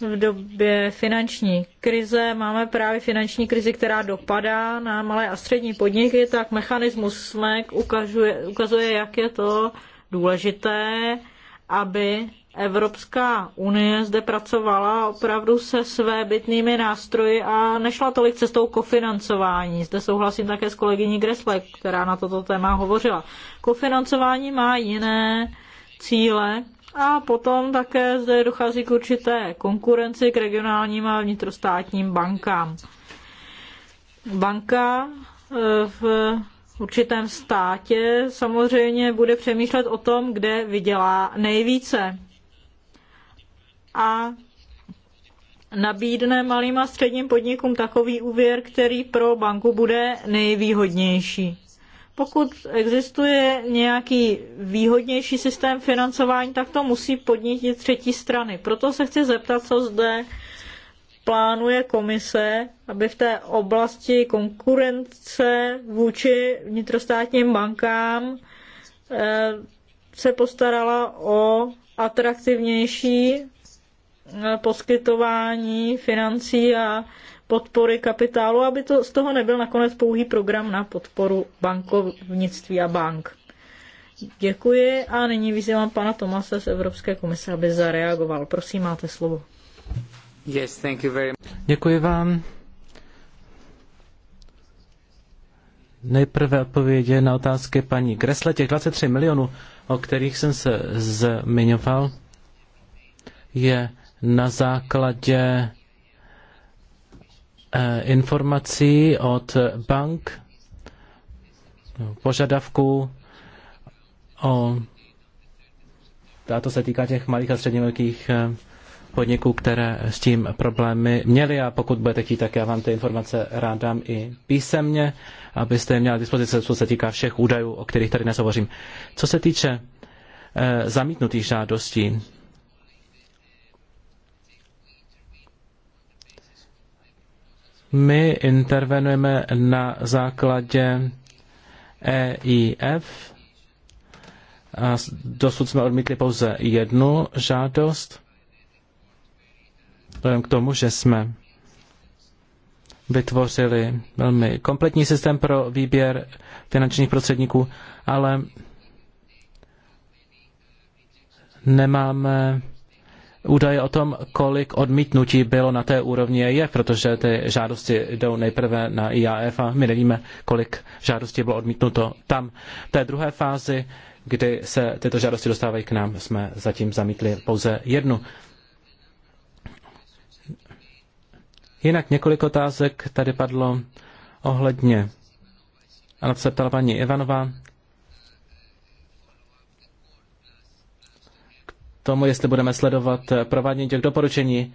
v době finanční krize máme právě finanční krizi, která dopadá na malé a střední podniky, tak mechanismus SMEC ukazuje, ukazuje jak je to důležité, aby Evropská unie zde pracovala opravdu se své bytnými nástroji a nešla tolik cestou kofinancování. Zde souhlasím také s kolegyní Greslek, která na toto téma hovořila. Kofinancování má jiné cíle a potom také zde dochází k určité konkurenci k regionálním a vnitrostátním bankám. Banka eh, v určitém státě samozřejmě bude přemýšlet o tom, kde vydělá nejvíce a nabídne malým a středním podnikům takový úvěr, který pro banku bude nejvýhodnější. Pokud existuje nějaký výhodnější systém financování, tak to musí podnítit třetí strany. Proto se chci zeptat, co zde plánuje komise, aby v té oblasti konkurence vůči vnitrostátním bankám eh, se postarala o atraktivnější Eh, poskytování financí a podpory kapitálu, aby to, z toho nebyl nakonec pouhý program na podporu bankovnictví a bank. Děkuji a nyní vyzývám pana Tomase z Evropské komise, aby zareagoval. Prosím, máte slovo. Yes, thank you very much. Děkuji vám. Nejprve odpovědě na otázky paní Gresle. Těch 23 milionů, o kterých jsem se zmiňoval, je na základě eh, informací od bank, no, požadavků o a to se týká těch malých a středně velkých eh, podniků, které s tím problémy měly a pokud budete chtít, tak já vám ty informace rád dám i písemně, abyste je měli k dispozici, co se týká všech údajů, o kterých tady dnes hovořím. Co se týče eh, zamítnutých žádostí, My intervenujeme na základě EIF. A dosud jsme odmítli pouze jednu žádost, vzhledem k tomu, že jsme vytvořili velmi kompletní systém pro výběr finančních prostředníků, ale nemáme údaje o tom, kolik odmítnutí bylo na té úrovni je, protože ty žádosti jdou nejprve na IAF a my nevíme, kolik žádostí bylo odmítnuto tam. V té druhé fázi, kdy se tyto žádosti dostávají k nám, jsme zatím zamítli pouze jednu. Jinak několik otázek tady padlo ohledně. Ano, se ptala paní Ivanová tomu, jestli budeme sledovat eh, provádění těch doporučení.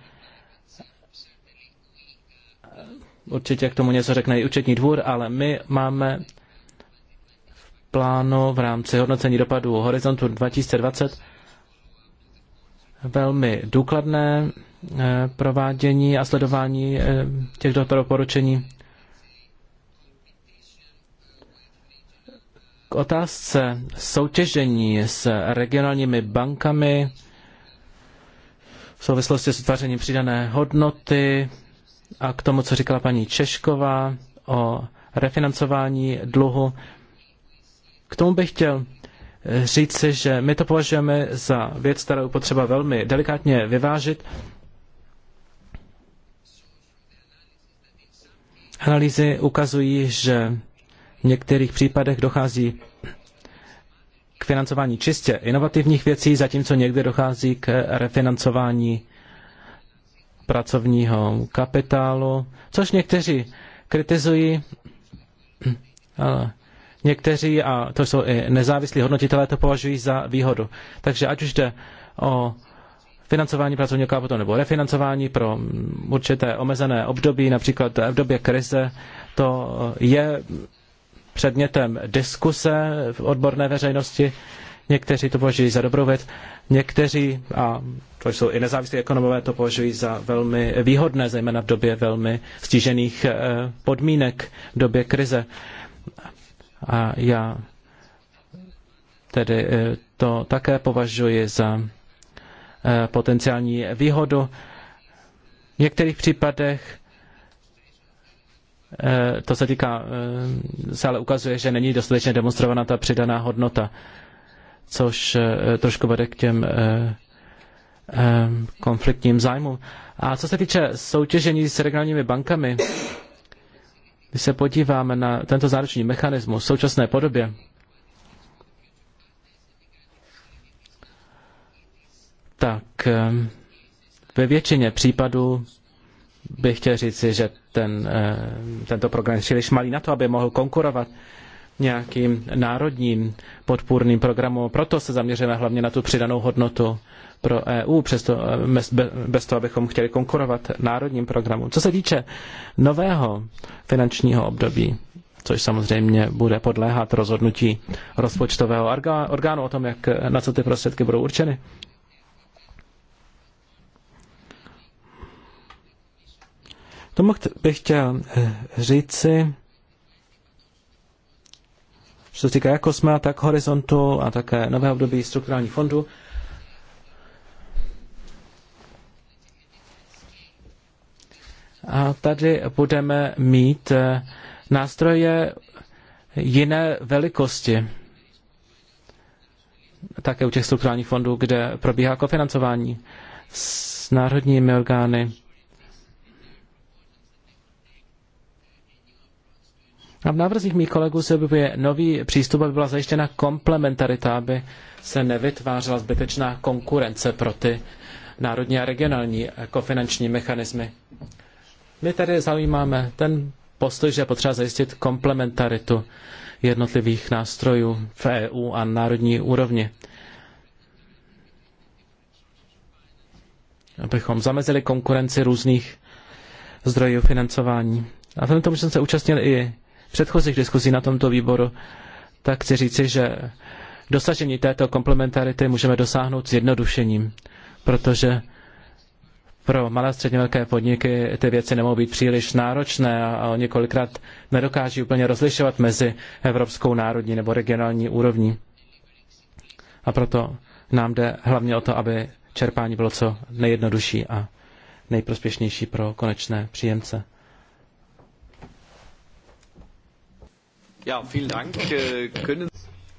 Určitě k tomu něco řekne i účetní dvůr, ale my máme v plánu v rámci hodnocení dopadů Horizontu 2020 velmi důkladné eh, provádění a sledování eh, těchto doporučení. K otázce soutěžení s regionálními bankami v souvislosti s utvářením přidané hodnoty a k tomu, co říkala paní Češková o refinancování dluhu. K tomu bych chtěl říci, že my to považujeme za věc, kterou potřeba velmi delikátně vyvážit. Analýzy ukazují, že v některých případech dochází k financování čistě inovativních věcí, zatímco někde dochází k refinancování pracovního kapitálu, což někteří kritizují, ale někteří, a to jsou i nezávislí hodnotitelé, to považují za výhodu. Takže ať už jde o financování pracovního kapitálu nebo refinancování pro určité omezené období, například v době krize, to je předmětem diskuse v odborné veřejnosti. Někteří to považují za dobrou věc, někteří, a to jsou i nezávislí ekonomové, to považují za velmi výhodné, zejména v době velmi stížených eh, podmínek, v době krize. A já tedy eh, to také považuji za eh, potenciální výhodu. V některých případech Eh, to se týká, eh, se ale ukazuje, že není dostatečně demonstrovaná ta přidaná hodnota, což eh, trošku vede k těm konfliktním zájmům. A co se týče soutěžení s regionálními bankami, když se podíváme na tento záruční mechanismus v současné podobě, tak ve většině případů bych chtěl říci, že ten, eh, tento program je příliš malý na to, aby mohl konkurovat nějakým národním podpůrným programům. Proto se zaměřujeme hlavně na tu přidanou hodnotu pro EU, přesto, eh, bez, bez toho, abychom chtěli konkurovat národním programům. Co se týče nového finančního období, což samozřejmě bude podléhat rozhodnutí rozpočtového orgánu o tom, jak na co ty prostředky budou určeny, tomu bych chtěl eh, říci, co se týká jak jsme, tak Horizontu a také nové období strukturálních fondů, A tady budeme mít eh, nástroje jiné velikosti, také u těch strukturálních fondů, kde probíhá kofinancování s národními orgány. A v návrzích mých kolegů se objevuje nový přístup, aby byla zajištěna komplementarita, aby se nevytvářela zbytečná konkurence pro ty národní a regionální kofinanční mechanismy. My tady zaujímáme ten postoj, že je potřeba zajistit komplementaritu jednotlivých nástrojů v EU a národní úrovni. Abychom zamezili konkurenci různých zdrojů financování. A v tom jsem se účastnil i předchozích diskuzí na tomto výboru, tak chci říci, že dosažení této komplementarity můžeme dosáhnout zjednodušením, protože pro malé a středně velké podniky ty věci nemohou být příliš náročné a oni kolikrát nedokáží úplně rozlišovat mezi evropskou národní nebo regionální úrovní. A proto nám jde hlavně o to, aby čerpání bylo co nejjednodušší a nejprospěšnější pro konečné příjemce. Äh,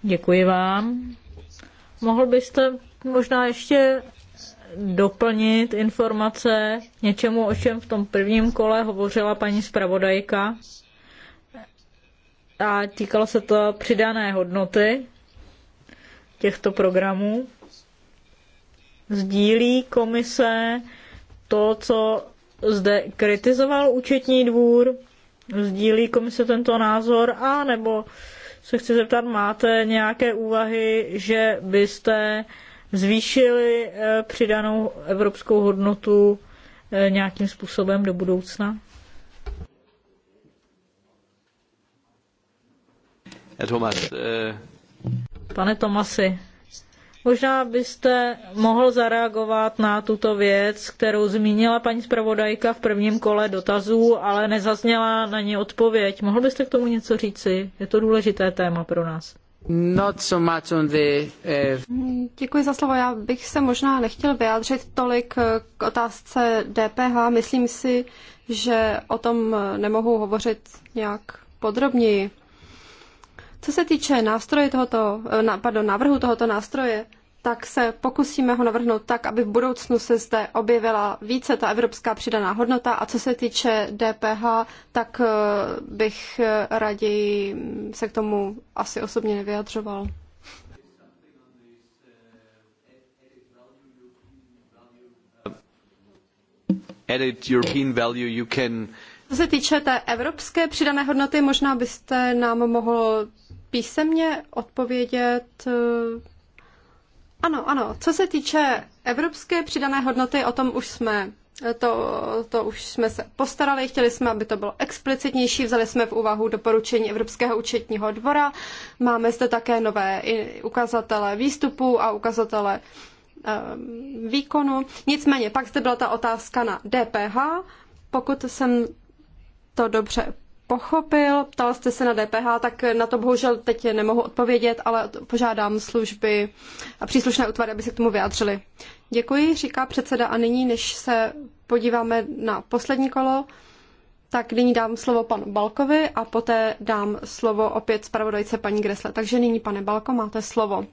Děkuji vám. Mohl byste možná ještě doplnit informace něčemu, o čem v tom prvním kole hovořila paní zpravodajka? A týkalo se to přidané hodnoty těchto programů. Sdílí komise to, co zde kritizoval účetní dvůr, Sdílí komise tento názor a nebo se chci zeptat, máte nějaké úvahy, že byste zvýšili eh, přidanou evropskou hodnotu eh, nějakým způsobem do budoucna? Thomas, eh, Pane Tomasi, Možná byste mohl zareagovat na tuto věc, kterou zmínila paní zpravodajka v prvním kole dotazů, ale nezazněla na ní odpověď. Mohl byste k tomu něco říci? Je to důležité téma pro nás. Not so much on the, uh... Děkuji za slovo. Já bych se možná nechtěl vyjádřit tolik k otázce DPH. Myslím si, že o tom nemohu hovořit nějak podrobněji. Co se týče nástroje tohoto, eh, pardon, návrhu tohoto nástroje, tak se pokusíme ho navrhnout tak, aby v budoucnu se zde objevila více ta evropská přidaná hodnota. A co se týče DPH, tak eh, bych eh, raději mm, se k tomu asi osobně nevyjadřoval. European value you can co se týče té evropské přidané hodnoty, možná byste nám mohl písemně odpovědět. Eh, ano, ano. Co se týče evropské přidané hodnoty, o tom už jsme eh, to, to už jsme se postarali, chtěli jsme, aby to bylo explicitnější, vzali jsme v úvahu doporučení Evropského účetního dvora, máme zde také nové ukazatele výstupu a ukazatele um, výkonu. Nicméně pak zde byla ta otázka na DPH. Pokud jsem to dobře pochopil, ptal jste se na DPH, tak na to bohužel teď nemohu odpovědět, ale požádám služby a příslušné útvary, aby se k tomu vyjádřili. Děkuji, říká předseda a nyní, než se podíváme na poslední kolo, tak nyní dám slovo panu Balkovi a poté dám slovo opět zpravodajce paní Gresle. Takže nyní, pane Balko, máte slovo.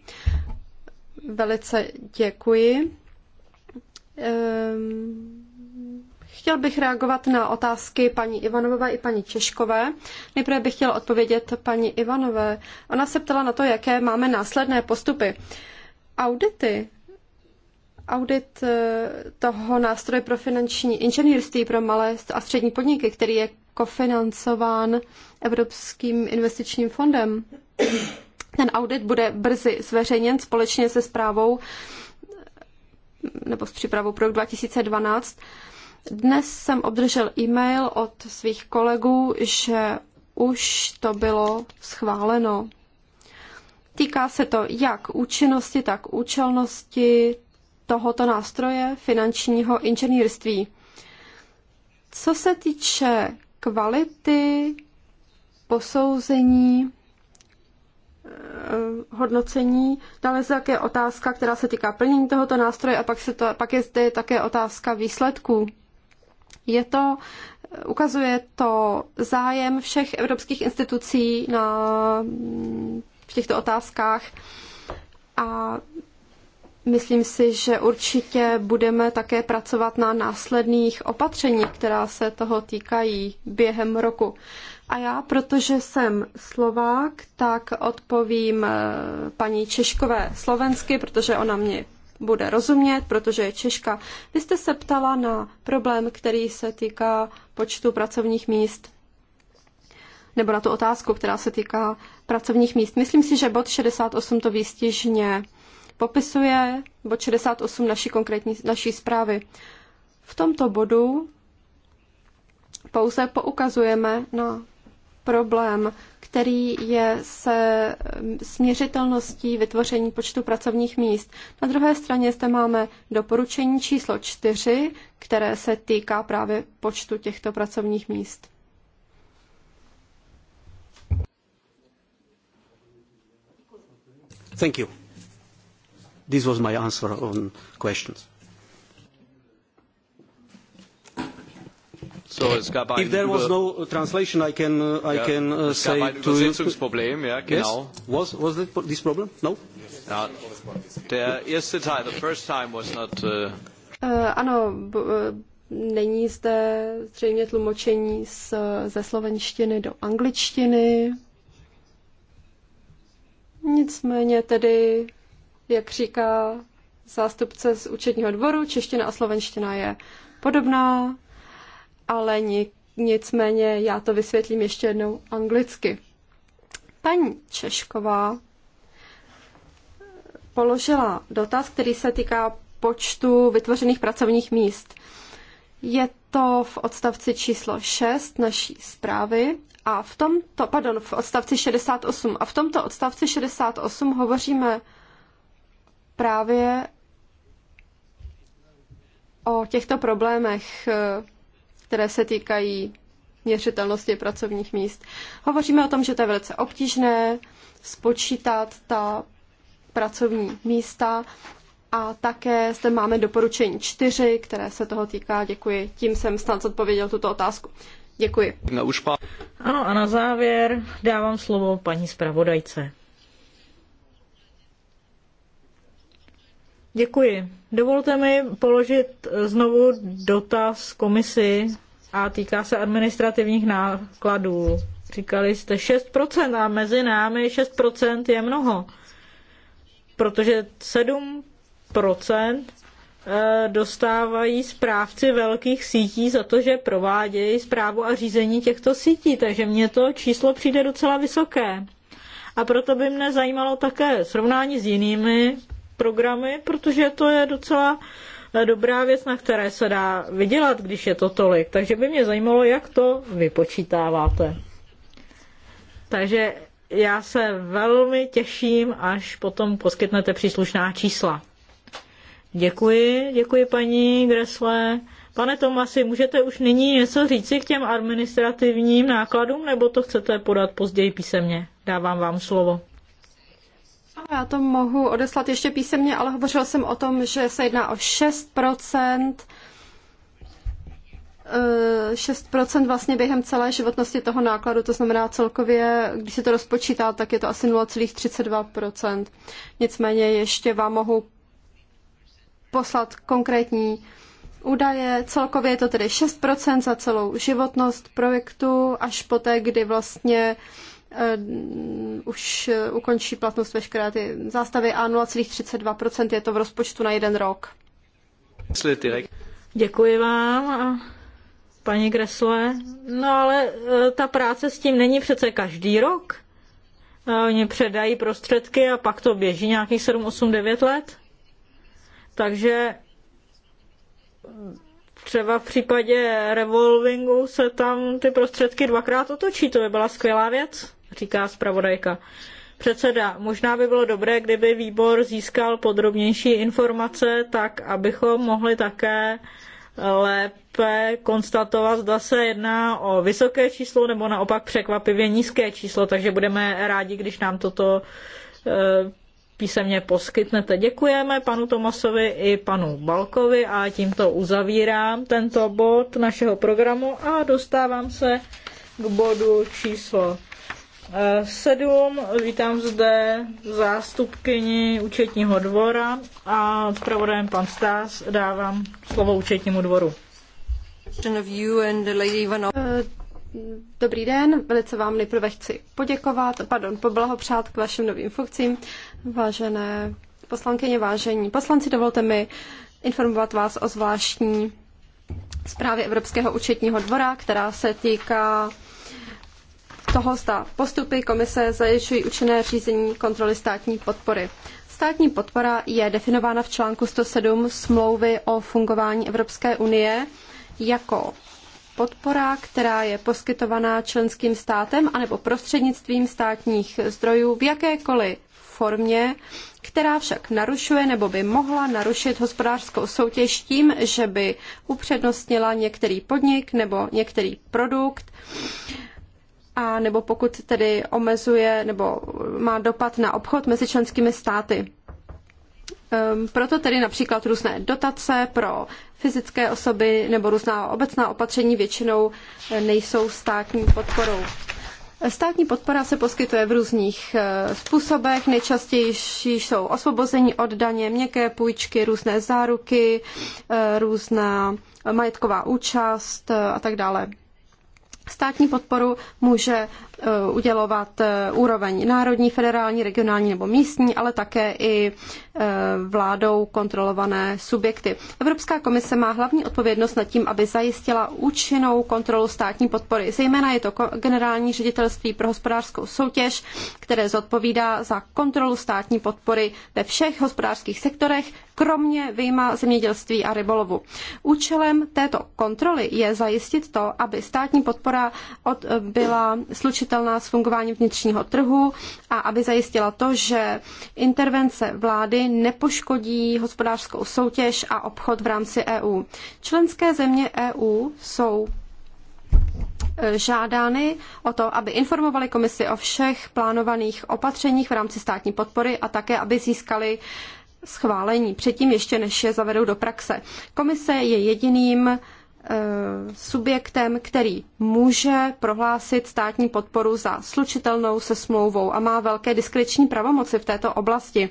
Velice děkuji. Ehm Chtěl bych reagovat na otázky paní Ivanové i paní Češkové. Nejprve bych chtěl odpovědět paní Ivanové. Ona se ptala na to, jaké máme následné postupy. Audity audit eh, toho nástroje pro finanční inženýrství pro malé a střední podniky, který je kofinancován Evropským investičním fondem. Ten audit bude brzy zveřejněn společně se zprávou nebo s přípravou pro rok 2012. Dnes jsem obdržel e-mail od svých kolegů, že už to bylo schváleno. Týká se to jak účinnosti, tak účelnosti tohoto nástroje finančního inženýrství. Co se týče kvality posouzení, eh, hodnocení. Dále se také otázka, která se týká plnění tohoto nástroje a pak, se to, pak je zde také otázka výsledků. Je to, ukazuje to zájem všech evropských institucí na, v těchto otázkách a myslím si, že určitě budeme také pracovat na následných opatřeních, která se toho týkají během roku. A já, protože jsem Slovák, tak odpovím eh, paní Češkové slovensky, protože ona mě bude rozumět, protože je Češka. Vy jste se ptala na problém, který se týká počtu pracovních míst nebo na tu otázku, která se týká pracovních míst. Myslím si, že bod 68 to výstižně popisuje, bod 68 naší konkrétní naší zprávy. V tomto bodu pouze poukazujeme na problém, který je se směřitelností vytvoření počtu pracovních míst. Na druhé straně zde máme doporučení číslo čtyři, které se týká právě počtu těchto pracovních míst. Thank you. This was my answer on questions. So, es gab ein If there was no uh, translation, I can, uh, I can uh, say to you. ja, genau. Yes? Was, was that, this problem? No? Ja, the erste Teil, the first time was not... Uh... Uh, ano, b, eh, není zde zřejmě tlumočení z, ze slovenštiny do angličtiny. Nicméně tedy, jak říká zástupce z účetního dvoru, čeština a slovenština je podobná, ale nicméně já to vysvětlím ještě jednou anglicky. Paní Češková položila dotaz, který se týká počtu vytvořených pracovních míst. Je to v odstavci číslo 6 naší zprávy a v tomto, pardon, v odstavci 68. A v tomto odstavci 68 hovoříme právě o těchto problémech které se týkají měřitelnosti pracovních míst. Hovoříme o tom, že to je velice obtížné spočítat ta pracovní místa a také zde máme doporučení čtyři, které se toho týká. Děkuji. Tím jsem snad odpověděl tuto otázku. Děkuji. Ano a na závěr dávám slovo paní zpravodajce. Děkuji. Dovolte mi položit znovu dotaz komisi a týká se administrativních nákladů. Říkali jste 6% a mezi námi 6% je mnoho, protože 7% eh, dostávají správci velkých sítí za to, že provádějí zprávu a řízení těchto sítí, takže mně to číslo přijde docela vysoké. A proto by mě zajímalo také srovnání s jinými programy, protože to je docela eh, dobrá věc, na které se dá vydělat, když je to tolik. Takže by mě zajímalo, jak to vypočítáváte. Takže já se velmi těším, až potom poskytnete příslušná čísla. Děkuji, děkuji paní Gresle. Pane Tomasi, můžete už nyní něco říci k těm administrativním nákladům, nebo to chcete podat později písemně? Dávám vám slovo. Já to mohu odeslat ještě písemně, ale hovořil jsem o tom, že se jedná o 6%, 6% eh, vlastně během celé životnosti toho nákladu, to znamená celkově, když se to rozpočítá, tak je to asi 0,32%. Nicméně ještě vám mohu poslat konkrétní údaje. Celkově je to tedy 6% za celou životnost projektu, až poté, kdy vlastně Eh, už eh, ukončí platnost veškeré ty zástavy a 0,32% je to v rozpočtu na jeden rok. Děkuji vám, paní Gresle. No ale eh, ta práce s tím není přece každý rok. Oni předají prostředky a pak to běží nějakých 7, 8, 9 let. Takže třeba v případě revolvingu se tam ty prostředky dvakrát otočí. To by byla skvělá věc říká zpravodajka. Předseda, možná by bylo dobré, kdyby výbor získal podrobnější informace, tak abychom mohli také lépe konstatovat, zda se jedná o vysoké číslo nebo naopak překvapivě nízké číslo, takže budeme rádi, když nám toto eh, písemně poskytnete. Děkujeme panu Tomasovi i panu Balkovi a tímto uzavírám tento bod našeho programu a dostávám se k bodu číslo 7. Vítám zde zástupkyni účetního dvora a zpravodajem pan Stás dávám slovo účetnímu dvoru. Eh, dobrý den, velice vám nejprve chci poděkovat, pardon, poblahopřát k vašim novým funkcím. Vážené poslankyně, vážení poslanci, dovolte mi informovat vás o zvláštní zprávě Evropského účetního dvora, která se týká toho, zda postupy komise zajišťují účinné řízení kontroly státní podpory. Státní podpora je definována v článku 107 smlouvy o fungování Evropské unie jako podpora, která je poskytovaná členským státem anebo prostřednictvím státních zdrojů v jakékoliv formě, která však narušuje nebo by mohla narušit hospodářskou soutěž tím, že by upřednostnila některý podnik nebo některý produkt a nebo pokud tedy omezuje nebo má dopad na obchod mezi členskými státy. Ehm, proto tedy například různé dotace pro fyzické osoby nebo různá obecná opatření většinou nejsou státní podporou. Státní podpora se poskytuje v různých eh, způsobech. Nejčastější jsou osvobození od daně, měkké půjčky, různé záruky, eh, různá majetková účast eh, a tak dále. Státní podporu může Eh, udělovat eh, úroveň národní, federální, regionální nebo místní, ale také i eh, vládou kontrolované subjekty. Evropská komise má hlavní odpovědnost nad tím, aby zajistila účinnou kontrolu státní podpory. Zejména je to generální ředitelství pro hospodářskou soutěž, které zodpovídá za kontrolu státní podpory ve všech hospodářských sektorech, kromě vyjma zemědělství a rybolovu. Účelem této kontroly je zajistit to, aby státní podpora byla slučitelná slučitelná s fungováním vnitřního trhu a aby zajistila to, že intervence vlády nepoškodí hospodářskou soutěž a obchod v rámci EU. Členské země EU jsou e, žádány o to, aby informovali komisi o všech plánovaných opatřeních v rámci státní podpory a také, aby získali schválení předtím ještě, než je zavedou do praxe. Komise je jediným Eh, subjektem, který může prohlásit státní podporu za slučitelnou se smlouvou a má velké diskreční pravomoci v této oblasti.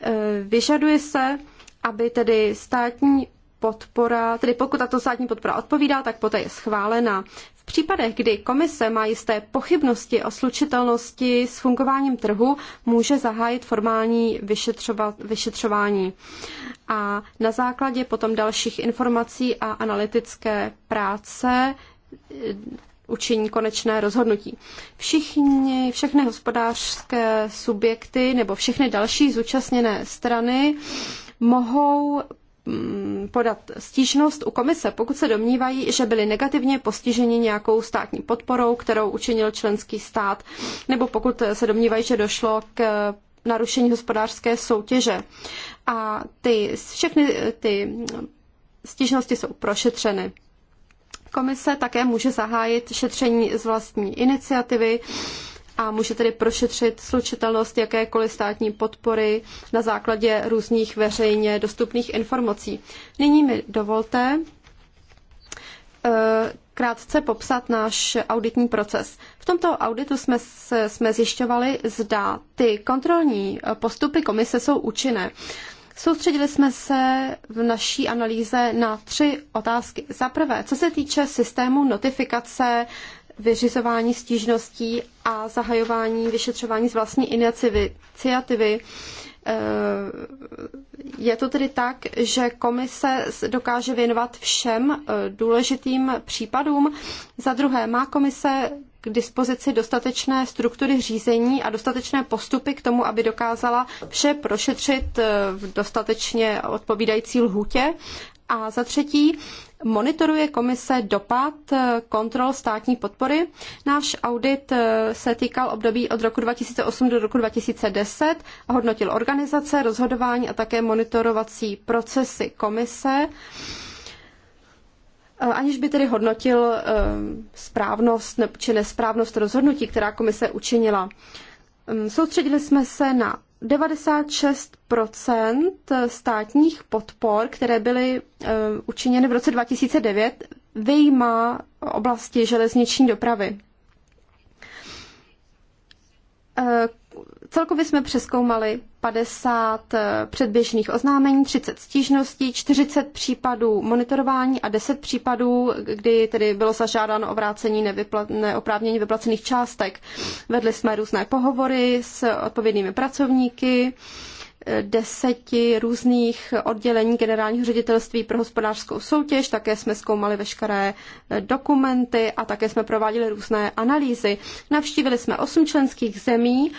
Eh, vyžaduje se, aby tedy státní podpora, tedy pokud tato státní podpora odpovídá, tak poté je schválena případech, kdy komise má jisté pochybnosti o slučitelnosti s fungováním trhu, může zahájit formální vyšetřování. A na základě potom dalších informací a analytické práce eh, učiní konečné rozhodnutí. Všichni, všechny hospodářské subjekty nebo všechny další zúčastněné strany mohou Mm, podat stížnost u komise, pokud se domnívají, že byli negativně postiženi nějakou státní podporou, kterou učinil členský stát, nebo pokud se domnívají, že došlo k narušení hospodářské soutěže. A ty, všechny ty stížnosti jsou prošetřeny. Komise také může zahájit šetření z vlastní iniciativy a může tedy prošetřit slučitelnost jakékoliv státní podpory na základě různých veřejně dostupných informací. Nyní mi dovolte eh, krátce popsat náš auditní proces. V tomto auditu jsme, jsme zjišťovali, zda ty kontrolní eh, postupy komise jsou účinné. Soustředili jsme se v naší analýze na tři otázky. Za prvé, co se týče systému notifikace vyřizování stížností a zahajování vyšetřování z vlastní iniciativy. Eh, je to tedy tak, že komise dokáže věnovat všem eh, důležitým případům. Za druhé, má komise k dispozici dostatečné struktury řízení a dostatečné postupy k tomu, aby dokázala vše prošetřit eh, v dostatečně odpovídající lhůtě. A za třetí, monitoruje komise dopad eh, kontrol státní podpory. Náš audit eh, se týkal období od roku 2008 do roku 2010 a hodnotil organizace, rozhodování a také monitorovací procesy komise, eh, aniž by tedy hodnotil správnost či nesprávnost rozhodnutí, která komise učinila. Mm, soustředili jsme se na 96 státních podpor, které byly eh, učiněny v roce 2009, vyjímá oblasti železniční dopravy. Eh, celkově jsme přeskoumali 50 eh, předběžných oznámení, 30 stížností, 40 případů monitorování a 10 případů, kdy tedy bylo zažádáno o vrácení nevypla- neoprávněně vyplacených částek. Vedli jsme různé pohovory s odpovědnými pracovníky, eh, deseti různých oddělení generálního ředitelství pro hospodářskou soutěž, také jsme zkoumali veškeré eh, dokumenty a také jsme prováděli různé analýzy. Navštívili jsme osm členských zemí,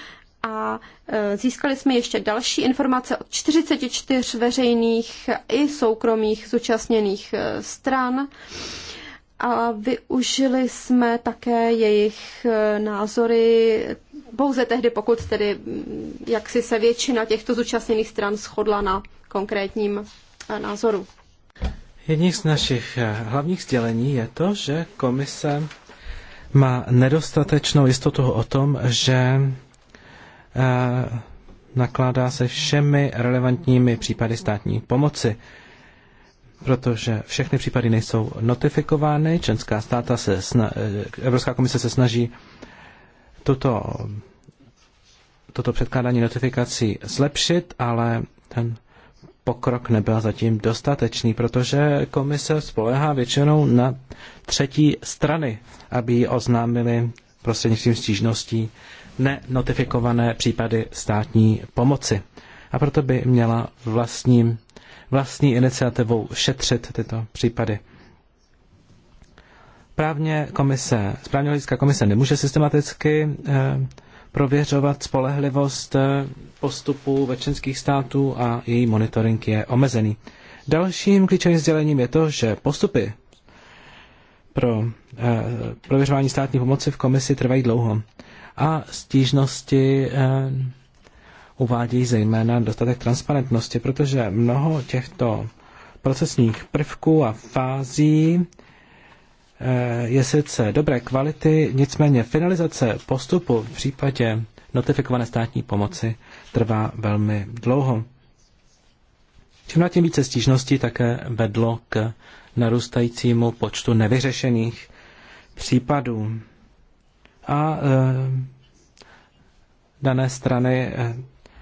a e, získali jsme ještě další informace od 44 veřejných i soukromých zúčastněných e, stran a využili jsme také jejich e, názory pouze tehdy, pokud tedy jaksi se většina těchto zúčastněných stran shodla na konkrétním názoru. Jedním z našich hlavních sdělení je to, že komise má nedostatečnou jistotu o tom, že Eh, nakládá se všemi relevantními případy státní pomoci, protože všechny případy nejsou notifikovány. Členská státa se sna- eh, Evropská komise se snaží tuto, toto předkládání notifikací zlepšit, ale ten pokrok nebyl zatím dostatečný, protože komise spolehá většinou na třetí strany, aby ji oznámili prostřednictvím stížností nenotifikované případy státní pomoci. A proto by měla vlastní, vlastní iniciativou šetřit tyto případy. Právně komise, správně hlediska komise nemůže systematicky eh, prověřovat spolehlivost eh, postupů večenských států a její monitoring je omezený. Dalším klíčovým sdělením je to, že postupy pro eh, prověřování státní pomoci v komisi trvají dlouho a stížnosti eh, uvádějí zejména dostatek transparentnosti, protože mnoho těchto procesních prvků a fází eh, je sice dobré kvality, nicméně finalizace postupu v případě notifikované státní pomoci trvá velmi dlouho. Čím na tím více stížností také vedlo k narůstajícímu počtu nevyřešených případů a e, dané strany e,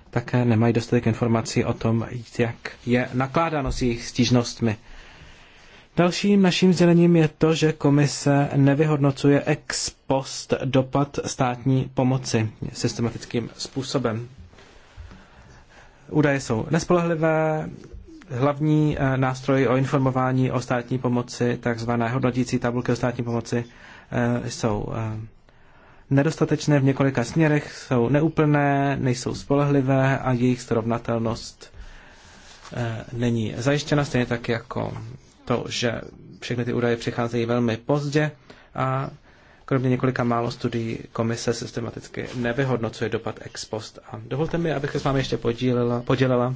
také nemají dostatek informací o tom, jak je nakládáno s jejich stížnostmi. Dalším naším sdělením je to, že komise nevyhodnocuje ex post dopad státní pomoci systematickým způsobem. Údaje jsou nespolehlivé, hlavní e, nástroj o informování o státní pomoci, takzvané hodnotící tabulky o státní pomoci, jsou nedostatečné v několika směrech, jsou neúplné, nejsou spolehlivé a jejich srovnatelnost eh, není zajištěna, stejně tak jako to, že všechny ty údaje přicházejí velmi pozdě a kromě několika málo studií komise systematicky nevyhodnocuje dopad ex post. A dovolte mi, abych se s vámi ještě podílela, podělila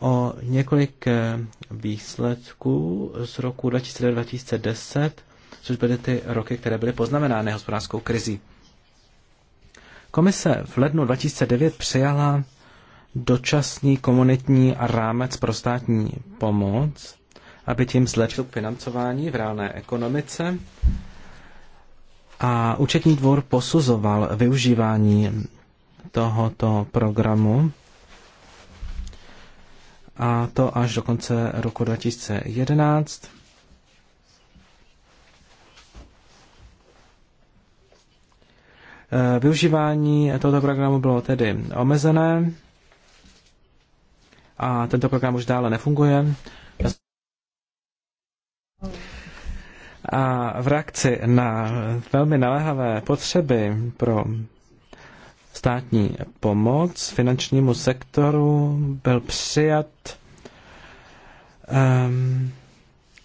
o několik eh, výsledků z roku 2010 což byly ty roky, které byly poznamenány hospodářskou krizí. Komise v lednu 2009 přijala dočasný komunitní rámec pro státní pomoc, aby tím zlepšil financování v reálné ekonomice. A účetní dvůr posuzoval využívání tohoto programu a to až do konce roku 2011. Eh, využívání tohoto programu bylo tedy omezené a tento program už dále nefunguje. A v reakci na velmi naléhavé potřeby pro státní pomoc finančnímu sektoru byl přijat um,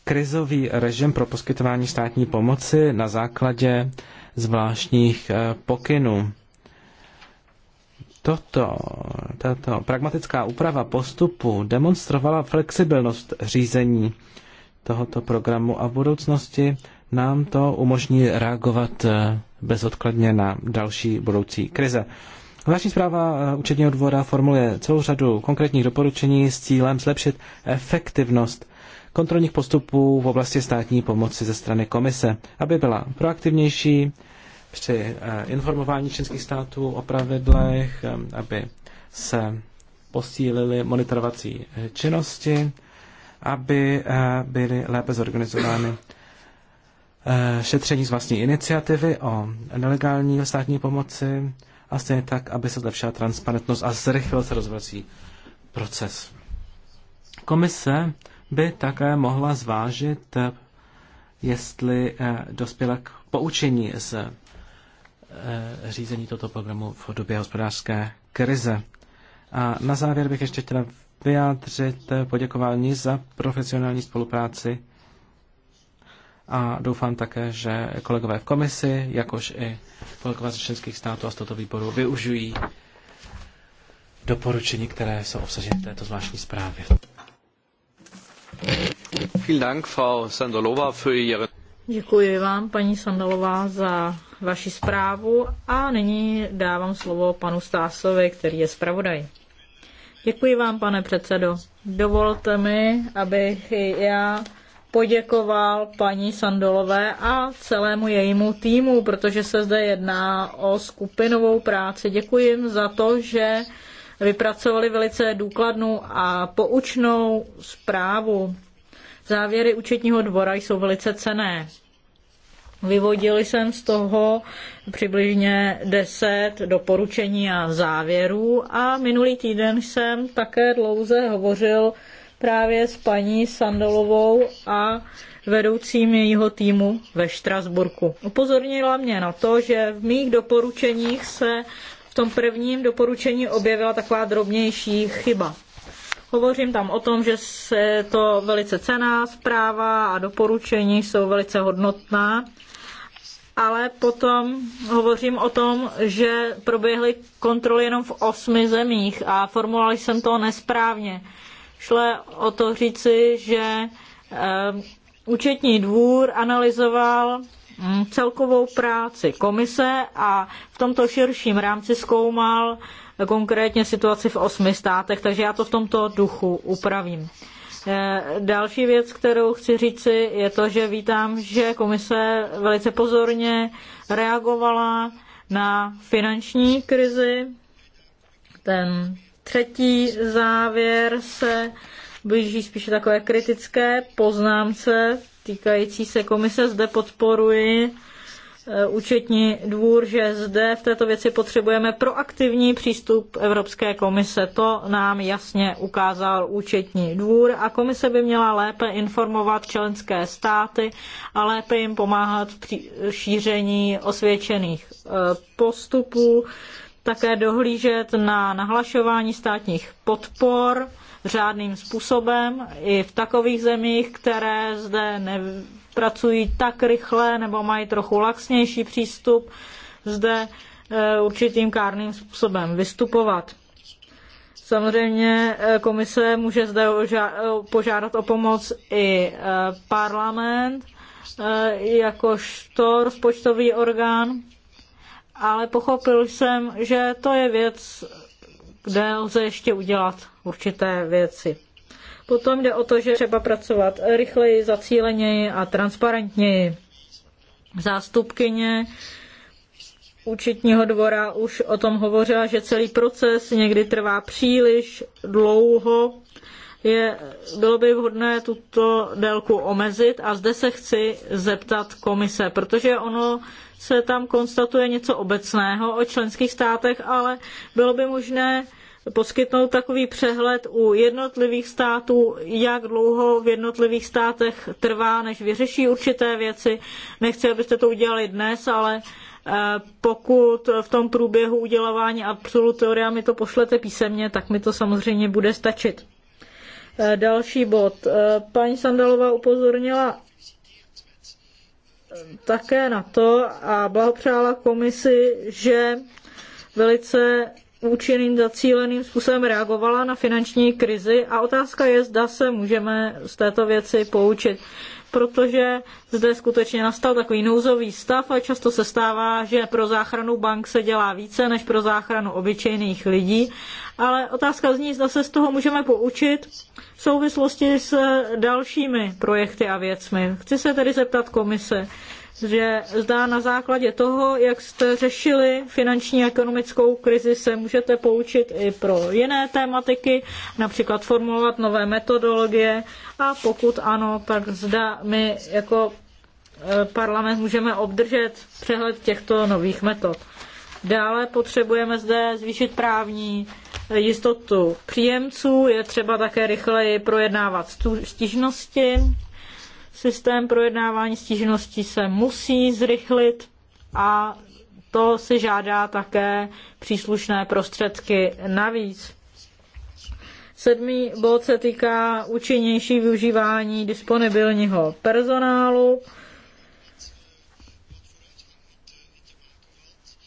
krizový režim pro poskytování státní pomoci na základě zvláštních eh, pokynů. Toto, tato pragmatická úprava postupu demonstrovala flexibilnost řízení tohoto programu a v budoucnosti nám to umožní reagovat eh, bezodkladně na další budoucí krize. Vaší zpráva eh, účetního dvora formuluje celou řadu konkrétních doporučení s cílem zlepšit efektivnost kontrolních postupů v oblasti státní pomoci ze strany komise, aby byla proaktivnější při eh, informování členských států o pravidlech, eh, aby se posílily monitorovací eh, činnosti, aby byly lépe zorganizovány šetření z vlastní iniciativy o nelegální státní pomoci a stejně tak, aby se zlepšila transparentnost a zrychlil se rozvrací proces. Komise by také mohla zvážit, eh, jestli eh, dospěla k poučení z eh, řízení tohoto programu v době hospodářské krize. A na závěr bych ještě chtěla vyjádřit poděkování za profesionální spolupráci a doufám také, že kolegové v komisi, jakož i kolegové z členských států a z tohoto výboru využijí doporučení, které jsou obsaženy v této zvláštní zprávě. Děkuji vám, paní Sandalová, za vaši zprávu a nyní dávám slovo panu Stásovi, který je zpravodaj. Děkuji vám, pane předsedo. Dovolte mi, abych já poděkoval paní Sandolové a celému jejímu týmu, protože se zde jedná o skupinovou práci. Děkuji jim za to, že vypracovali velice důkladnou a poučnou zprávu. Závěry účetního dvora jsou velice cené. Vyvodili jsem z toho přibližně 10 doporučení a závěrů a minulý týden jsem také dlouze hovořil právě s paní Sandolovou a vedoucím jejího týmu ve Štrasburku. Upozornila mě na to, že v mých doporučeních se v tom prvním doporučení objevila taková drobnější chyba. Hovořím tam o tom, že se to velice cená zpráva a doporučení jsou velice hodnotná, ale potom hovořím o tom, že proběhly kontroly jenom v osmi zemích a formulovali jsem to nesprávně. Šle o to říci, že e, účetní dvůr analyzoval Mm, celkovou práci komise a v tomto širším rámci zkoumal konkrétně situaci v osmi státech, takže já to v tomto duchu upravím. Eh, další věc, kterou chci říci, je to, že vítám, že komise velice pozorně reagovala na finanční krizi. Ten třetí závěr se blíží spíše takové kritické poznámce týkající se komise. Zde podporuji e, účetní dvůr, že zde v této věci potřebujeme proaktivní přístup Evropské komise. To nám jasně ukázal účetní dvůr a komise by měla lépe informovat členské státy a lépe jim pomáhat v šíření osvědčených e, postupů, také dohlížet na nahlašování státních podpor řádným způsobem i v takových zemích, které zde nepracují tak rychle nebo mají trochu laxnější přístup, zde eh, určitým kárným způsobem vystupovat. Samozřejmě eh, komise může zde požádat o pomoc i eh, parlament, jakožto rozpočtový orgán, ale pochopil jsem, že to je věc, kde lze ještě udělat určité věci. Potom jde o to, že třeba pracovat rychleji, zacíleněji a transparentněji. Zástupkyně účetního dvora už o tom hovořila, že celý proces někdy trvá příliš dlouho. Je, bylo by vhodné tuto délku omezit a zde se chci zeptat komise, protože ono se tam konstatuje něco obecného o členských státech, ale bylo by možné poskytnout takový přehled u jednotlivých států, jak dlouho v jednotlivých státech trvá, než vyřeší určité věci. Nechci, abyste to udělali dnes, ale eh, pokud v tom průběhu udělování absolutoria mi to pošlete písemně, tak mi to samozřejmě bude stačit. Eh, další bod. Eh, paní Sandalová upozornila také na to a blahopřála komisi, že velice účinným, zacíleným způsobem reagovala na finanční krizi a otázka je, zda se můžeme z této věci poučit. Protože zde skutečně nastal takový nouzový stav a často se stává, že pro záchranu bank se dělá více než pro záchranu obyčejných lidí. Ale otázka zní, zda se z toho můžeme poučit v souvislosti s dalšími projekty a věcmi. Chci se tedy zeptat komise že zdá na základě toho, jak jste řešili finanční a ekonomickou krizi, se můžete poučit i pro jiné tématiky, například formulovat nové metodologie a pokud ano, tak zda my jako e, parlament můžeme obdržet přehled těchto nových metod. Dále potřebujeme zde zvýšit právní jistotu příjemců, je třeba také rychleji projednávat stížnosti Systém projednávání stížností se musí zrychlit a to si žádá také příslušné prostředky navíc. Sedmý bod se týká účinnější využívání disponibilního personálu.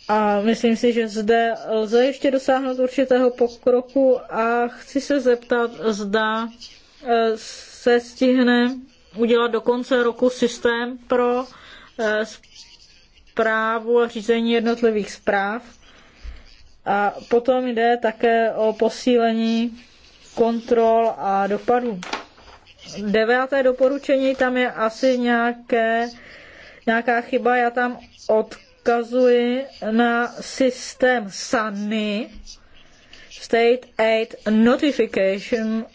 A myslím si, že zde lze ještě dosáhnout určitého pokroku a chci se zeptat, zda eh, se stihne udělat do konce roku systém pro eh, zprávu a řízení jednotlivých zpráv. A potom jde také o posílení kontrol a dopadů. Deváté doporučení, tam je asi nějaké, nějaká chyba, já tam odkazuji na systém SANY, State Aid Notification,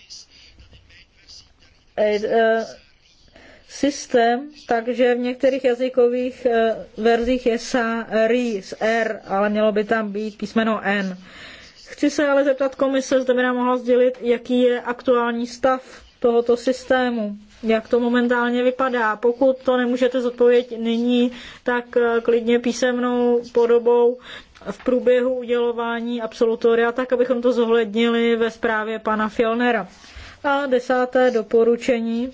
Aid, uh, systém, takže v některých jazykových eh, verzích je sa, ri s r, er, ale mělo by tam být písmeno n. Chci se ale zeptat komise, zda by nám mohla sdělit, jaký je aktuální stav tohoto systému, jak to momentálně vypadá. Pokud to nemůžete zodpovědět nyní, tak eh, klidně písemnou podobou v průběhu udělování absolutoria, tak abychom to zohlednili ve zprávě pana Fjellnera. A desáté doporučení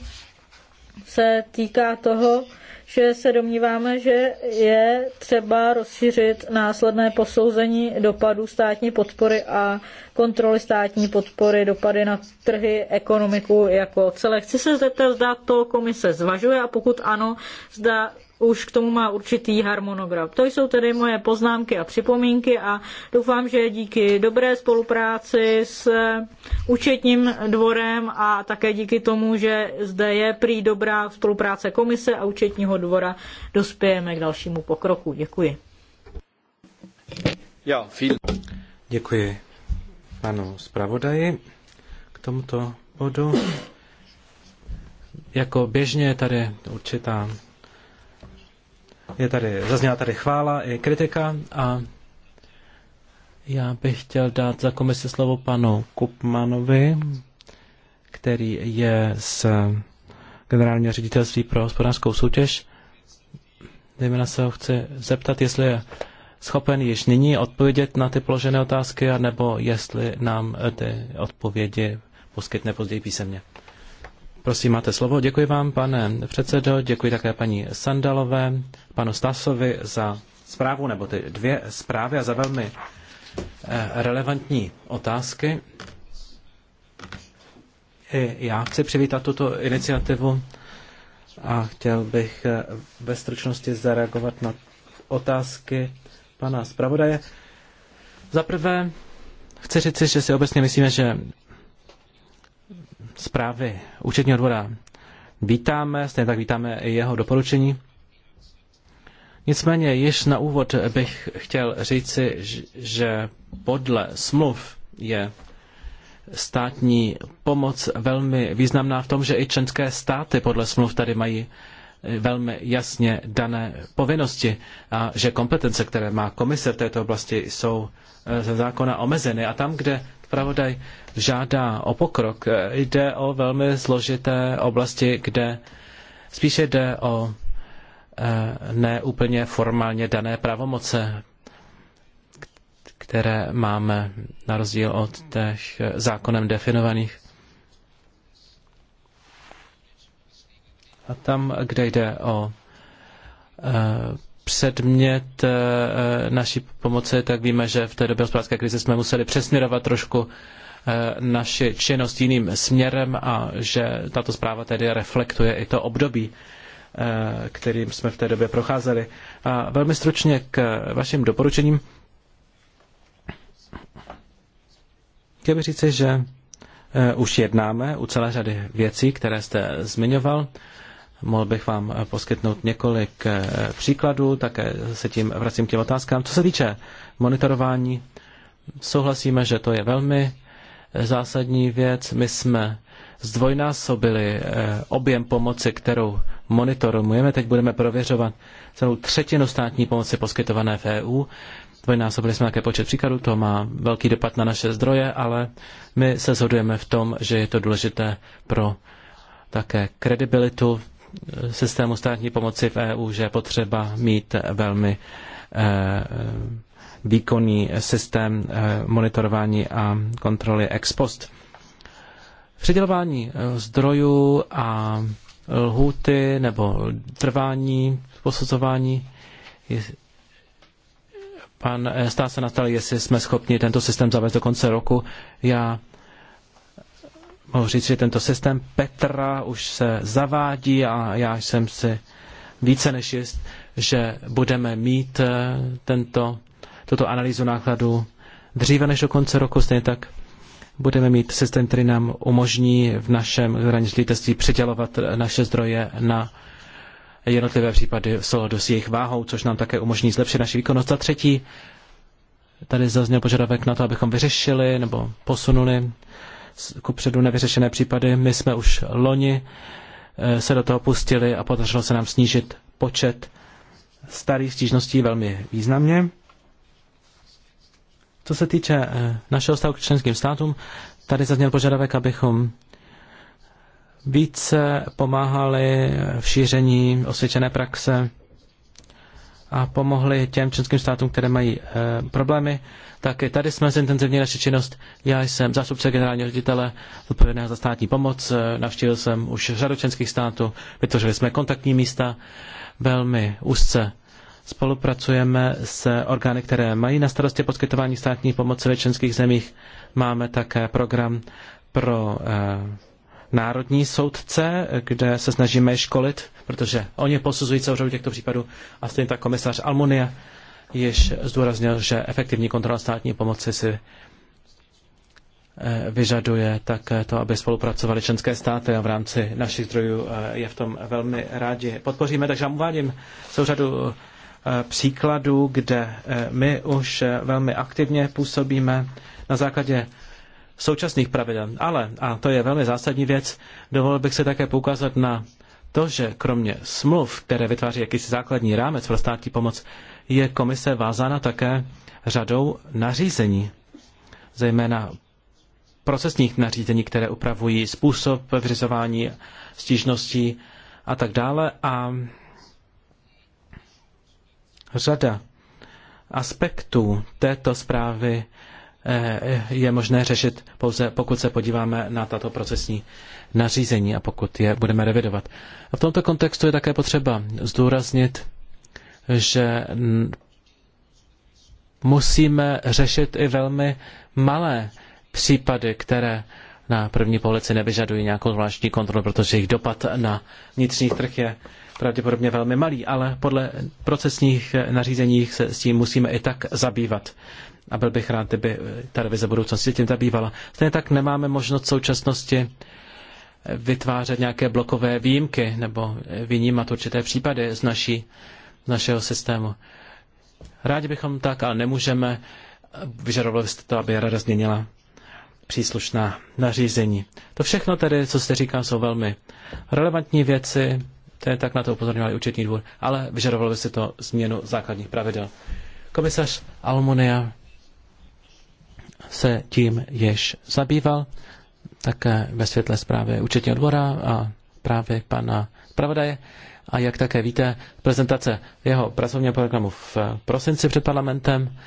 se týká toho, že se domníváme, že je třeba rozšířit následné posouzení dopadů státní podpory a kontroly státní podpory, dopady na trhy, ekonomiku jako celé. Chci se zeptat, zda to komise zvažuje a pokud ano, zda už k tomu má určitý harmonogram. To jsou tedy moje poznámky a připomínky a doufám, že díky dobré spolupráci s účetním dvorem a také díky tomu, že zde je prý dobrá spolupráce komise a účetního dvora, dospějeme k dalšímu pokroku. Děkuji. Já, Děkuji panu zpravodaji k tomuto bodu. Jako běžně tady určitá je tady, zazněla tady chvála i kritika a já bych chtěl dát za komisi slovo panu Kupmanovi, který je z generálního ředitelství pro hospodářskou soutěž. na se ho chci zeptat, jestli je schopen již nyní odpovědět na ty položené otázky, nebo jestli nám ty odpovědi poskytne později písemně. Prosím, máte slovo. Děkuji vám, pane předsedo, děkuji také paní Sandalové, panu Stasovi za zprávu, nebo ty dvě zprávy a za velmi eh, relevantní otázky. I já chci přivítat tuto iniciativu a chtěl bych eh, ve stručnosti zareagovat na otázky pana zpravodaje. Za prvé, chci říci, že si obecně myslíme, že zprávy účetního dvora vítáme, stejně tak vítáme i jeho doporučení. Nicméně již na úvod bych chtěl říci, že podle smluv je státní pomoc velmi významná v tom, že i členské státy podle smluv tady mají velmi jasně dané povinnosti a že kompetence, které má komise v této oblasti, jsou ze zákona omezeny. A tam, kde zpravodaj žádá o pokrok, jde o velmi složité oblasti, kde spíše jde o eh, neúplně formálně dané pravomoce, které máme na rozdíl od těch zákonem definovaných. A tam, kde jde o eh, předmět eh, eh, naší pomoci, tak víme, že v té době hospodářské krize jsme museli přesměrovat trošku eh, naši činnost jiným směrem a že tato zpráva tedy reflektuje i to období, kterým jsme v té době procházeli. A velmi stručně k vašim doporučením. Chtěl bych říci, že už jednáme u celé řady věcí, které jste zmiňoval. Mohl bych vám eh, poskytnout několik eh, příkladů, také se tím vracím k těm otázkám. Co se týče monitorování, souhlasíme, že to je velmi eh, zásadní věc. My jsme zdvojnásobili objem pomoci, kterou monitorujeme. Teď budeme prověřovat celou třetinu státní pomoci poskytované v EU. Dvojnásobili jsme také počet příkladů, to má velký dopad na naše zdroje, ale my se shodujeme v tom, že je to důležité pro také kredibilitu systému státní pomoci v EU, že je potřeba mít velmi eh, výkonný systém eh, monitorování a kontroly ex post. Předělování eh, zdrojů a lhuty nebo trvání, posuzování. Pan Stá se nastal, jestli jsme schopni tento systém zavést do konce roku. Já mohu říct, že tento systém Petra už se zavádí a já jsem si více než jist, že budeme mít eh, tento, tuto analýzu nákladů dříve než do konce roku, stejně tak budeme mít systém, který nám umožní v našem zahraničním letectví předělovat naše zdroje na jednotlivé případy v souladu s jejich váhou, což nám také umožní zlepšit naši výkonnost. Za třetí, tady zazněl požadavek na to, abychom vyřešili nebo posunuli kupředu nevyřešené případy. My jsme už loni eh, se do toho pustili a podařilo se nám snížit počet starých stížností velmi významně. Co se týče eh, našeho vztahu k členským státům, tady zazněl požadavek, abychom více pomáhali v šíření osvědčené praxe a pomohli těm členským státům, které mají e, problémy. Taky tady jsme zintenzivní naši činnost. Já jsem zástupce generálního ředitele odpovědného za státní pomoc. Eh, navštívil jsem už řadu členských států. Vytvořili jsme kontaktní místa. Velmi úzce spolupracujeme s orgány, které mají na starosti poskytování státní pomoci ve členských zemích. Máme také program pro e, národní soudce, kde se snažíme školit, protože oni posuzují celou řadu těchto případů a stejně tak komisař Almunia již zdůraznil, že efektivní kontrola státní pomoci si eh, vyžaduje tak eh, to, aby spolupracovali členské státy a v rámci našich zdrojů eh, je v tom velmi rádi podpoříme. Takže vám uvádím celou řadu příkladů, kde my už velmi aktivně působíme na základě současných pravidel. Ale, a to je velmi zásadní věc, dovolil bych se také poukázat na to, že kromě smluv, které vytváří jakýsi základní rámec pro státní pomoc, je komise vázána také řadou nařízení, zejména procesních nařízení, které upravují způsob vyřizování stížností a tak dále. A řada aspektů této zprávy Eh, je možné řešit pouze, pokud se podíváme na tato procesní nařízení a pokud je budeme revidovat. A v tomto kontextu je také potřeba zdůraznit, že musíme řešit i velmi malé případy, které na první pohled si nevyžadují nějakou zvláštní kontrolu, protože jejich dopad na vnitřní trh je pravděpodobně velmi malý, ale podle procesních nařízení se s tím musíme i tak zabývat a byl bych rád, kdyby eh, ta revize budoucnosti tím zabývala. Stejně tak nemáme možnost v současnosti eh, vytvářet nějaké blokové výjimky nebo eh, vynímat určité případy z, naší, z našeho systému. Rádi bychom tak, ale nemůžeme. Vyžadovalo byste to, aby rada změnila příslušná nařízení. To všechno tedy, co jste říkal, jsou velmi relevantní věci, to je tak na to upozorňoval i účetní dvůr, ale vyžadovalo by si to změnu základních pravidel. Komisař Almonia se tím již zabýval, také ve světle zprávy účetního dvora a právě pana Pravodaje. A jak také víte, prezentace jeho pracovního programu v prosinci před parlamentem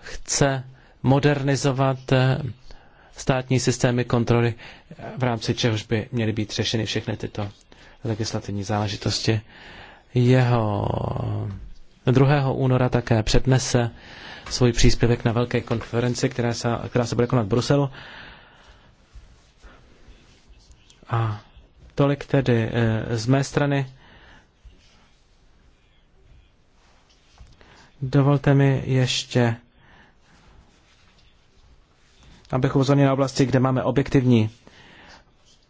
chce modernizovat eh, státní systémy kontroly, v rámci čehož by měly být řešeny všechny tyto legislativní záležitosti. Jeho 2. února také přednese svůj příspěvek na velké konferenci, která se, která se bude konat v Bruselu. A tolik tedy eh, z mé strany. Dovolte mi ještě, abych upozornil na oblasti, kde máme objektivní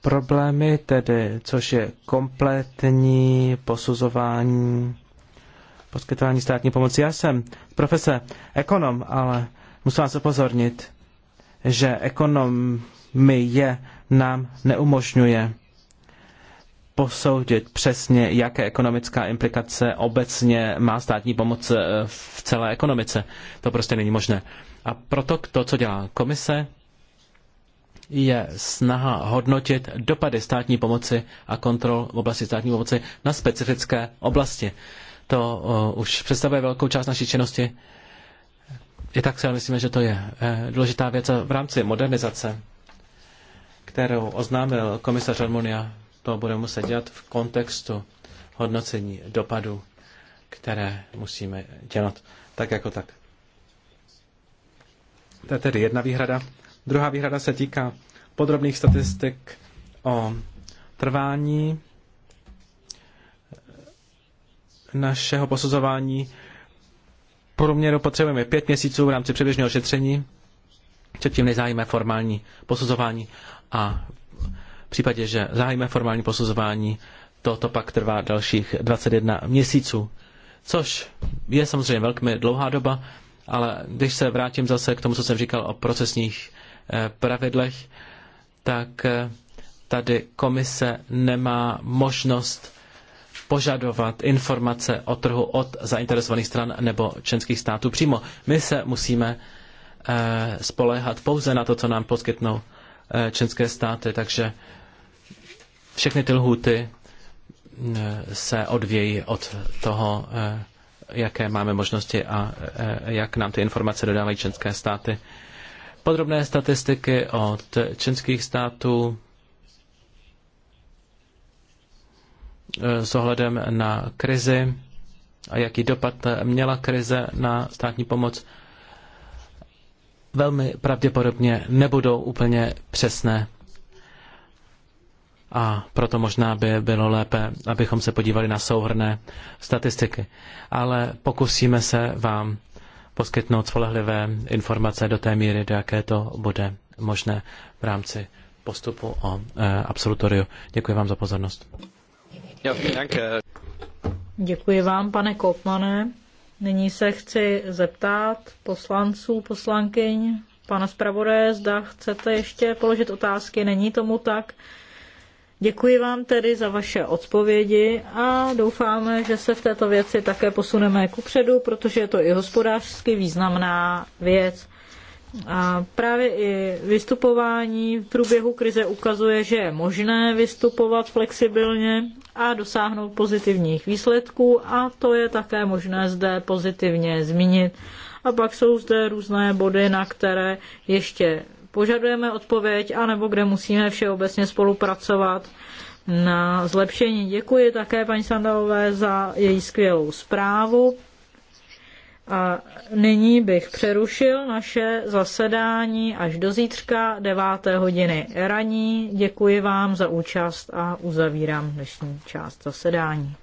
problémy, tedy což je kompletní posuzování poskytování státní pomoci. Já jsem profese ekonom, ale musím vás upozornit, že je nám neumožňuje posoudit přesně, jaké ekonomická implikace obecně má státní pomoc eh, v celé ekonomice. To prostě není možné. A proto to, co dělá komise, je snaha hodnotit dopady státní pomoci a kontrol v oblasti státní pomoci na specifické oblasti to už představuje velkou část naší činnosti. I tak si ale myslíme, že to je e, důležitá věc v rámci modernizace, kterou oznámil komisař Armonia, To bude muset dělat v kontextu hodnocení dopadů, které musíme dělat tak jako tak. To je tedy jedna výhrada. Druhá výhrada se týká podrobných statistik o trvání našeho posuzování průměru potřebujeme pět měsíců v rámci předběžného šetření, předtím než zahájíme formální posuzování a v případě, že zahájíme formální posuzování, toto pak trvá dalších 21 měsíců, což je samozřejmě velmi dlouhá doba, ale když se vrátím zase k tomu, co jsem říkal o procesních eh, pravidlech, tak eh, tady komise nemá možnost požadovat informace o trhu od zainteresovaných stran nebo členských států přímo. My se musíme eh, spoléhat pouze na to, co nám poskytnou eh, členské státy, takže všechny ty lhuty eh, se odvějí od toho, jaké máme možnosti a jak nám ty informace dodávají členské státy. Podrobné statistiky od členských států Eh, s ohledem na krizi a jaký dopad měla krize na státní pomoc, velmi pravděpodobně nebudou úplně přesné. A proto možná by bylo lépe, abychom se podívali na souhrné statistiky. Ale pokusíme se vám poskytnout spolehlivé informace do té míry, do jaké to bude možné v rámci postupu o e, absolutoriu. Děkuji vám za pozornost. Děkuji vám, pane Kopmane. Nyní se chci zeptat poslanců, poslankyň, pana zpravodaje, zda chcete ještě položit otázky. Není tomu tak. Děkuji vám tedy za vaše odpovědi a doufáme, že se v této věci také posuneme ku předu, protože je to i hospodářsky významná věc. A právě i vystupování v průběhu krize ukazuje, že je možné vystupovat flexibilně a dosáhnout pozitivních výsledků a to je také možné zde pozitivně zmínit. A pak jsou zde různé body, na které ještě požadujeme odpověď, anebo kde musíme všeobecně spolupracovat na zlepšení. Děkuji také paní Sandalové za její skvělou zprávu. A nyní bych přerušil naše zasedání až do zítřka 9. hodiny raní. Děkuji vám za účast a uzavírám dnešní část zasedání.